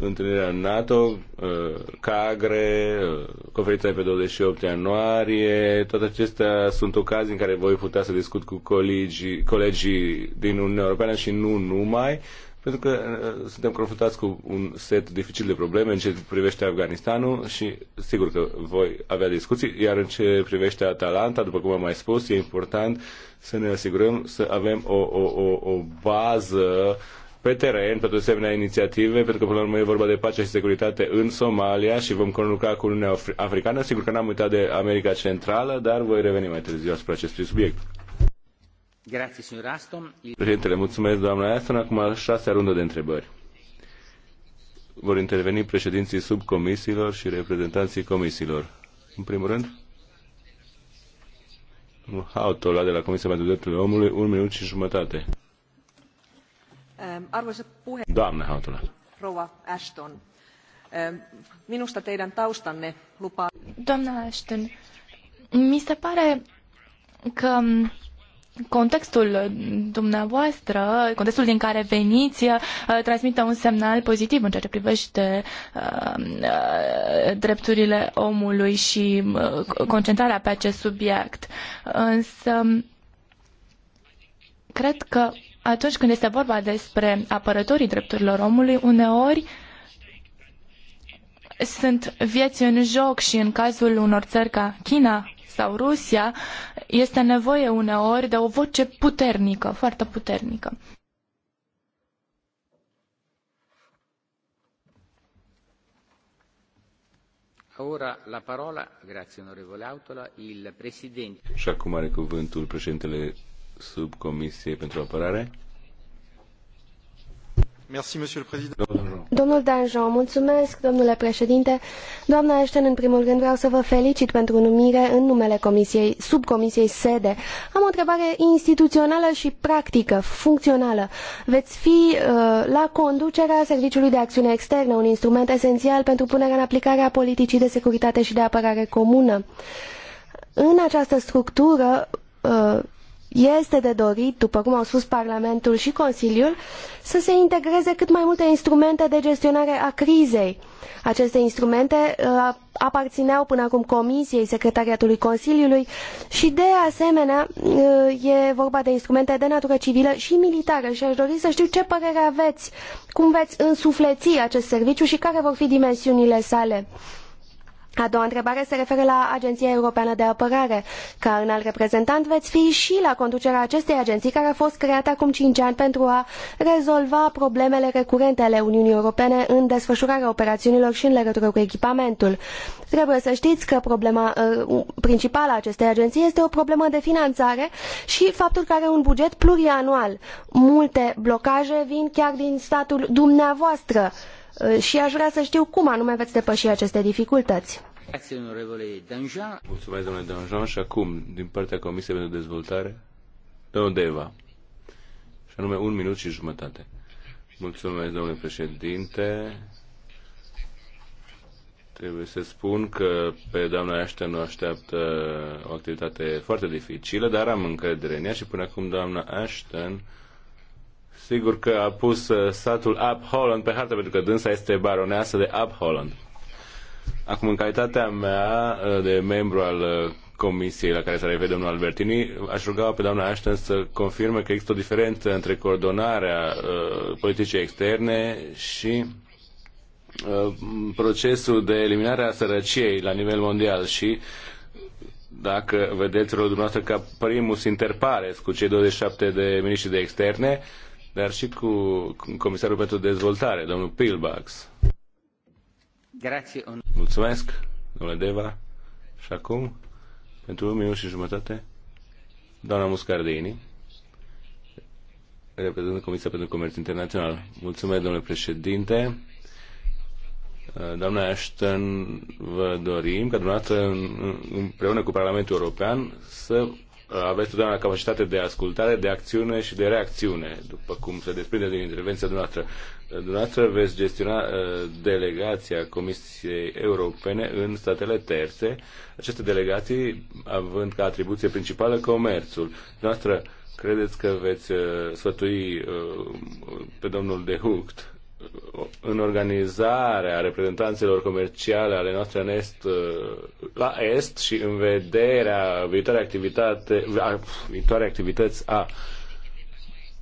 întâlnirea NATO, uh, CAGRE, uh, conferința de pe 28 ianuarie, toate acestea sunt ocazii în care voi putea să discut cu colegii, colegii din Uniunea Europeană și nu numai, pentru că uh, suntem confruntați cu un set dificil de probleme în ce privește Afganistanul și sigur că voi avea discuții, iar în ce privește Atalanta, după cum am mai spus, e important să ne asigurăm să avem o, o, o, o bază uh, pe teren pentru asemenea inițiative, pentru că până la urmă e vorba de pace și securitate în Somalia și vom conlucra cu Uniunea Africană. Sigur că n-am uitat de America Centrală, dar voi reveni mai târziu asupra acestui subiect. Grazie, signor Aston. Președintele, mulțumesc, doamna Aston. Acum șasea rundă de întrebări. Vor interveni președinții subcomisiilor și reprezentanții comisiilor. În primul rând, Hautola de la Comisia pentru Drepturile Omului, un minut și jumătate. Ehm, arvoisa puhemies, da, Ashton, ehm, minusta teidän taustanne lupaa... Doamna Ashton, mi se pare că mm, contextul dumneavoastră, contextul din care veniți, eh, transmite un semnal pozitiv în ceea ce privește ehm, eh, drepturile omului și mm, concentrarea pe acest subiect. Însă, mm, cred că atunci când este vorba despre apărătorii drepturilor omului, uneori sunt vieți în joc și în cazul unor țări ca China sau Rusia, este nevoie uneori de o voce puternică, foarte puternică. Ora la parola, grazie onorevole Autola, il presidente. Și acum are cuvântul președintele comisie pentru apărare. Domnul Danjean, mulțumesc, domnule președinte. Doamna Ashton, în primul rând vreau să vă felicit pentru numire în numele comisiei, subcomisiei SEDE. Am o întrebare instituțională și practică, funcțională. Veți fi uh, la conducerea Serviciului de Acțiune Externă, un instrument esențial pentru punerea în aplicare a politicii de securitate și de apărare comună. În această structură, uh, este de dorit, după cum au spus Parlamentul și Consiliul, să se integreze cât mai multe instrumente de gestionare a crizei. Aceste instrumente uh, aparțineau până acum Comisiei, Secretariatului Consiliului și, de asemenea, uh, e vorba de instrumente de natură civilă și militară și aș dori să știu ce părere aveți, cum veți însufleți acest serviciu și care vor fi dimensiunile sale. A doua întrebare se referă la Agenția Europeană de Apărare. Ca înalt reprezentant veți fi și la conducerea acestei agenții care a fost creată acum cinci ani pentru a rezolva problemele recurente ale Uniunii Europene în desfășurarea operațiunilor și în legătură cu echipamentul. Trebuie să știți că problema uh, principală a acestei agenții este o problemă de finanțare și faptul că are un buget plurianual. Multe blocaje vin chiar din statul dumneavoastră uh, și aș vrea să știu cum anume veți depăși aceste dificultăți. Mulțumesc, domnule Danjean. Și acum, din partea Comisiei pentru Dezvoltare, domnul Deva. Și anume, un minut și jumătate. Mulțumesc, domnule președinte. Trebuie să spun că pe doamna Ashton o așteaptă o activitate foarte dificilă, dar am încredere în ea și până acum doamna Ashton sigur că a pus uh, satul Up Holland pe hartă pentru că dânsa este baroneasă de Up Holland. Acum, în calitatea mea uh, de membru al uh, comisiei la care s-a referit domnul Albertini, aș ruga pe doamna Ashton să confirme că există o diferență între coordonarea uh, politicii externe și uh, procesul de eliminare a sărăciei la nivel mondial și dacă vedeți rolul dumneavoastră ca primus inter pares cu cei 27 de miniștri de externe, dar și cu comisarul pentru dezvoltare, domnul Pilbax. Mulțumesc, domnule Deva. Și acum, pentru un minut și jumătate, doamna Muscardini, reprezentând Comisia pentru Comerț Internațional. Mulțumesc, domnule președinte. Doamna Ashton, vă dorim ca dumneavoastră împreună cu Parlamentul European să aveți totdeauna capacitate de ascultare, de acțiune și de reacțiune, după cum se desprinde din intervenția dumneavoastră. Dumneavoastră veți gestiona uh, delegația Comisiei Europene în statele terțe, aceste delegații având ca atribuție principală comerțul. Dumneavoastră, credeți că veți uh, sfătui uh, pe domnul de Hucht în organizarea reprezentanțelor comerciale ale noastre în est, uh, la Est și în vederea viitoare, activitate, viitoare activități a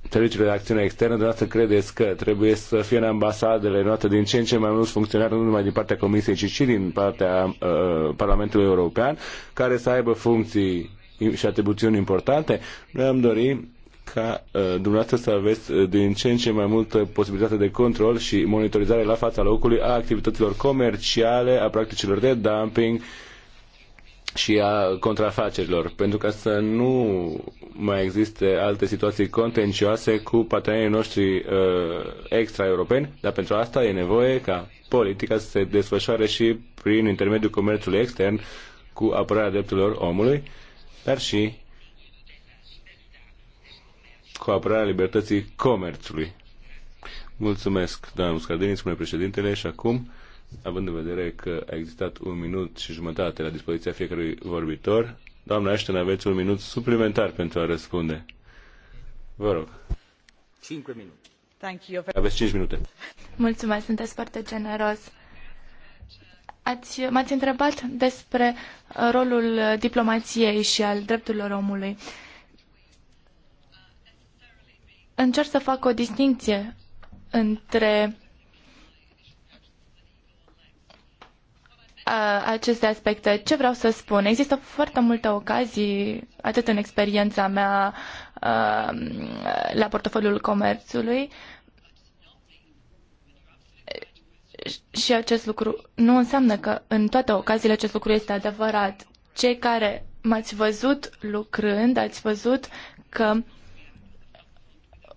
serviciilor de acțiune externă, dumneavoastră credeți că trebuie să fie în ambasadele noastre din ce în ce mai mulți funcționari, nu numai din partea Comisiei, ci și din partea uh, Parlamentului European, care să aibă funcții și atribuțiuni importante. Noi am dorit ca uh, dumneavoastră să aveți uh, din ce în ce mai multă posibilitate de control și monitorizare la fața locului a activităților comerciale, a practicilor de dumping și a contrafacerilor, pentru ca să nu mai existe alte situații contencioase cu partenerii noștri uh, extraeuropeni, dar pentru asta e nevoie ca politica să se desfășoare și prin intermediul comerțului extern cu apărarea drepturilor omului, dar și cu apărarea libertății comerțului. Mulțumesc, doamna Muscardini, spune președintele, și acum, având în vedere că a existat un minut și jumătate la dispoziția fiecărui vorbitor, doamna Ashton, aveți un minut suplimentar pentru a răspunde. Vă rog. 5 minute. Thank you. Aveți 5 minute. Mulțumesc, sunteți foarte generos. Ați, m-ați întrebat despre rolul diplomației și al drepturilor omului. Uh, încerc să fac o distinție între aceste aspecte. Ce vreau să spun? Există foarte multe ocazii, atât în experiența mea la portofoliul comerțului, și acest lucru nu înseamnă că în toate ocaziile acest lucru este adevărat. Cei care m-ați văzut lucrând, ați văzut că uh,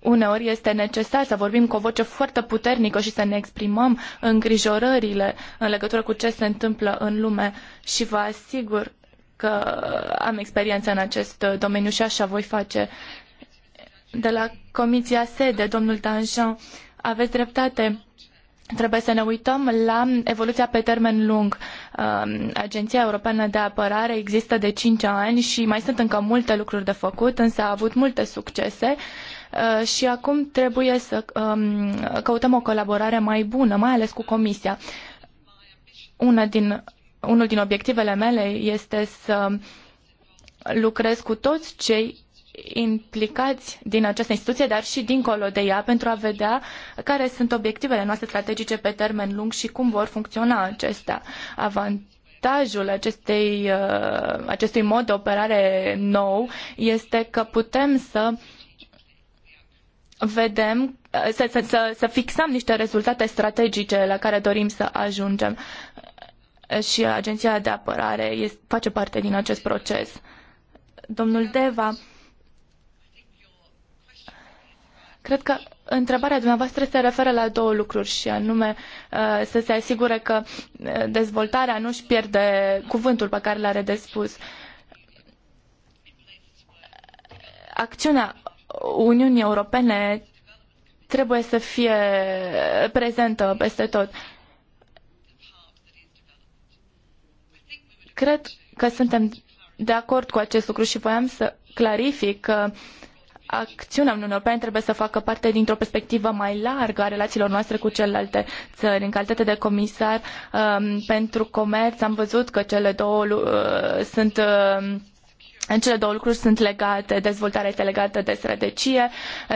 uneori este necesar să vorbim cu o voce foarte puternică și să ne exprimăm îngrijorările în legătură cu ce se întâmplă în lume și vă asigur că am experiență în acest domeniu și așa voi face. De la Comisia Sede, domnul Danjean, aveți dreptate. Trebuie să ne uităm la evoluția pe termen lung. Um, Agenția Europeană de Apărare există de cinci ani și mai sunt încă multe lucruri de făcut, însă a avut multe succese. Uh, și acum trebuie să um, căutăm o colaborare mai bună, mai ales cu Comisia. Una din, unul din obiectivele mele este să lucrez cu toți cei implicați din această instituție, dar și dincolo de ea, pentru a vedea care sunt obiectivele noastre strategice pe termen lung și cum vor funcționa acestea. Avantajul acestei, uh, acestui mod de operare nou este că putem să uh, vedem, să, să, să, să fixăm niște rezultate strategice la care dorim să ajungem. Și Agenția de Apărare este, face parte din acest proces. Domnul Deva, cred că întrebarea dumneavoastră se referă la două lucruri și anume uh, să se asigure că uh, dezvoltarea nu își pierde cuvântul pe care l-are de spus. Acțiunea Uniunii Europene trebuie să fie prezentă peste tot. Cred că suntem de acord cu acest lucru și voiam să clarific că acțiunea Uniunii Europene trebuie să facă parte dintr-o perspectivă mai largă a relațiilor noastre cu celelalte țări. În calitate de comisar um, pentru comerț am văzut că cele două uh, sunt uh, cele două lucruri sunt legate, dezvoltarea este legată de strategie,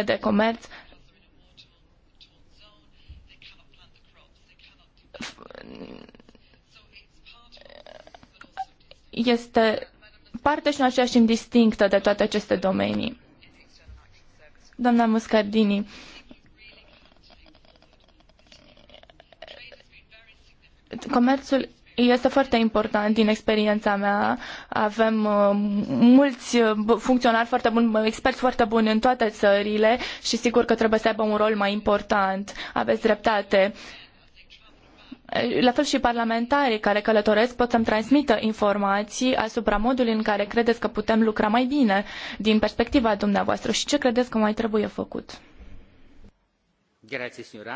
de comerț. Este parte și în același timp distinctă de toate aceste domenii. Doamna Muscardini, comerțul este foarte important din experiența mea. Avem uh, mulți uh, funcționari foarte buni, experți foarte buni în toate țările și sigur că trebuie să aibă un rol mai important. Aveți dreptate. La fel și parlamentarii care călătoresc pot să-mi transmită informații asupra modului în care credeți că putem lucra mai bine din perspectiva dumneavoastră și ce credeți că mai trebuie făcut. Grazie, signor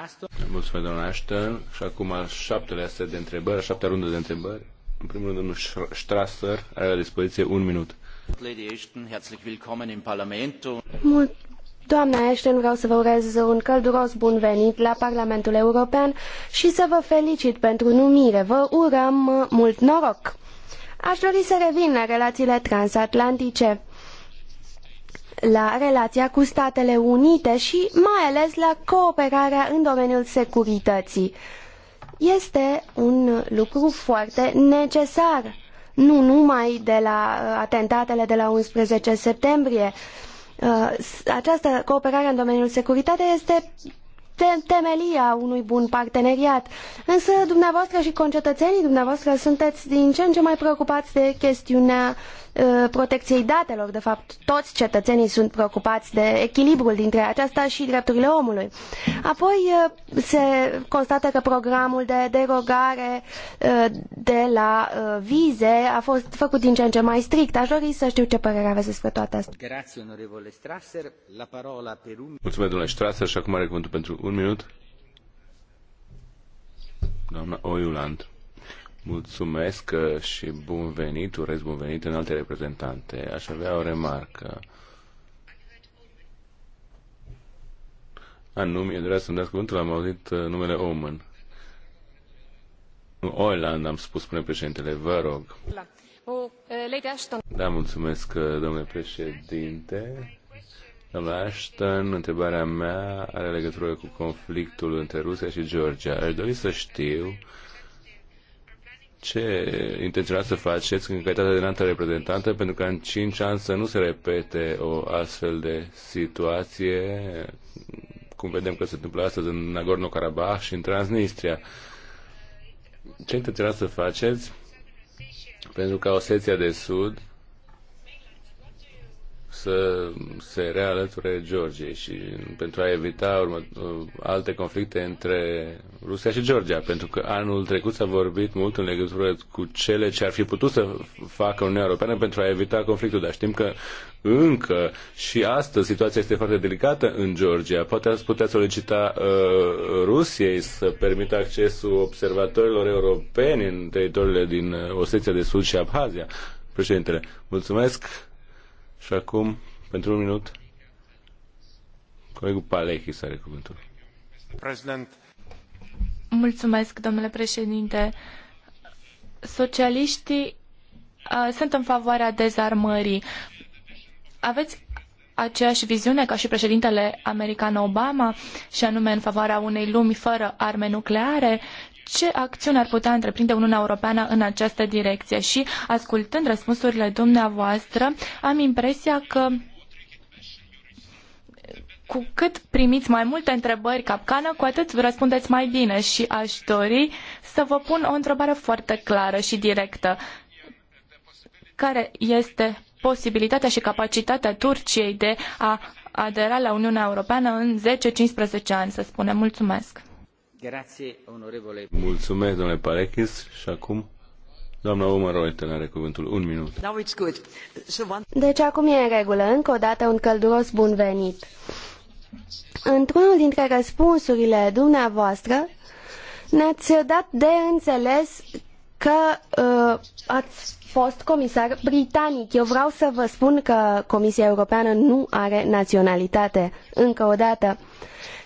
Mulțumesc, doamna Ashton. Și acum al șaptelea set de întrebări, a șaptea rundă de întrebări. În primul rând, domnul Strasser are la dispoziție un minut. Lady Ashton, herzlich willkommen im Parlament. Mult, Doamna Ashton, vreau să vă urez un călduros bun venit la Parlamentul European și să vă felicit pentru numire. Vă urăm mult noroc! Aș dori să revin la relațiile transatlantice la relația cu Statele Unite și mai ales la cooperarea în domeniul securității. Este un lucru foarte necesar, nu numai de la uh, atentatele de la 11 septembrie. Uh, această cooperare în domeniul securității este temelia unui bun parteneriat. Însă dumneavoastră și concetățenii dumneavoastră sunteți din ce în ce mai preocupați de chestiunea Uh, protecției datelor. De fapt, toți cetățenii sunt preocupați de echilibrul dintre aceasta și drepturile omului. Apoi uh, se constată că programul de derogare uh, de la vize a fost făcut din ce în ce mai strict. Aș dori să știu ce părere aveți despre toate astea. Mulțumesc, domnule Strasser, și acum are cuvântul pentru un minut. Doamna Oiuland. Mulțumesc și bun venit, urez bun venit în alte reprezentante. Aș avea o remarcă. Anum, eu vreau să-mi dați cuvântul, am auzit uh, numele Oman. Oiland, am spus, spune președintele, vă rog. Uh, da, mulțumesc, uh, domnule președinte. Doamna Ashton, întrebarea mea are legătură cu conflictul între Rusia și Georgia. Aș dori să știu ce intenționați să faceți în calitate de înaltă reprezentantă pentru ca în 5 ani să nu se repete o astfel de situație, cum vedem că se întâmplă astăzi în Nagorno-Karabakh și în Transnistria. Ce intenționați să faceți pentru ca Osetia de Sud să se realăture Georgiei și pentru a evita urmă, alte conflicte între Rusia și Georgia, pentru că anul trecut s-a vorbit mult în legătură cu cele ce ar fi putut să facă Uniunea Europeană pentru a evita conflictul, dar știm că încă și astăzi situația este foarte delicată în Georgia. Poate ați putea solicita uh, Rusiei să permită accesul observatorilor europeni în teritoriile din uh, Osetia de Sud și Abhazia. Președintele, mulțumesc! Și acum, pentru un minut, colegul Palechi să are cuvântul. Mulțumesc, domnule președinte. Socialiștii uh, sunt în favoarea dezarmării. Aveți aceeași viziune ca și președintele american Obama, și anume în favoarea unei lumi fără arme nucleare ce acțiuni ar putea întreprinde Uniunea Europeană în această direcție și, ascultând răspunsurile dumneavoastră, am impresia că cu cât primiți mai multe întrebări capcană, cu atât răspundeți mai bine și aș dori să vă pun o întrebare foarte clară și directă. Care este posibilitatea și capacitatea Turciei de a adera la Uniunea Europeană în 10-15 ani, să spunem? Mulțumesc! Mulțumesc, domnule Parechis. Și acum, doamna Oma Reuten are cuvântul. Un minut. Deci acum e în regulă. Încă o dată un călduros bun venit. Într-unul dintre răspunsurile dumneavoastră, ne-ați dat de înțeles că uh, ați fost comisar britanic. Eu vreau să vă spun că Comisia Europeană nu are naționalitate, încă o dată.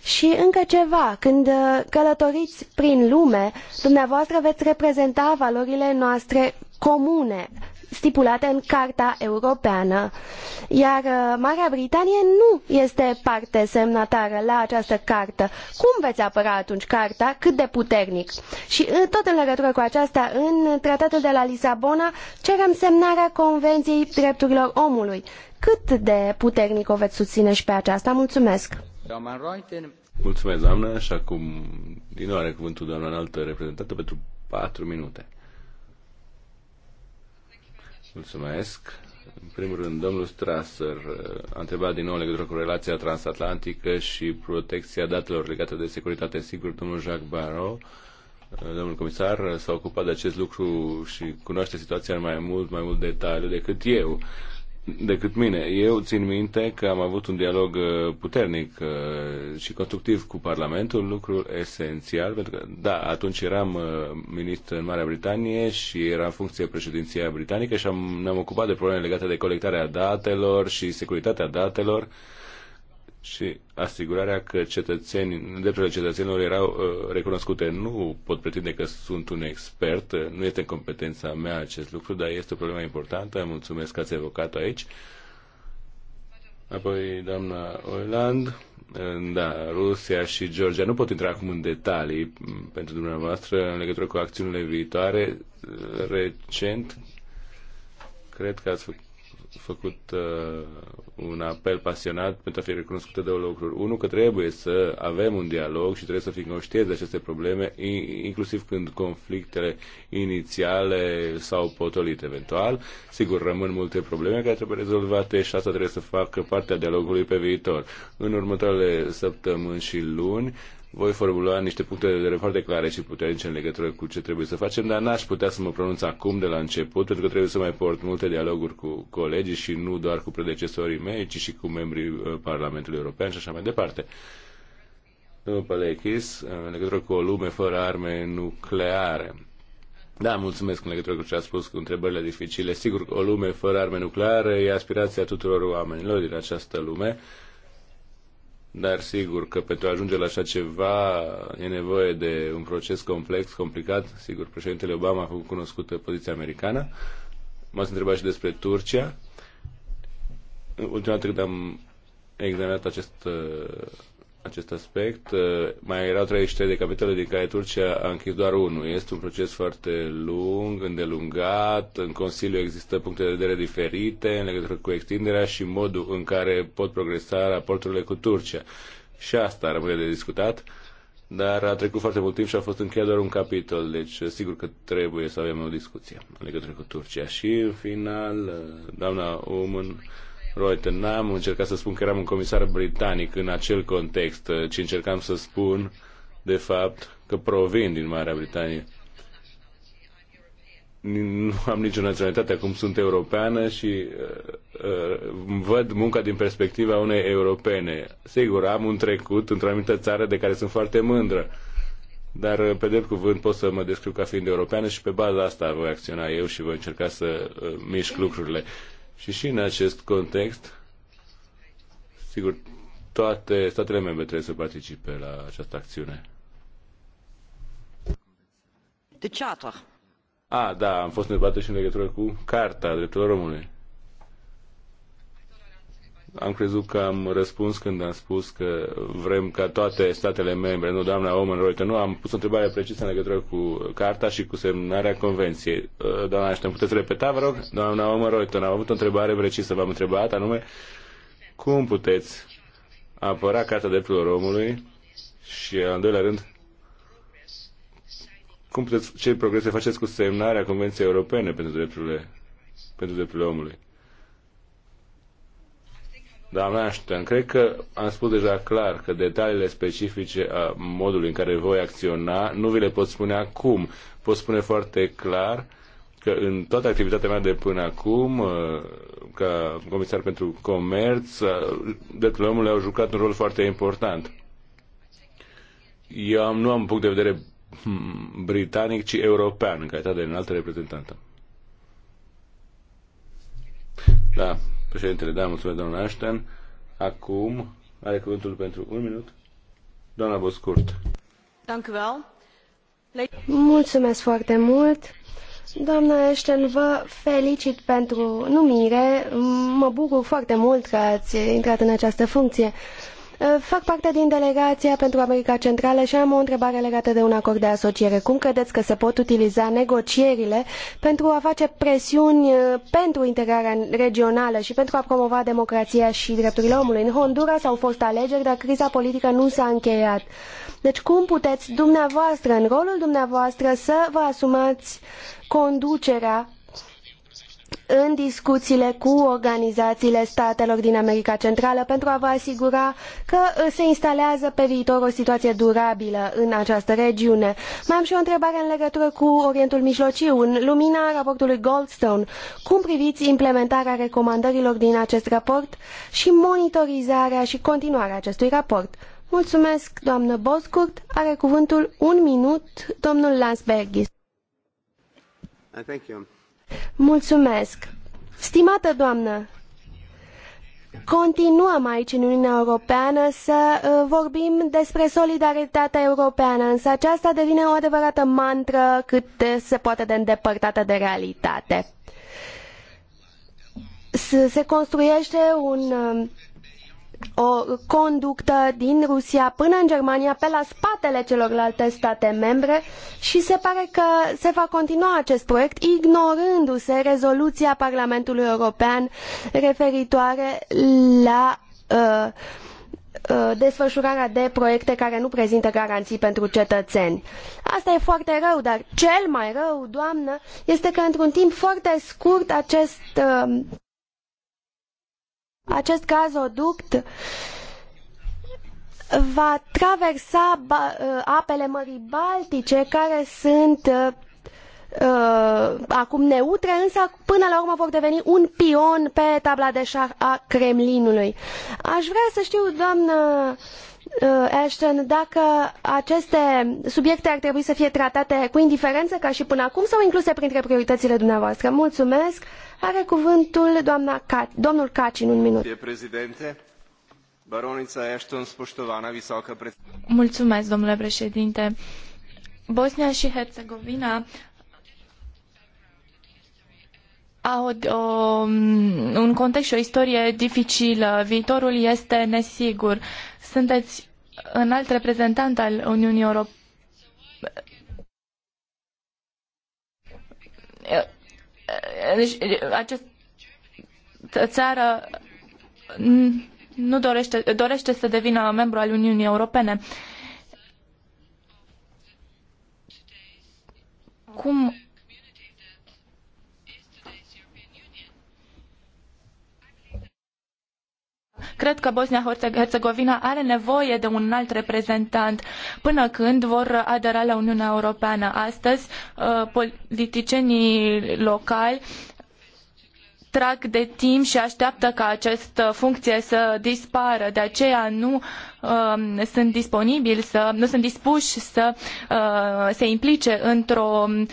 Și încă ceva, când uh, călătoriți prin lume, dumneavoastră veți reprezenta valorile noastre comune stipulate în Carta Europeană. Iar uh, Marea Britanie nu este parte semnatară la această cartă. Cum veți apăra atunci carta? Cât de puternic? Și uh, tot în legătură cu aceasta, în tratatul de la Lisabona cerem semnarea Convenției Drepturilor Omului. Cât de puternic o veți susține și pe aceasta? Mulțumesc! Mulțumesc, doamnă, și acum din nou are cuvântul doamna înaltă reprezentată pentru patru minute. Mulțumesc. În primul rând, domnul Strasser uh, a întrebat din nou legătură cu relația transatlantică și protecția datelor legate de securitate. Sigur, domnul Jacques Barrot, uh, domnul comisar, s-a ocupat de acest lucru și cunoaște situația în mai mult, mai mult detaliu decât eu decât mine. Eu țin minte că am avut un dialog uh, puternic uh, și constructiv cu Parlamentul, lucru esențial, pentru că, da, atunci eram uh, ministru în Marea Britanie și eram în funcție președinția britanică și am, ne-am ocupat de probleme legate de colectarea datelor și securitatea datelor și asigurarea că cetățenii, drepturile cetățenilor erau uh, recunoscute. Nu pot pretinde că sunt un expert, uh, nu este în competența mea acest lucru, dar este o problemă importantă. Mulțumesc că ați evocat-o aici. Apoi, doamna Oiland, uh, da, Rusia și Georgia. Nu pot intra acum în detalii mm, pentru dumneavoastră în legătură cu acțiunile viitoare. Recent, cred că ați făcut făcut uh, un apel pasionat pentru a fi recunoscută două lucruri. Unul, că trebuie să avem un dialog și trebuie să fim conștienți de aceste probleme, inclusiv când conflictele inițiale s-au potolit eventual. Sigur, rămân multe probleme care trebuie rezolvate și asta trebuie să facă partea dialogului pe viitor. În următoarele săptămâni și luni voi formula niște puncte de vedere foarte clare și puternice în legătură cu ce trebuie să facem, dar n-aș putea să mă pronunț acum de la început, pentru că trebuie să mai port multe dialoguri cu colegii și nu doar cu predecesorii mei, ci și cu membrii uh, Parlamentului European și așa mai departe. Domnul Palechis, uh, în legătură cu o lume fără arme nucleare. Da, mulțumesc în legătură cu ce a spus, cu întrebările dificile. Sigur, o lume fără arme nucleare e aspirația tuturor oamenilor din această lume dar sigur că pentru a ajunge la așa ceva e nevoie de un proces complex, complicat. Sigur, președintele Obama a făcut cunoscută poziția americană. M-ați întrebat și despre Turcia. Ultima dată când am examinat acest acest aspect. Uh, mai erau 33 de capitole din care Turcia a închis doar unul. Este un proces foarte lung, îndelungat. În Consiliu există puncte de vedere diferite în legătură cu extinderea și modul în care pot progresa raporturile cu Turcia. Și asta rămâne de discutat. Dar a trecut foarte mult timp și a fost încheiat doar un capitol, deci uh, sigur că trebuie să avem o discuție în legătură cu Turcia. Și, în final, uh, doamna Oman Reuter. N-am încercat să spun că eram un comisar britanic în acel context, ci încercam să spun, de fapt, că provin din Marea Britanie. Nu am nicio naționalitate, acum sunt europeană și uh, uh, văd munca din perspectiva unei europene. Sigur, am un trecut într-o anumită țară de care sunt foarte mândră, dar uh, pe drept cuvânt pot să mă descriu ca fiind europeană și pe baza asta voi acționa eu și voi încerca să uh, mișc lucrurile. Uh, și și în acest context, sigur, toate statele membre trebuie să participe la această acțiune. De Charter. A, ah, da, am fost în și în legătură cu Carta Drepturilor Omului am crezut că am răspuns când am spus că vrem ca toate statele membre, nu doamna Omen Reuter, nu, am pus o întrebare precisă în legătură cu carta și cu semnarea convenției. Uh, doamna Ashton, puteți repeta, vă rog? Doamna Omen Reuter, am avut o întrebare precisă, v-am întrebat, anume, cum puteți apăra Carta Drepturilor Omului și, în doilea rând, cum puteți, ce progrese faceți cu semnarea Convenției Europene pentru drepturile, pentru drepturile omului? Doamna Ashton, cred că am spus deja clar că detaliile specifice a modului în care voi acționa nu vi le pot spune acum. Pot spune foarte clar că în toată activitatea mea de până acum, uh, ca comisar pentru comerț, uh, drepturile omului au jucat un rol foarte important. Eu am, nu am punct de vedere hmm, britanic, ci european, în calitate de înaltă reprezentantă. Da, Președintele, da, mulțumesc, doamna Ashton. Acum are cuvântul pentru un minut. Doamna Boscurt. Mulțumesc foarte mult. Doamna Ashton, vă felicit pentru numire. Mă bucur foarte mult că ați intrat în această funcție. Uh, Eh, fac parte din delegația pentru America Centrală și am o întrebare legată de un acord de asociere. Cum credeți că se pot utiliza negocierile pentru a face presiuni eh, pentru integrarea regională și pentru a promova democrația și drepturile omului? În Honduras au fost alegeri, dar criza politică nu s-a încheiat. Deci cum puteți dumneavoastră, în rolul dumneavoastră, să vă asumați conducerea în discuțiile cu organizațiile statelor din America Centrală pentru a vă asigura că uh, se instalează pe viitor o situație durabilă în această regiune. Mai am și o întrebare în legătură cu Orientul Mijlociu. În lumina raportului Goldstone, cum priviți implementarea recomandărilor din acest raport și monitorizarea și continuarea acestui raport? Mulțumesc, doamnă Boscurt. Are cuvântul un minut, domnul Lansbergis. Uh, thank you. Mulțumesc. Stimată doamnă, continuăm aici în Uniunea Europeană să uh, vorbim despre solidaritatea europeană, însă aceasta devine o adevărată mantră cât se poate de îndepărtată de realitate. Se construiește un uh, o conductă din Rusia până în Germania pe la spatele celorlalte state membre și se pare că se va continua acest proiect ignorându-se rezoluția Parlamentului European referitoare la uh, uh desfășurarea de proiecte care nu prezintă garanții pentru cetățeni. Asta e foarte rău, dar cel mai rău, doamnă, este că într-un timp foarte scurt acest uh, acest gazoduct va traversa uh, apele Mării Baltice, care sunt uh, uh, acum neutre, însă până la urmă vor deveni un pion pe tabla de șah a Kremlinului. Aș vrea să știu, doamnă Uh, Ashton, dacă aceste subiecte ar trebui să fie tratate cu indiferență ca și până acum sau incluse printre prioritățile dumneavoastră. Mulțumesc. Are cuvântul doamna Ca... domnul Cacin, un minut. Președinte, baronița Ashton, spoștovana, visocă Mulțumesc, domnule președinte. Bosnia și Herțegovina au o, un context și o istorie dificilă. Viitorul este nesigur. Uh, sunteți alt reprezentant al Uniunii Europene. Eh, eh, deci, eh, această țară nu dorește, dorește să devină membru al Uniunii Europene. Cum Cred că Bosnia-Herzegovina are nevoie de un alt reprezentant până când vor adera la Uniunea Europeană. Astăzi, uh, politicienii locali trag de timp și așteaptă ca această funcție să dispară. De aceea nu um, sunt disponibili, să, nu sunt dispuși să uh, se implice într-o um,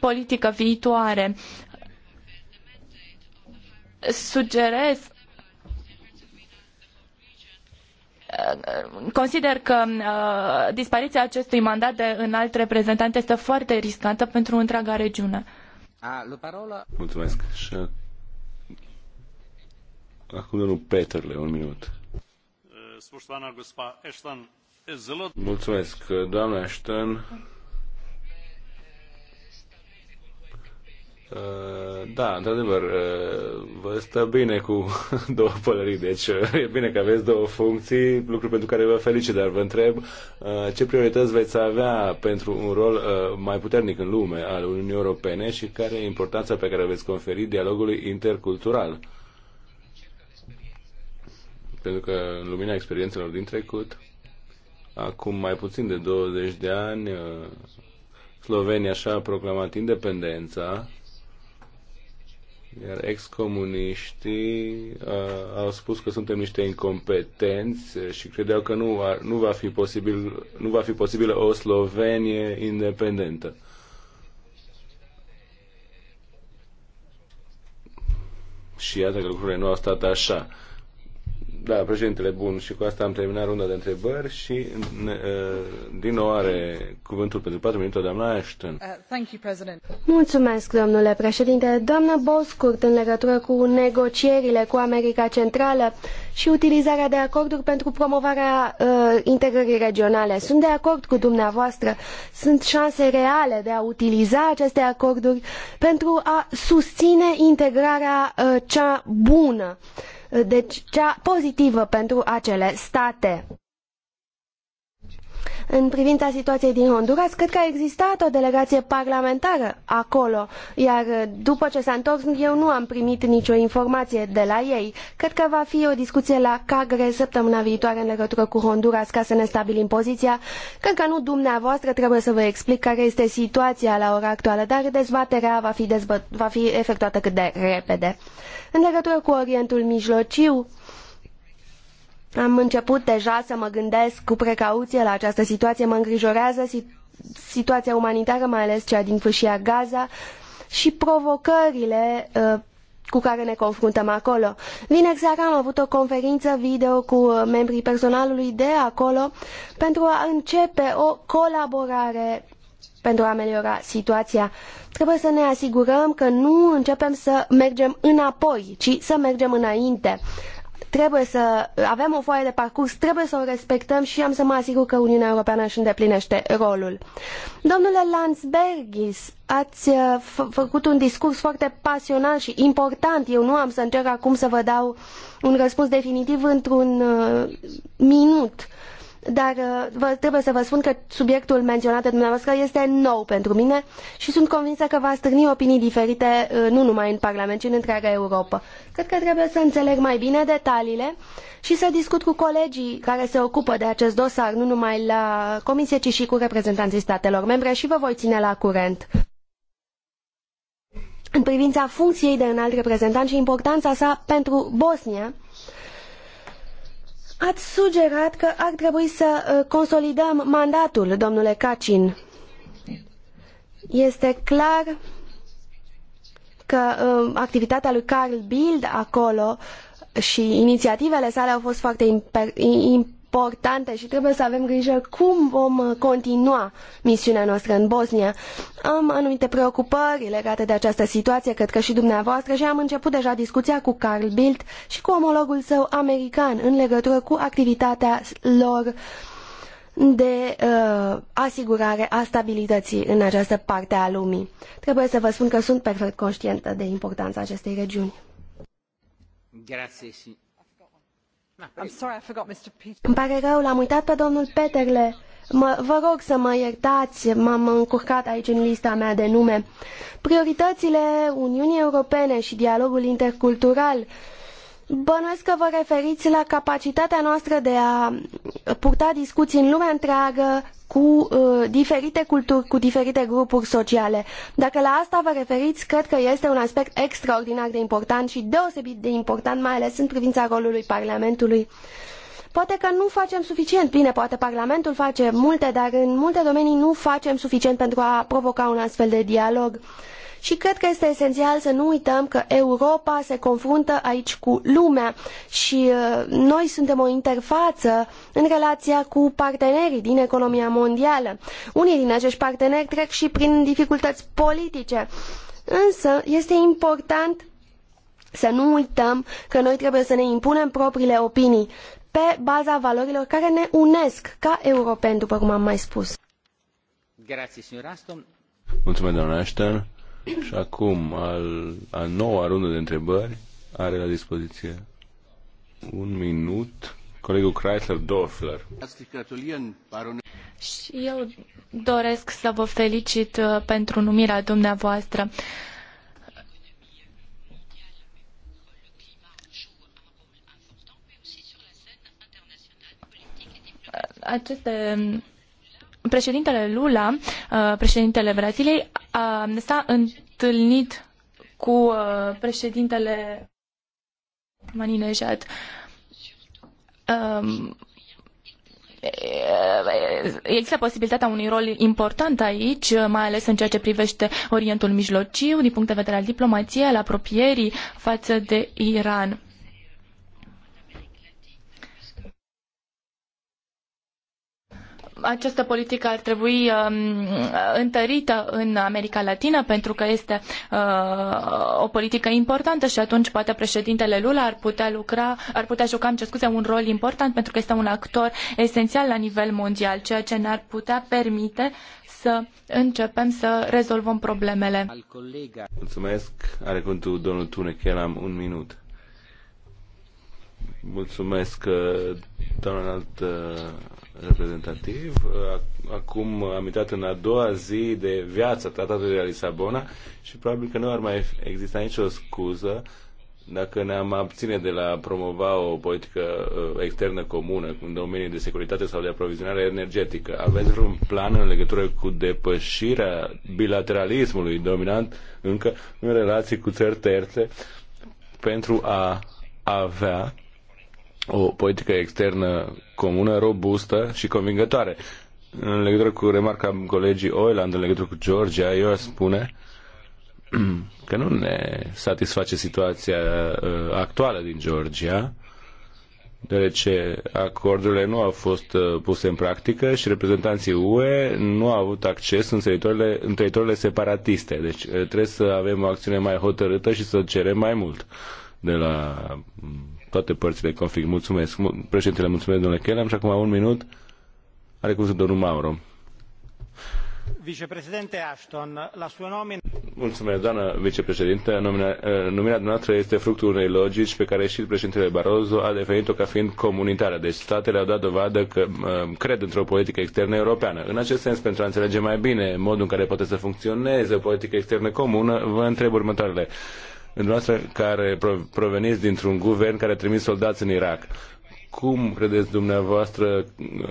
politică viitoare. Sugerez consider că uh, dispariția acestui mandat de înalt reprezentant este foarte riscantă pentru întreaga regiune. Mulțumesc. Și acum domnul Peterle, un minut. Eh, Mulțumesc, doamna Ashton. Uh, da, într-adevăr, uh, vă stă bine cu două pălării, deci uh, e bine că aveți două funcții, lucru pentru care vă felicit, dar vă întreb ce priorități veți avea pentru un rol mai puternic în lume al Uniunii Europene și care e importanța pe care veți conferi dialogului intercultural. Pentru că în lumina experiențelor din trecut, acum mai puțin de 20 de ani, Slovenia și-a proclamat independența iar excomuniștii uh, au spus că suntem niște incompetenți și credeau că nu, ar, nu, va fi posibil, nu va fi posibilă o Slovenie independentă. Și iată că lucrurile nu au stat așa. Da, președintele, bun. Și cu asta am terminat runda de întrebări și ne, uh, din nou are cuvântul pentru 4 minute doamna Ashton. Uh, thank you, President. Mulțumesc, domnule președinte. Doamna Boscurt, în legătură cu negocierile cu America Centrală și utilizarea de acorduri pentru promovarea uh, integrării regionale. Sunt de acord cu dumneavoastră. Sunt șanse reale de a utiliza aceste acorduri pentru a susține integrarea uh, cea bună. Uh, deci cea pozitivă pentru acele state. În privința situației din Honduras, cred că a existat o delegație parlamentară acolo, iar după ce s-a întors, eu nu am primit nicio informație de la ei. Cred că va fi o discuție la Cagre săptămâna viitoare în legătură cu Honduras ca să ne stabilim poziția. Cred că nu dumneavoastră trebuie să vă explic care este situația la ora actuală, dar dezbaterea va fi, dezbă- va fi efectuată cât de repede. În legătură cu Orientul Mijlociu, am început deja să mă gândesc cu precauție la această situație. Mă îngrijorează situația umanitară, mai ales cea din fâșia Gaza și provocările uh, cu care ne confruntăm acolo. Vineri exact seara am avut o conferință video cu uh, membrii personalului de acolo pentru a începe o colaborare pentru a ameliora situația. Trebuie să ne asigurăm că nu începem să mergem înapoi, ci să mergem înainte. Trebuie să avem o foaie de parcurs, trebuie să o respectăm și am să mă asigur că Uniunea Europeană își îndeplinește rolul. Domnule Landsbergis, ați uh, făcut un discurs foarte pasional și important. Eu nu am să încerc acum să vă dau un răspuns definitiv într-un uh, minut. Uh, dar uh, vă, trebuie să vă spun că subiectul menționat de dumneavoastră este nou pentru mine și sunt convinsă că va stârni opinii diferite uh, nu numai în Parlament, ci în întreaga Europa. Cred că trebuie să înțeleg mai bine detaliile și să discut cu colegii care se ocupă de acest dosar, nu numai la Comisie, ci și cu reprezentanții statelor membre și vă voi ține la curent. În privința funcției de înalt reprezentant și importanța sa pentru Bosnia, Ați sugerat că ar trebui să uh, consolidăm mandatul, domnule Cacin. Este clar că uh, activitatea lui Carl Bild acolo și inițiativele sale au fost foarte imp importante și trebuie să avem grijă cum vom uh, continua misiunea noastră în Bosnia. Am anumite preocupări legate de această situație, cred că și dumneavoastră, și am început deja discuția cu Carl Bildt și cu omologul său american în legătură cu activitatea lor de uh, asigurare a stabilității în această parte a lumii. Trebuie să vă spun că sunt perfect conștientă de importanța acestei regiuni. Grazie, da, Îmi pare rău, l-am uitat pe domnul Peterle. Mă, vă rog să mă iertați, m-am încurcat aici în lista mea de nume. Prioritățile Uniunii Europene și dialogul intercultural Bănuiesc că vă referiți la capacitatea noastră de a purta discuții în lumea întreagă cu uh, diferite culturi, cu diferite grupuri sociale. Dacă la asta vă referiți, cred că este un aspect extraordinar de important și deosebit de important, mai ales în privința rolului Parlamentului. Poate că nu facem suficient, bine, poate Parlamentul face multe, dar în multe domenii nu facem suficient pentru a provoca un astfel de dialog. Uh, și cred că este esențial să nu uităm că Europa se confruntă aici cu lumea și uh, noi suntem o interfață în relația cu partenerii din economia mondială. Unii din acești parteneri trec și prin dificultăți politice, însă este important să nu uităm că noi trebuie să ne impunem propriile opinii pe baza valorilor care ne unesc ca europeni, după cum am mai spus. Grazie, Mulțumesc, doamna Ashton. Și acum, al, a noua rundă de întrebări are la dispoziție un minut colegul Chrysler Dorfler. Și eu doresc să vă felicit uh, pentru numirea dumneavoastră. Aceste președintele Lula, uh, președintele Braziliei, uh, s-a întâlnit cu uh, președintele Maninejad. Um, există posibilitatea unui rol important aici, mai ales în ceea ce privește Orientul Mijlociu, din punct de vedere al diplomației, al apropierii față de Iran. această politică ar trebui um, întărită în America Latină pentru că este uh, o politică importantă și atunci poate președintele Lula ar putea lucra, ar putea juca, îmi scuze, un rol important pentru că este un actor esențial la nivel mondial, ceea ce ne-ar putea permite să începem să rezolvăm problemele. Mulțumesc. Are cuvântul domnul l-am un minut. Mulțumesc, uh, doamna uh, reprezentativ. Acum am intrat în a doua zi de viață tratatului de la Lisabona și probabil că nu ar mai exista nicio scuză dacă ne-am abține de la promova o politică uh, externă comună în domeniul de securitate sau de aprovizionare energetică. Aveți vreun plan în legătură cu depășirea bilateralismului dominant încă în relații cu țări terțe pentru a avea o politică externă comună, robustă și convingătoare. În legătură cu remarca colegii Oiland, în legătură cu Georgia, eu aș spune că nu ne satisface situația uh, actuală din Georgia, deoarece acordurile nu au fost uh, puse în practică și reprezentanții UE nu au avut acces în teritoriile, în teritoriile separatiste. Deci uh, trebuie să avem o acțiune mai hotărâtă și să cerem mai mult de la mm, toate părțile config Mulțumesc. Președintele, mulțumesc, domnule am Și acum un minut are cuvântul domnul Mauro. Vicepreședinte Ashton, la sua nomină... Mulțumesc, doamnă vicepreședinte. Eh, numirea dumneavoastră este fructul unei logici pe care și președintele Barroso a definit-o ca fiind comunitară. Deci statele au dat dovadă că eh, cred într-o politică externă europeană. În acest sens, pentru a înțelege mai bine modul în care poate să funcționeze o politică externă comună, vă întreb următoarele dumneavoastră care proveniți dintr-un guvern care a trimis soldați în Irak. Cum credeți dumneavoastră,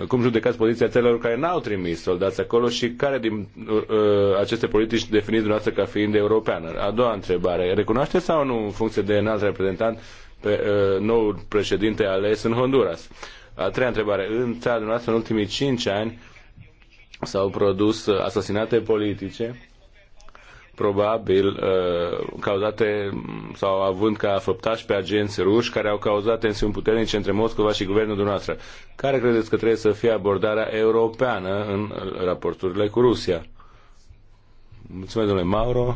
cum judecați poziția celor care n-au trimis soldați acolo și care din uh, uh, aceste politici definiți dumneavoastră ca fiind europeană? A doua întrebare, recunoașteți sau nu în funcție de înalt reprezentant pe uh, noul președinte ales în Honduras? A treia întrebare, în țara dumneavoastră în ultimii cinci ani s-au produs asasinate politice probabil uh, cauzate sau având ca făptași pe agenți ruși care au cauzat tensiuni puternice între Moscova și guvernul dumneavoastră. Care credeți că trebuie să fie abordarea europeană în uh, raporturile cu Rusia? Mulțumesc, domnule Mauro.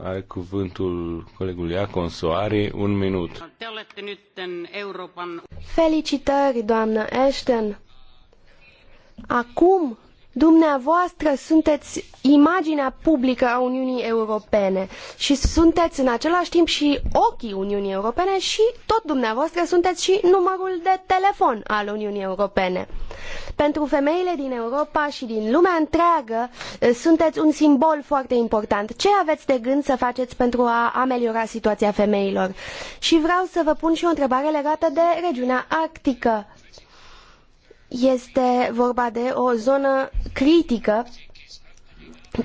Are cuvântul colegul Iacon Soari, un minut. Felicitări, doamnă Ashton! Acum, dumneavoastră sunteți imaginea publică a Uniunii Europene și sunteți în același timp și ochii Uniunii Europene și tot dumneavoastră sunteți și numărul de telefon al Uniunii Europene. Pentru femeile din Europa și din lumea întreagă eh, sunteți un simbol foarte important. Ce aveți de gând să faceți pentru a ameliora situația femeilor? Și vreau să vă pun și o întrebare legată de regiunea arctică este vorba de o zonă critică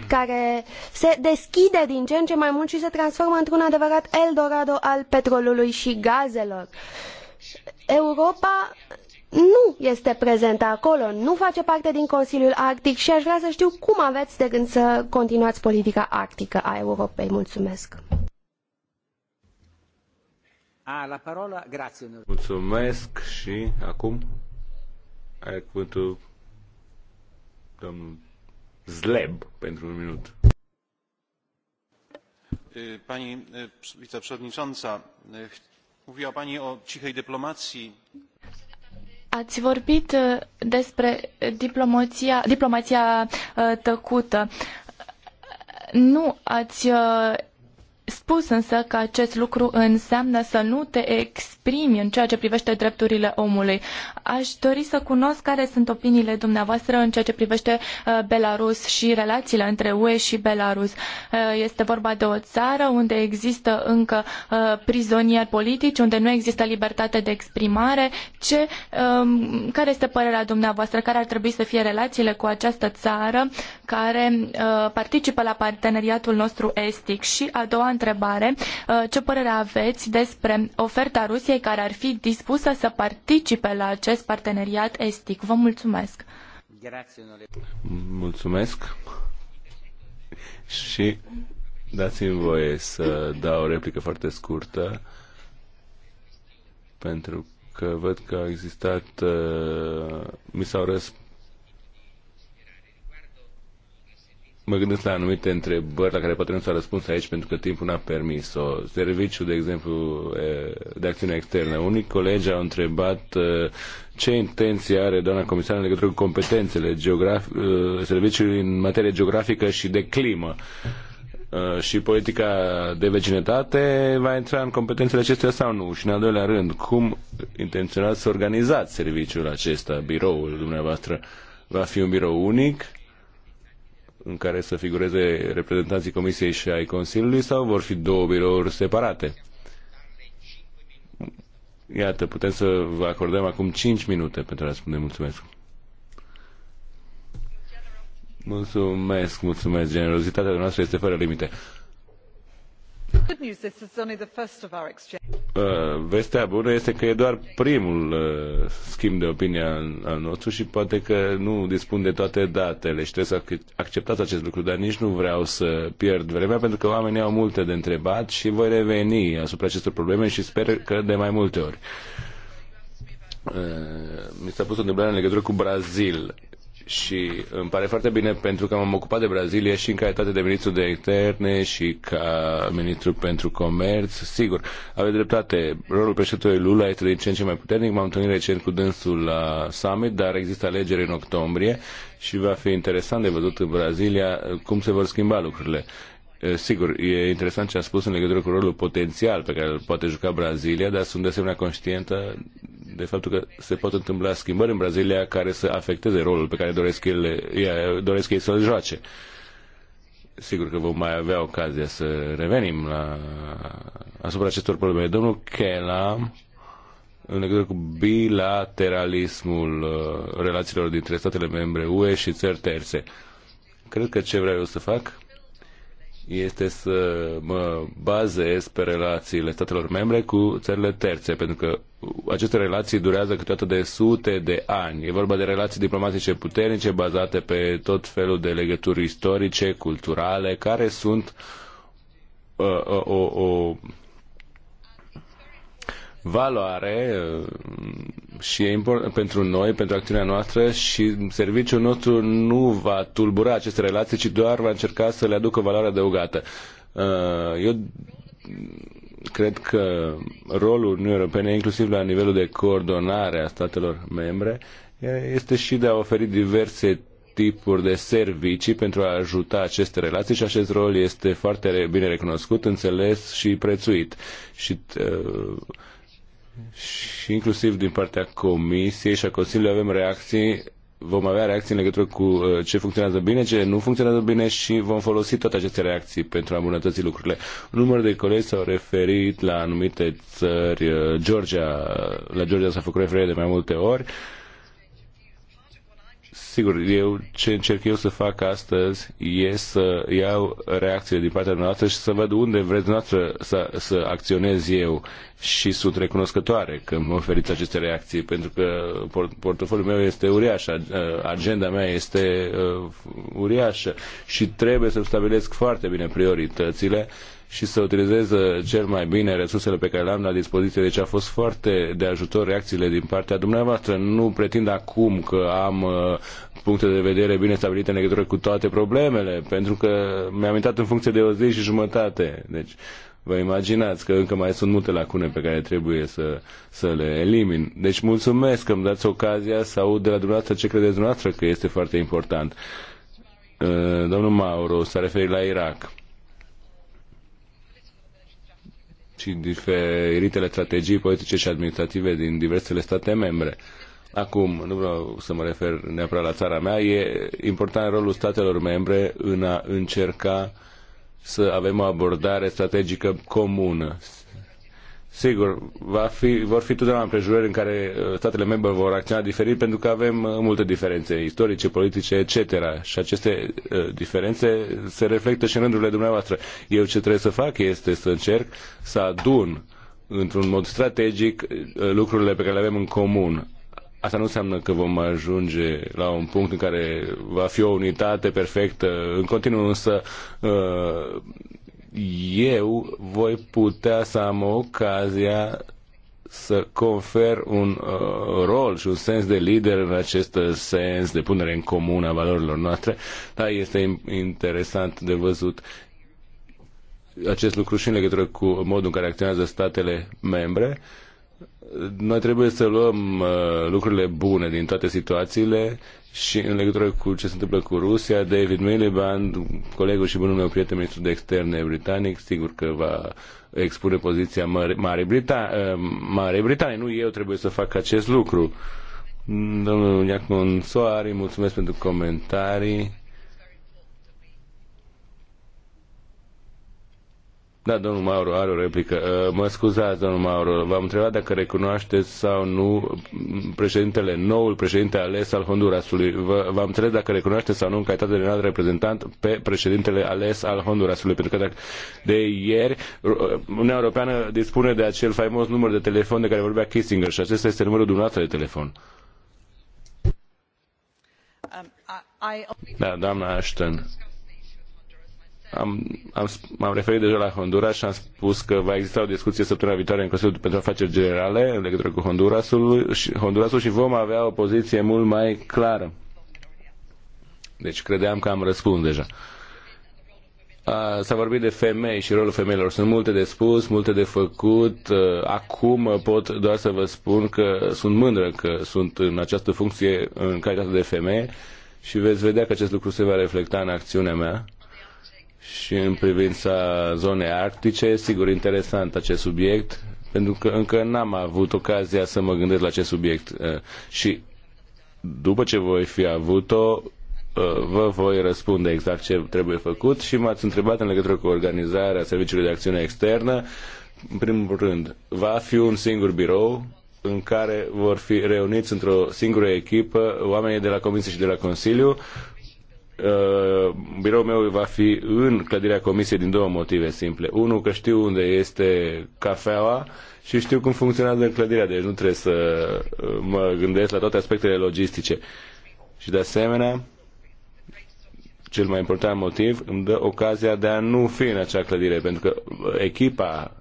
care se deschide din ce în ce mai mult și se transformă într-un adevărat Eldorado al petrolului și gazelor. Europa nu este prezentă acolo, nu face parte din Consiliul Arctic și aș vrea să știu cum aveți de gând să continuați politica arctică a Europei. Mulțumesc! A, ah, la parola, Mulțumesc și acum are cuvântul domnul Zleb pentru un minut. Pani viceprzewodnicząca, mówiła Pani o cichej dyplomacji. Ați vorbit despre diplomația, diplomația tăcută. Nu ați spus însă că acest lucru înseamnă să nu te exprimi în ceea ce privește drepturile omului. Aș dori să cunosc care sunt opiniile dumneavoastră în ceea ce privește uh, Belarus și relațiile între UE și Belarus. Uh, este vorba de o țară unde există încă uh, prizonieri politici, unde nu există libertate de exprimare. Ce, um, care este părerea dumneavoastră? Care ar trebui să fie relațiile cu această țară care participă la parteneriatul nostru estic? Și a doua întrebare, ce părere aveți despre oferta Rusiei care ar fi dispusă să participe la acest acest parteneriat estic. Vă mulțumesc! Mulțumesc! Și dați-mi voie să dau o replică foarte scurtă, pentru că văd că a existat, uh, mi s-au răspuns mă gândesc la anumite întrebări la care poate nu s-a răspuns aici pentru că timpul n-a permis-o. Serviciul, de exemplu, de acțiune externă. Unii colegi au întrebat ce intenție are doamna comisar în legătură cu competențele geograf- serviciului în materie geografică și de climă. Și politica de vecinătate va intra în competențele acestea sau nu? Și în al doilea rând, cum intenționați să organizați serviciul acesta, biroul dumneavoastră? Va fi un birou unic? în care să figureze reprezentanții Comisiei și ai Consiliului sau vor fi două birouri separate? Iată, putem să vă acordăm acum 5 minute pentru a răspunde. Mulțumesc. Mulțumesc, mulțumesc. Generozitatea noastră este fără limite. Vestea bună este că e doar primul uh, schimb de opinie al nostru și poate că nu dispun de toate datele și trebuie să acceptați acest lucru, dar nici nu vreau să pierd vremea pentru că oamenii au multe de întrebat și voi reveni asupra acestor probleme și sper că de mai multe ori. Uh, mi s-a pus o întrebare în legătură cu Brazil și îmi pare foarte bine pentru că m-am ocupat de Brazilia și în calitate de ministru de interne și ca ministru pentru comerț. Sigur, aveți dreptate, rolul președintelui Lula este din ce în ce mai puternic. M-am întâlnit recent cu dânsul la summit, dar există alegeri în octombrie și va fi interesant de văzut în Brazilia uh, cum se vor schimba lucrurile. Uh, sigur, e interesant ce a spus în legătură cu rolul potențial pe care îl poate juca Brazilia, dar sunt de asemenea conștientă de faptul că se pot întâmpla schimbări în Brazilia care să afecteze rolul pe care doresc, ele, ea, doresc ei să-l joace. Sigur că vom mai avea ocazia să revenim la, asupra acestor probleme. Domnul Kela în legătură cu bilateralismul uh, relațiilor dintre statele membre UE și țări terțe, cred că ce vreau eu să fac este să mă bazez pe relațiile statelor membre cu țările terțe, pentru că aceste relații durează câteodată de sute de ani. E vorba de relații diplomatice puternice bazate pe tot felul de legături istorice, culturale, care sunt uh, uh o, o, valoare uh, și e important pentru noi, pentru acțiunea noastră și serviciul nostru nu va tulbura aceste relații, ci doar va încerca să le aducă valoare adăugată. Uh, eu cred că rolul Uniunii Europene, inclusiv la nivelul de coordonare a statelor membre, este și de a oferi diverse tipuri de servicii pentru a ajuta aceste relații și acest rol este foarte bine recunoscut, înțeles și prețuit. Și uh, și inclusiv din partea Comisiei și a Consiliului avem reacții vom avea reacții în legătură cu uh, ce funcționează bine, ce nu funcționează bine și vom folosi toate aceste reacții pentru a îmbunătăți lucrurile. Un număr de colegi s-au referit la anumite țări, uh, Georgia, la Georgia s-a făcut referire de mai multe ori Sigur, eu ce încerc eu să fac astăzi e să iau reacție din partea noastră și să văd unde vreți noastră să, să acționez eu și sunt recunoscătoare că mă oferiți aceste reacții pentru că portofoliul meu este uriaș, agenda mea este uriașă și trebuie să stabilesc foarte bine prioritățile și să utilizez cel mai bine resursele pe care le am la dispoziție. Deci a fost foarte de ajutor reacțiile din partea dumneavoastră. Nu pretind acum că am uh, puncte de vedere bine stabilite în legătură cu toate problemele, pentru că mi-am intrat în funcție de o zi și jumătate. Deci vă imaginați că încă mai sunt multe lacune pe care trebuie să, să le elimin. Deci mulțumesc că îmi dați ocazia să aud de la dumneavoastră ce credeți dumneavoastră că este foarte important. Uh, domnul Mauro s-a referit la Irak. și diferitele strategii politice și administrative din diversele state membre. Acum, nu vreau să mă refer neapărat la țara mea, e important rolul statelor membre în a încerca să avem o abordare strategică comună. Sigur, va fi, vor fi totdeauna împrejurări în care uh, statele membre vor acționa diferit pentru că avem uh, multe diferențe istorice, politice, etc. Și aceste uh, diferențe se reflectă și în rândurile dumneavoastră. Eu ce trebuie să fac este să încerc să adun într-un mod strategic uh, lucrurile pe care le avem în comun. Asta nu înseamnă că vom ajunge la un punct în care va fi o unitate perfectă. În continuu însă uh, eu voi putea să am ocazia să confer un uh, rol și un sens de lider în acest sens de punere în comun a valorilor noastre. Da, este interesant de văzut acest lucru și în legătură cu modul în care acționează statele membre. Noi trebuie să luăm uh, lucrurile bune din toate situațiile și în legătură cu ce se întâmplă cu Rusia, David Miliband, colegul și bunul meu prieten, ministru de externe britanic, sigur că va expune poziția Mare, Mare uh, Mare Britanie. Nu eu trebuie să fac acest lucru. Domnul Iacmon Soari, mulțumesc pentru comentarii Da, domnul Mauro are o replică. Uh, mă scuzați, domnul Mauro, v-am întrebat dacă recunoașteți sau nu președintele, noul președinte ales al Hondurasului. V-am întrebat dacă recunoașteți sau nu în calitate de înalt reprezentant pe președintele ales al Hondurasului, pentru că dacă de ieri uh, Uniunea Europeană dispune de acel faimos număr de telefon de care vorbea Kissinger și acesta este numărul dumneavoastră de telefon. Um, da, doamna Ashton am, am, m-am referit deja la Honduras și am spus că va exista o discuție săptămâna viitoare în Consiliul pentru Afaceri Generale în legătură cu Hondurasul și, Hondurasul și vom avea o poziție mult mai clară. Deci credeam că am răspuns deja. S-a vorbit de femei și rolul femeilor. Sunt multe de spus, multe de făcut. Acum pot doar să vă spun că sunt mândră că sunt în această funcție în calitate de femeie și veți vedea că acest lucru se va reflecta în acțiunea mea și în privința zonei arctice, sigur, interesant acest subiect, pentru că încă n-am avut ocazia să mă gândesc la acest subiect. Uh, și după ce voi fi avut-o, uh, vă voi răspunde exact ce trebuie făcut și m-ați întrebat în legătură cu organizarea Serviciului de Acțiune Externă. În primul rând, va fi un singur birou în care vor fi reuniți într-o singură echipă oamenii de la Comisie și de la Consiliu Uh, biroul meu va fi în clădirea comisiei din două motive simple. Unul, că știu unde este cafeaua și știu cum funcționează în clădirea, deci nu trebuie să uh, mă gândesc la toate aspectele logistice. Și de asemenea, cel mai important motiv, îmi dă ocazia de a nu fi în acea clădire, pentru că echipa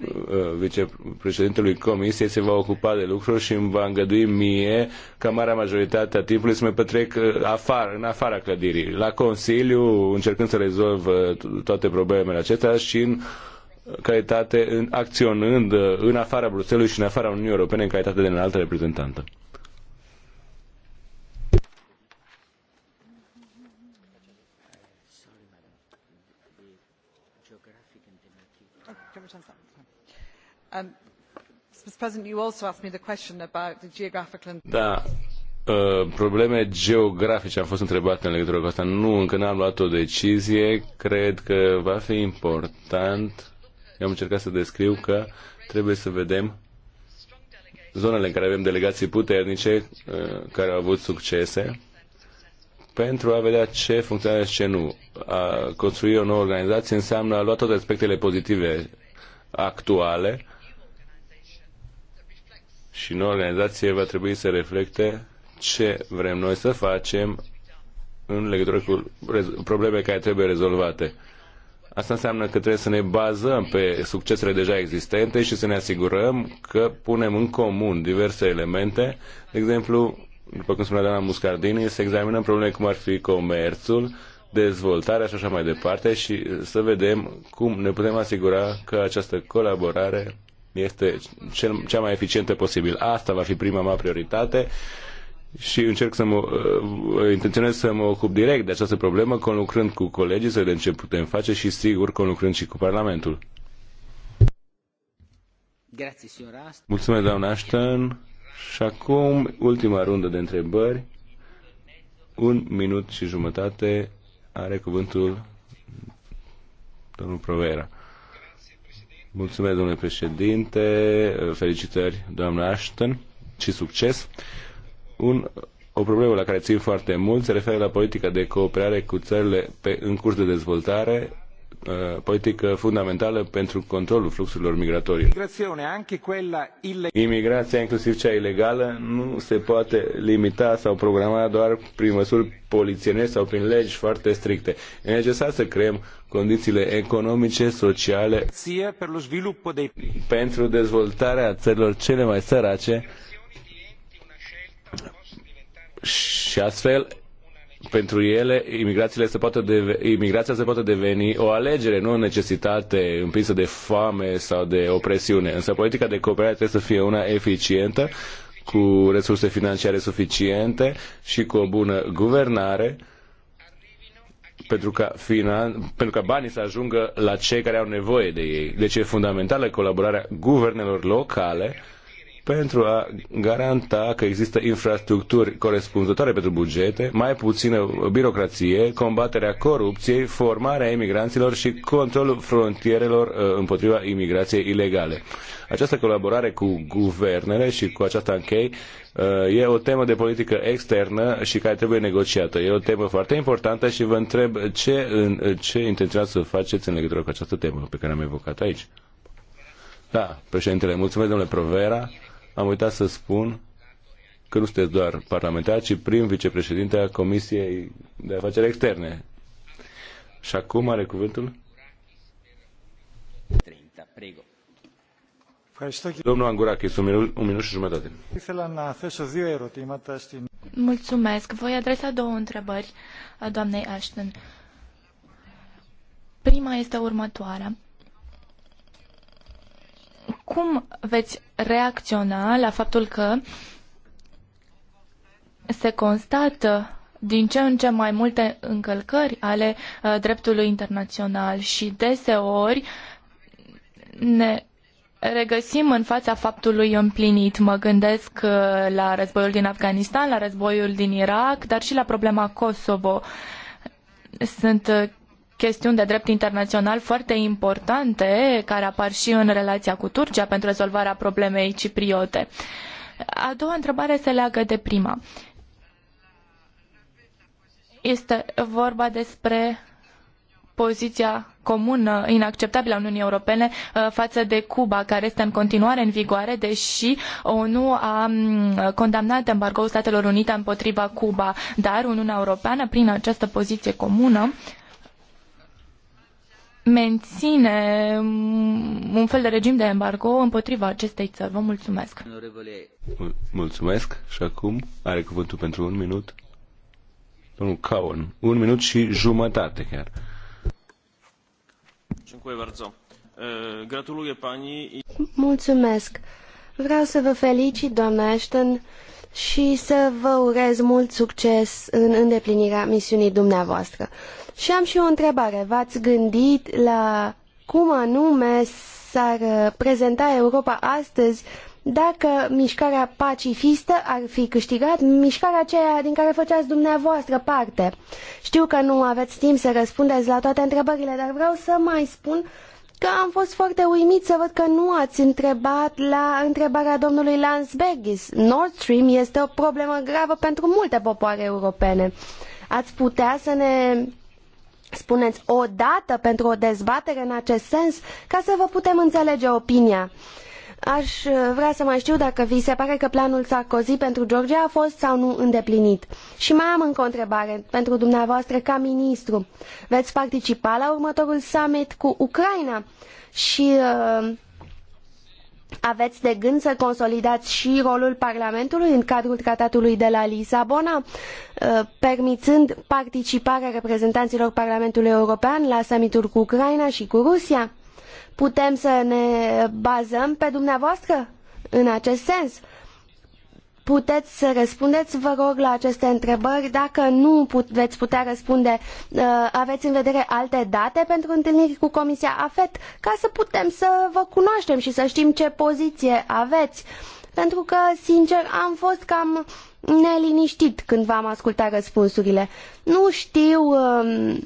Uh, vicepreședintelui Comisiei se va ocupa de lucruri și îmi va îngădui mie ca marea majoritate a timpului să mă petrec uh, afară, în afara clădirii, la Consiliu, încercând să rezolv uh, toate problemele acestea și în calitate, în, acționând în afara Bruxelles și în afara Uniunii Europene în calitate de înaltă reprezentantă. Da, uh, probleme geografice am fost întrebat în legătură cu asta. Nu, încă n-am luat o decizie. Cred că va fi important. Eu am încercat să descriu că trebuie să vedem zonele în care avem delegații puternice uh, care au avut succese pentru a vedea ce funcționează și ce nu. A construi o nouă organizație înseamnă a lua toate aspectele pozitive actuale și noua organizație va trebui să reflecte ce vrem noi să facem în legătură cu probleme care trebuie rezolvate. Asta înseamnă că trebuie să ne bazăm pe succesele deja existente și să ne asigurăm că punem în comun diverse elemente. De exemplu, după cum spunea doamna Muscardini, să examinăm probleme cum ar fi comerțul, dezvoltarea și așa mai departe și să vedem cum ne putem asigura că această colaborare este cel, cea mai eficientă posibil. Asta va fi prima mea prioritate și încerc să mă, uh, intenționez să mă ocup direct de această problemă, conlucrând cu colegii, să vedem ce putem face și, sigur, conlucrând și cu Parlamentul. Mulțumesc, doamna Ashton. Și acum, ultima rundă de întrebări. Un minut și jumătate are cuvântul domnul Provera. Mulțumesc, domnule președinte, felicitări, doamna Ashton, și succes. Un, o problemă la care țin foarte mult se referă la politica de cooperare cu țările pe, în curs de dezvoltare Uh, politică fundamentală pentru controlul fluxurilor migratorii. Imigrația, inclusiv cea ilegală, nu se poate limita sau programa doar prin măsuri polițienești sau prin legi foarte stricte. E necesar să creăm condițiile economice, sociale, pentru dezvoltarea țărilor cele mai sărace și astfel pentru ele imigrația se, poate deveni, imigrația se poate deveni o alegere, nu o necesitate împinsă de foame sau de opresiune. Însă politica de cooperare trebuie să fie una eficientă, cu resurse financiare suficiente și cu o bună guvernare pentru ca, finan... pentru ca banii să ajungă la cei care au nevoie de ei. Deci e fundamentală colaborarea guvernelor locale pentru a garanta că există infrastructuri corespunzătoare pentru bugete, mai puțină birocrație, combaterea corupției, formarea imigranților și controlul frontierelor uh, împotriva imigrației ilegale. Această colaborare cu guvernele și cu aceasta închei uh, e o temă de politică externă și care trebuie negociată. E o temă foarte importantă și vă întreb ce, în, ce intenționați să faceți în legătură cu această temă pe care am evocat aici. Da, președintele, mulțumesc, domnule Provera am uitat să spun că nu sunteți doar parlamentar, ci prim vicepreședinte a Comisiei de Afaceri Externe. Și acum are cuvântul? 30, prego. Domnul Angurakis, un minut, un minut și jumătate. Mulțumesc. Voi adresa două întrebări a doamnei Ashton. Prima este următoarea cum veți reacționa la faptul că se constată din ce în ce mai multe încălcări ale uh, dreptului internațional și deseori ne regăsim în fața faptului împlinit. Mă gândesc uh, la războiul din Afganistan, la războiul din Irak, dar și la problema Kosovo. Sunt uh, chestiuni de drept internațional foarte importante care apar și în relația cu Turcia pentru rezolvarea problemei cipriote. A doua întrebare se leagă de prima. Este vorba despre poziția comună inacceptabilă a Uniunii Europene uh, față de Cuba, care este în continuare în vigoare, deși ONU a mm, condamnat embargoul Statelor Unite împotriva Cuba. Dar Uniunea Europeană, prin această poziție comună, uh, menține un fel de regim de embargo împotriva acestei țări. Vă mulțumesc. Mulțumesc și acum are cuvântul pentru un minut. Domnul Cowan, un minut și jumătate chiar. Mulțumesc. Vreau să vă felicit, doamna Ashton, și să vă urez mult succes în îndeplinirea misiunii dumneavoastră. Și am și o întrebare. V-ați gândit la cum anume s-ar prezenta Europa astăzi dacă mișcarea pacifistă ar fi câștigat, mișcarea aceea din care făceați dumneavoastră parte. Știu că nu aveți timp să răspundeți la toate întrebările, dar vreau să mai spun că am fost foarte uimit să văd că nu ați întrebat la întrebarea domnului Lansbergis. Nord Stream este o problemă gravă pentru multe popoare europene. Ați putea să ne spuneți o dată pentru o dezbatere în acest sens ca să vă putem înțelege opinia. Aș uh, vrea să mai știu dacă vi se pare că planul Sarkozy pentru Georgia a fost sau nu îndeplinit. Și mai am încă o întrebare pentru dumneavoastră ca ministru. Veți participa la următorul summit cu Ucraina? Și uh, aveți de gând să consolidați și rolul Parlamentului în cadrul tratatului de la Lisabona, uh, permițând participarea reprezentanților Parlamentului European la summitul cu Ucraina și cu Rusia? Putem să ne bazăm pe dumneavoastră în acest sens? puteți să răspundeți, vă rog, la aceste întrebări. Dacă nu put, veți putea răspunde, uh, aveți în vedere alte date pentru întâlniri cu Comisia AFET, ca să putem să vă cunoaștem și să știm ce poziție aveți. Pentru că, sincer, am fost cam neliniștit când v-am ascultat răspunsurile. Nu știu... Uh,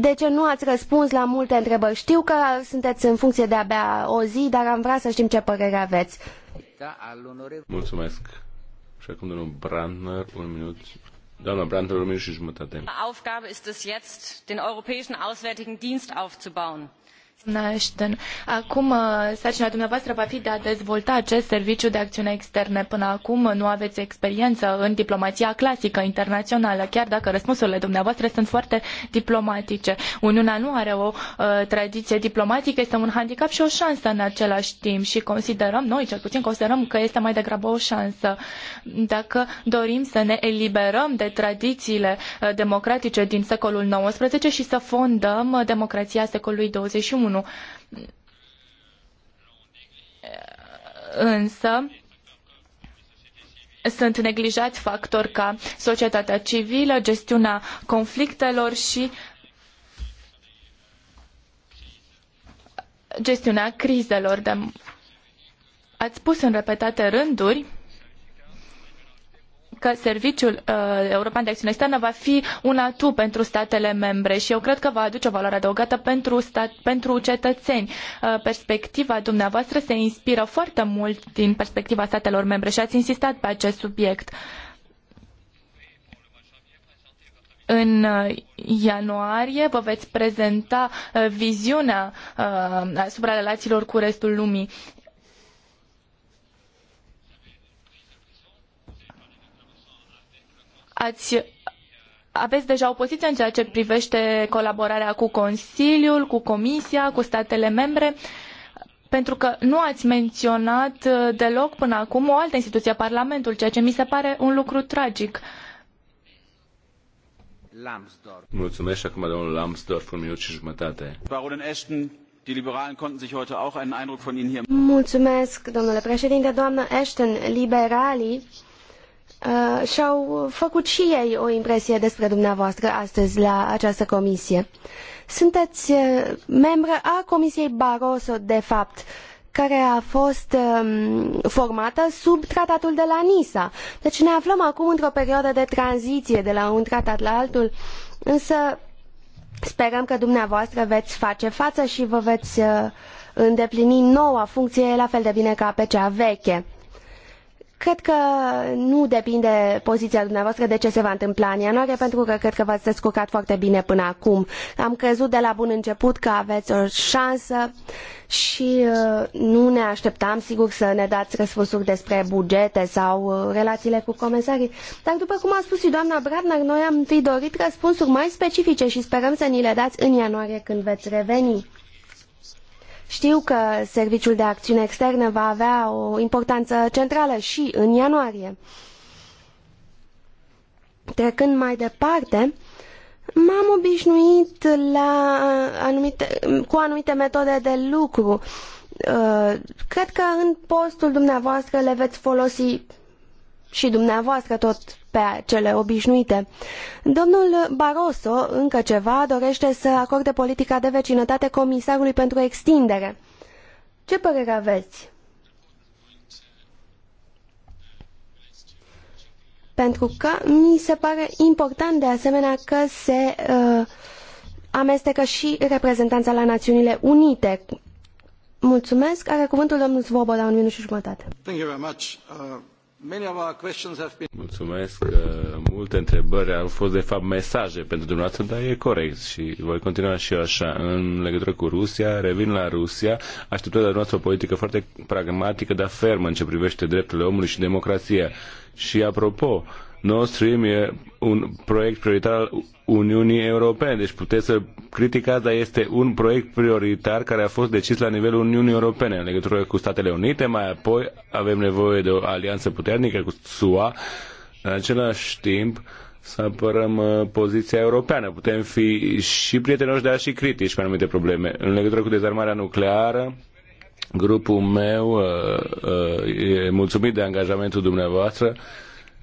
de ce nu ați răspuns la multe întrebări? Știu că sunteți în funcție de abia o zi, dar am vrea să știm ce părere aveți. Mulțumesc. Și acum domnul Brandner, un minut. Doamna Brandner, un minut și jumătate. Aufgabe ist es jetzt, den europäischen Auswärtigen Dienst aufzubauen Ashton, acum uh, sarcina dumneavoastră va fi de a dezvolta acest serviciu de acțiune externe. Până acum uh, nu aveți experiență în diplomația clasică internațională, chiar dacă răspunsurile dumneavoastră sunt foarte diplomatice. Uniunea nu are o uh, tradiție diplomatică, este un handicap și o șansă în același timp și considerăm, noi cel puțin considerăm că este mai degrabă o șansă. Dacă dorim să ne eliberăm de tradițiile uh, democratice din secolul XIX și să fondăm democrația secolului 21 1. Însă, sunt neglijați factori ca societatea civilă, gestiunea conflictelor și gestiunea crizelor. De... Ați spus în repetate rânduri că Serviciul uh, European de Acțiune Externă va fi un atu pentru statele membre și eu cred că va aduce o valoare adăugată pentru, stat, pentru cetățeni. Uh, perspectiva dumneavoastră se inspiră foarte mult din perspectiva statelor membre și ați insistat pe acest subiect. În uh, ianuarie vă veți prezenta viziunea asupra relațiilor cu restul lumii ați aveți deja o poziție în ceea ce privește colaborarea cu Consiliul, cu Comisia, cu statele membre, pentru că nu ați menționat uh, deloc până acum o altă instituție, Parlamentul, ceea ce mi se pare un lucru tragic. Lambsdorff. Mulțumesc acum domnul Lambsdorff, un minut și jumătate. Baronin Ashton, die Liberalen konnten sich heute auch einen Eindruck von Ihnen hier. Mulțumesc, domnule președinte, doamnă Ashton, liberalii uh, și-au făcut și ei o impresie despre dumneavoastră astăzi la această comisie. Sunteți uh, membră a Comisiei Barroso, de fapt, care a fost um, formată sub tratatul de la Nisa. Deci ne aflăm acum într-o perioadă de tranziție de la un tratat la altul, însă sperăm că dumneavoastră veți face față și vă veți uh, îndeplini noua funcție la fel de bine ca pe cea veche. Cred că nu depinde poziția dumneavoastră de ce se va întâmpla în ianuarie, pentru că cred că v-ați descurcat foarte bine până acum. Am crezut de la bun început că aveți o șansă și uh, nu ne așteptam, sigur, să ne dați răspunsuri despre bugete sau uh, relațiile cu comisarii. Dar după cum a spus și doamna Bradner, noi am fi dorit răspunsuri mai specifice și sperăm să ni le dați în ianuarie când veți reveni. Știu că Serviciul de Acțiune Externă va avea o importanță centrală și în ianuarie. Trecând mai departe, m-am obișnuit la anumite, cu anumite metode de lucru. Uh, cred că în postul dumneavoastră le veți folosi și dumneavoastră tot pe cele obișnuite. Domnul Barroso, încă ceva, dorește să acorde politica de vecinătate comisarului pentru extindere. Ce părere aveți? Pentru că mi se pare important de asemenea că se uh, amestecă și reprezentanța la Națiunile Unite. Mulțumesc. Are cuvântul domnul Svoboda, un minut și jumătate. Thank you very much. Uh... Mulțumesc. Multe întrebări au fost, de fapt, mesaje pentru dumneavoastră, dar e corect și voi continua și eu așa. În legătură cu Rusia, revin la Rusia, așteptăm de la noastră o politică foarte pragmatică, dar fermă în ce privește drepturile omului și democrația. Și apropo, Nord Stream e un proiect prioritar al Uniunii Europene, deci puteți să criticați, dar este un proiect prioritar care a fost decis la nivelul Uniunii Europene în legătură cu Statele Unite, mai apoi avem nevoie de o alianță puternică cu SUA, în același timp să apărăm uh, poziția europeană. Putem fi și prietenoși, dar și critici pe anumite probleme. În legătură cu dezarmarea nucleară, grupul meu uh, uh, e mulțumit de angajamentul dumneavoastră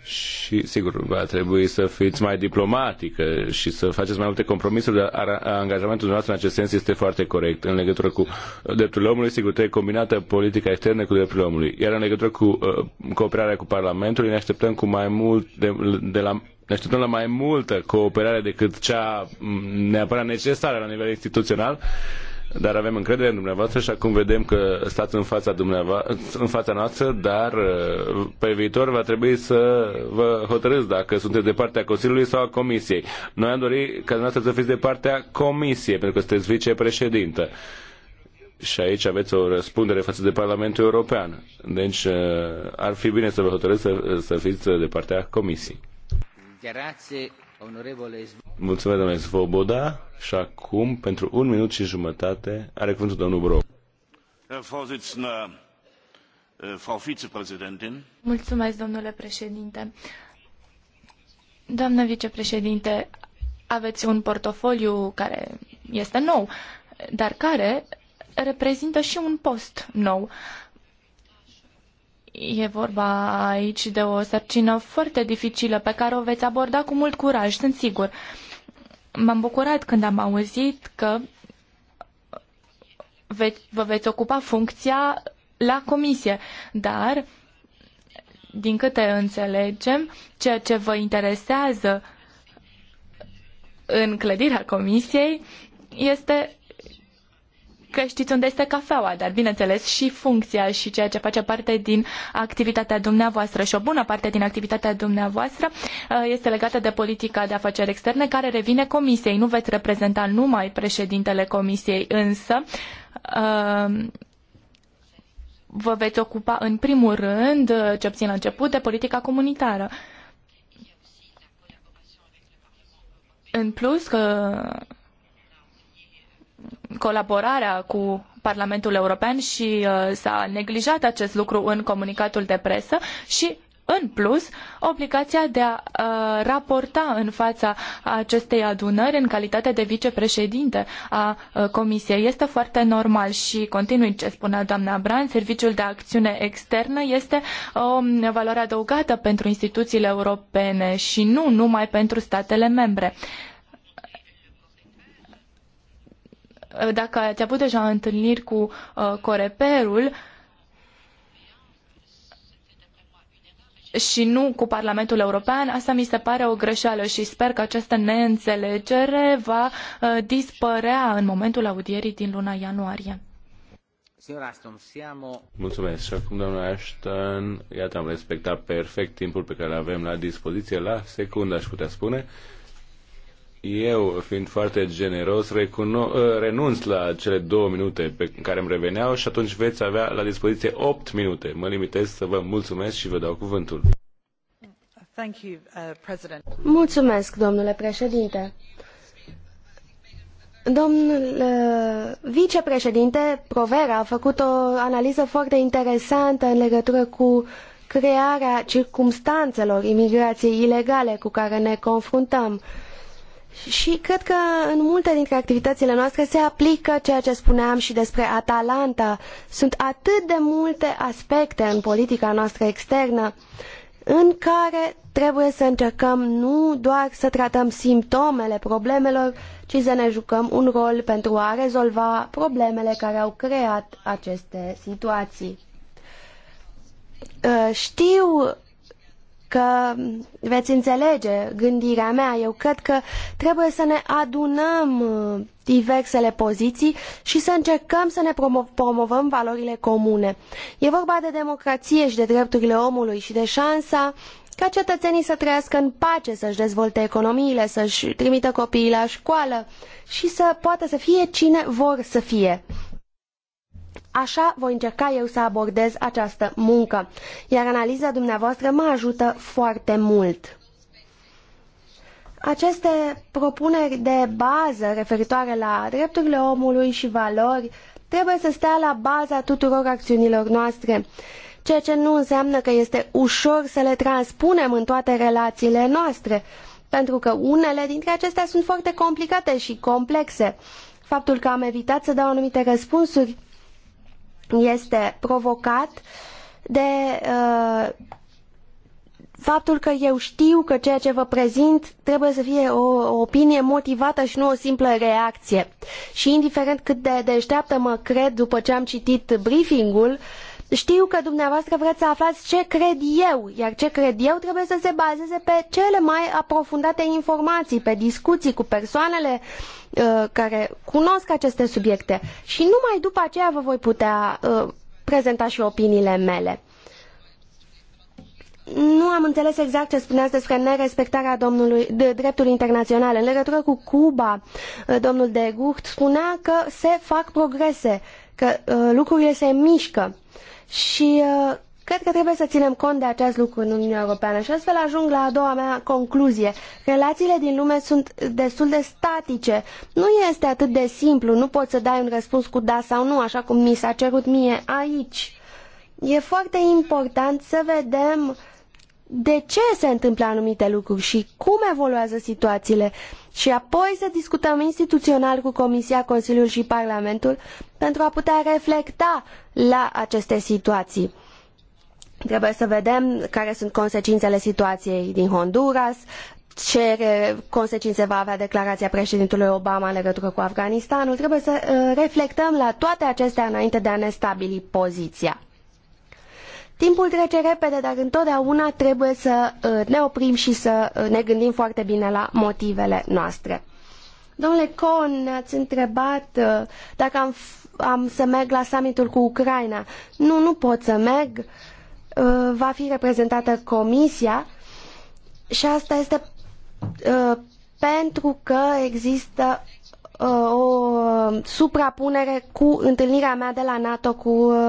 și sigur va trebui să fiți mai diplomatică și să faceți mai multe compromisuri, dar angajamentul dumneavoastră în acest sens este foarte corect în legătură cu drepturile omului, sigur trebuie combinată politica externă cu drepturile omului. Iar în legătură cu uh, cooperarea cu Parlamentul, ne așteptăm cu mai mult de, de la ne așteptăm la mai multă cooperare decât cea mm, neapărat necesară la nivel instituțional. Uh, dar avem încredere în dumneavoastră și acum vedem că stați în fața, dumneavoastră, în fața noastră, dar uh, pe viitor va trebui să vă hotărâți dacă sunteți de partea Consiliului sau a Comisiei. Noi am dorit ca dumneavoastră să fiți de partea Comisiei, pentru că sunteți vicepreședintă. Și aici aveți o răspundere față de Parlamentul European. Deci uh, ar fi bine să vă hotărâți să, să fiți de partea Comisiei. Grazie. Mulțumesc, domnule Svoboda. Și acum, pentru un minut și jumătate, are cuvântul domnul Brou. Äh, Mulțumesc, domnule președinte. Doamnă vicepreședinte, aveți un portofoliu care este nou, dar care reprezintă și un post nou. Uh, E vorba aici de o sarcină foarte dificilă pe care o veți aborda cu mult curaj, sunt sigur. M-am bucurat când am auzit că veți, vă veți ocupa funcția la comisie, dar din câte înțelegem, ceea ce vă interesează în clădirea comisiei este că știți unde este cafeaua, dar bineînțeles și funcția și ceea ce face parte din activitatea dumneavoastră și o bună parte din activitatea dumneavoastră uh, este legată de politica de afaceri externe care revine comisiei. Nu veți reprezenta numai președintele comisiei, însă uh, vă veți ocupa în primul rând, uh, ce obțin la început, de politica comunitară. În plus, că colaborarea cu Parlamentul European și uh, s-a neglijat acest lucru în comunicatul de presă și în plus, obligația de a, uh, raporta în fața acestei adunări în calitate de vicepreședinte a, uh, Comisiei este foarte normal și continui ce spunea doamna Bran, serviciul de acțiune externă este o valoare adăugată pentru instituțiile europene și nu numai pentru statele membre. dacă ați avut deja întâlniri cu uh, Coreperul și nu cu Parlamentul European, asta mi se pare o greșeală și sper că această neînțelegere va uh, dispărea în momentul audierii din luna ianuarie. Mulțumesc. Și acum, doamna Ashton, iată, am respectat perfect timpul pe care îl avem la dispoziție, la secundă, aș putea spune eu, fiind foarte generos, recuno- uh, renunț la cele două minute pe care îmi reveneau și atunci veți avea la dispoziție opt minute. Mă limitez să vă mulțumesc și vă dau cuvântul. Uh, mulțumesc, domnule președinte. Domnul uh, vicepreședinte Provera a făcut o analiză foarte interesantă în legătură cu crearea circumstanțelor imigrației ilegale cu care ne confruntăm. Uh, și cred că în multe dintre activitățile noastre se aplică ceea ce spuneam și despre Atalanta. Sunt atât de multe aspecte în politica noastră externă în care trebuie să încercăm nu doar să tratăm simptomele problemelor, ci să ne jucăm un rol pentru a rezolva problemele care au creat aceste situații. Știu că veți înțelege gândirea mea. Eu cred că trebuie să ne adunăm uh, diversele poziții și să încercăm să ne promo promovăm valorile comune. E vorba de democrație și de drepturile omului și de șansa ca cetățenii să trăiască în pace, să-și dezvolte economiile, să-și trimită copiii la școală și să poată să fie cine vor să fie. Așa voi încerca eu să abordez această muncă, iar analiza dumneavoastră mă ajută foarte mult. Aceste propuneri de bază referitoare la drepturile omului și valori trebuie să stea la baza tuturor acțiunilor noastre, ceea ce nu înseamnă că este ușor să le transpunem în toate relațiile noastre, pentru că unele dintre acestea sunt foarte complicate și complexe. Faptul că am evitat să dau anumite răspunsuri este provocat de uh, faptul că eu știu că ceea ce vă prezint trebuie să fie o, o opinie motivată și nu o simplă reacție. Și indiferent cât de deșteaptă mă cred după ce am citit briefingul, uh, știu că dumneavoastră vreți să aflați ce cred eu, iar ce cred eu trebuie să se bazeze pe cele mai aprofundate informații, pe discuții cu persoanele uh, care cunosc aceste subiecte și numai după aceea vă voi putea uh, prezenta și opiniile mele. Nu am înțeles exact ce spuneați despre nerespectarea domnului, de dreptul internațional. În legătură cu Cuba, uh, domnul de Gucht spunea că se fac progrese că uh, lucrurile se mișcă și uh, Cred că trebuie să ținem cont de acest lucru în Uniunea Europeană și astfel ajung la a doua mea concluzie. Relațiile din lume sunt destul de statice. Nu este atât de simplu, nu poți să dai un răspuns cu da sau nu, așa cum mi s-a cerut mie aici. E foarte important să vedem de ce se întâmplă anumite lucruri și cum evoluează situațiile și apoi să discutăm instituțional cu Comisia, Consiliul și Parlamentul pentru a putea reflecta la aceste situații. Trebuie să vedem care sunt consecințele situației din Honduras, ce consecințe va avea declarația președintelui Obama în legătură cu Afganistanul. Trebuie să uh, reflectăm la toate acestea înainte de a ne stabili poziția. Timpul trece repede, dar întotdeauna trebuie să uh, ne oprim și să uh, ne gândim foarte bine la motivele noastre. Domnule Cohn, ne-ați întrebat dacă am am să merg la summitul cu Ucraina. Nu, nu pot să merg. Uh, va fi reprezentată comisia și asta este uh, pentru că există Uh, o suprapunere cu întâlnirea mea de la NATO cu uh,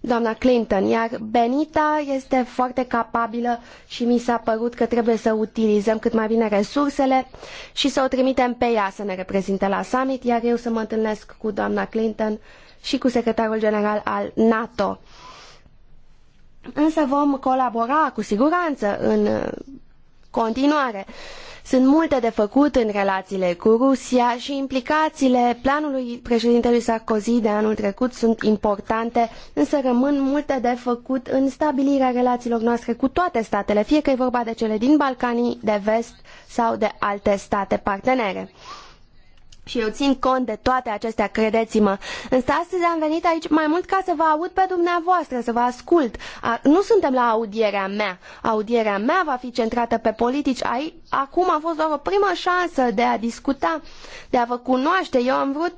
doamna Clinton, iar Benita este foarte capabilă și mi s-a părut că trebuie să utilizăm cât mai bine resursele și să o trimitem pe ea să ne reprezinte la summit, iar eu să mă întâlnesc cu doamna Clinton și cu secretarul general al NATO. Însă vom colabora cu siguranță în continuare. Uh, sunt multe de făcut în relațiile cu Rusia și implicațiile planului președintelui Sarkozy de anul trecut sunt importante, însă rămân multe de făcut în stabilirea relațiilor noastre cu toate statele, fie că e vorba de cele din Balcanii, de vest sau de alte state partenere și eu țin cont de toate acestea, credeți-mă. Însă astăzi am venit aici mai mult ca să vă aud pe dumneavoastră, să vă ascult. A, nu suntem la audierea mea. Audierea mea va fi centrată pe politici. Ai, acum a fost doar o primă șansă de a discuta, de a vă cunoaște. Eu am vrut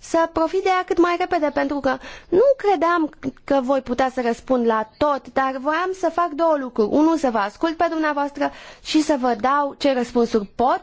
să profit de ea cât mai repede, pentru că nu credeam că voi putea să răspund la tot, dar voiam să fac două lucruri. Unul, să vă ascult pe dumneavoastră și să vă dau ce răspunsuri pot,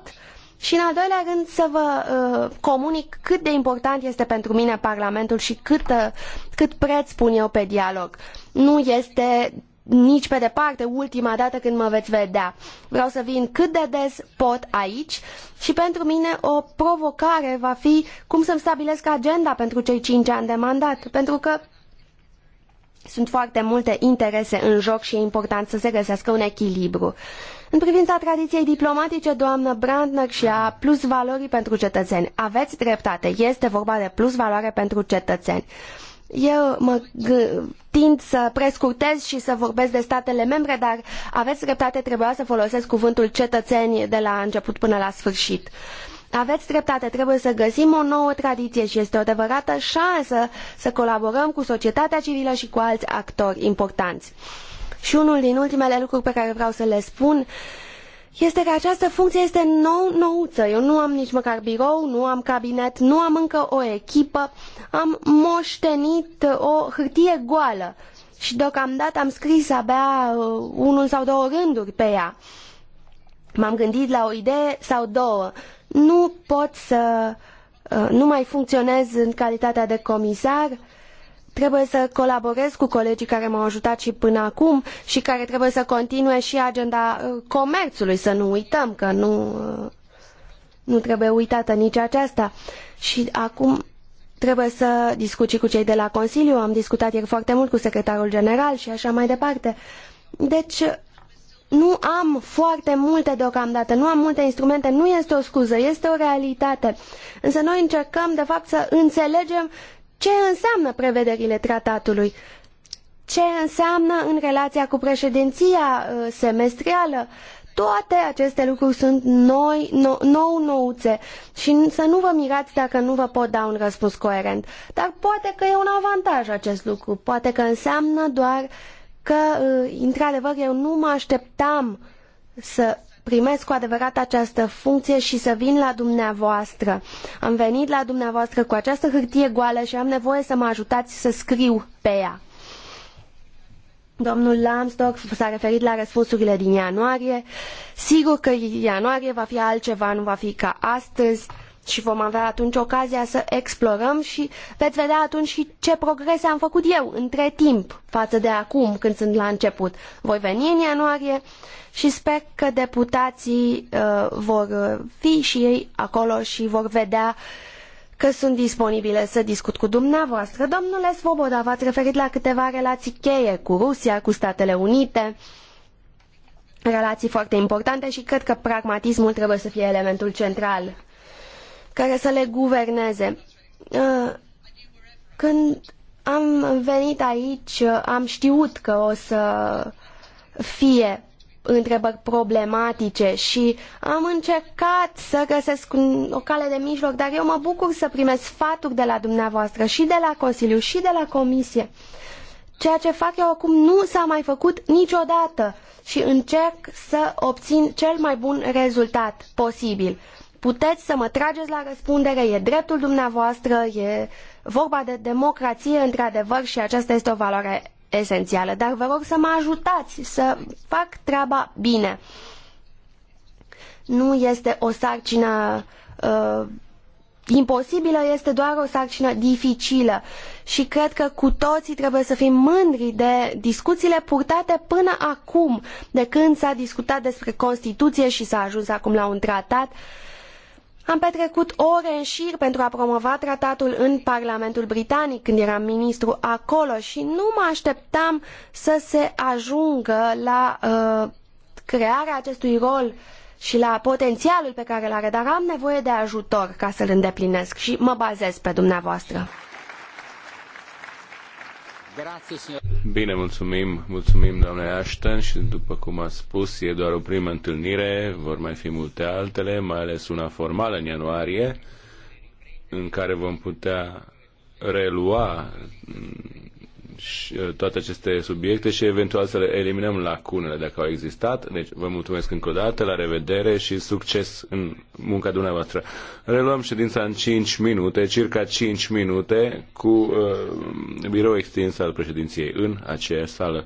și în al doilea rând să vă uh, comunic cât de important este pentru mine Parlamentul și cât, uh, cât preț pun eu pe dialog. Nu este nici pe departe ultima dată când mă veți vedea. Vreau să vin cât de des pot aici și pentru mine o provocare va fi cum să-mi stabilesc agenda pentru cei cinci ani de mandat, pentru că sunt foarte multe interese în joc și e important să se găsească un echilibru. Uh, în privința tradiției diplomatice, doamnă Brandner, și a plus pentru cetățeni, aveți dreptate, este vorba de plus valoare pentru cetățeni. Eu mă tind să prescurtez și să vorbesc de statele membre, dar aveți dreptate, trebuia să folosesc cuvântul cetățeni de la început până la sfârșit. Aveți dreptate, trebuie să găsim o nouă tradiție și este o adevărată șansă să colaborăm cu societatea civilă și cu alți actori importanți. Și unul din ultimele lucruri pe care vreau să le spun este că această funcție este nou nouță. Eu nu am nici măcar birou, nu am cabinet, nu am încă o echipă. Am moștenit o hârtie goală și deocamdată am scris abia uh, unul sau două rânduri pe ea. M-am gândit la o idee sau două. Nu pot să uh, nu mai funcționez în calitatea de comisar trebuie să colaborez cu colegii care m-au ajutat și până acum și care trebuie să continue și agenda uh, comerțului, să nu uităm că nu, uh, nu trebuie uitată nici aceasta. Și acum trebuie să discut și cu cei de la Consiliu, am discutat ieri foarte mult cu secretarul general și așa mai departe. Deci nu am foarte multe deocamdată, nu am multe instrumente, nu este o scuză, este o realitate. Însă noi încercăm de fapt să înțelegem ce înseamnă prevederile tratatului, ce înseamnă în relația cu președinția uh, semestrială. Toate aceste lucruri sunt noi, nou, nou nouțe și să nu vă mirați dacă nu vă pot da un răspuns coerent. Dar poate că e un avantaj acest lucru, poate că înseamnă doar că, uh, într-adevăr, eu nu mă așteptam să primesc cu adevărat această funcție și să vin la dumneavoastră. Am venit la dumneavoastră cu această hârtie goală și am nevoie să mă ajutați să scriu pe ea. Domnul Lambsdorff s-a referit la răspunsurile din ianuarie. Sigur că ianuarie va fi altceva, nu va fi ca astăzi și vom avea atunci ocazia să explorăm și veți vedea atunci și ce progrese am făcut eu între timp față de acum când sunt la început. Voi veni în ianuarie și sper că deputații uh, vor fi și ei acolo și vor vedea că sunt disponibile să discut cu dumneavoastră. Domnule Svoboda, v-ați referit la câteva relații cheie cu Rusia, cu Statele Unite, relații foarte importante și cred că pragmatismul trebuie să fie elementul central care să le guverneze. Uh, când am venit aici, uh, am știut că o să fie întrebări problematice și am încercat să găsesc o cale de mijloc, dar eu mă bucur să primesc sfaturi de la dumneavoastră și de la Consiliu și de la Comisie. Ceea ce fac eu acum nu s-a mai făcut niciodată și încerc să obțin cel mai bun rezultat posibil. Puteți să mă trageți la răspundere, e dreptul dumneavoastră, e vorba de democrație într-adevăr și aceasta este o valoare esențială. Dar vă rog să mă ajutați să fac treaba bine. Nu este o sarcină uh, imposibilă, este doar o sarcină dificilă și cred că cu toții trebuie să fim mândri de discuțiile purtate până acum, de când s-a discutat despre Constituție și s-a ajuns acum la un tratat uh, am petrecut ore în șir pentru a promova tratatul în Parlamentul Britanic când eram ministru acolo și nu mă așteptam să se ajungă la uh, crearea acestui rol și la potențialul pe care îl are, dar am nevoie de ajutor ca să-l îndeplinesc și mă bazez pe dumneavoastră. Bine, mulțumim, mulțumim doamne Ashton și după cum a spus, e doar o primă întâlnire, vor mai fi multe altele, mai ales una formală în ianuarie, în care vom putea relua Uh, toate aceste subiecte și eventual să le eliminăm lacunele dacă au existat. Deci vă mulțumesc încă o dată, la revedere și succes în munca dumneavoastră. Reluăm ședința în 5 minute, circa 5 minute, cu uh, birou extins al președinției în aceeași sală.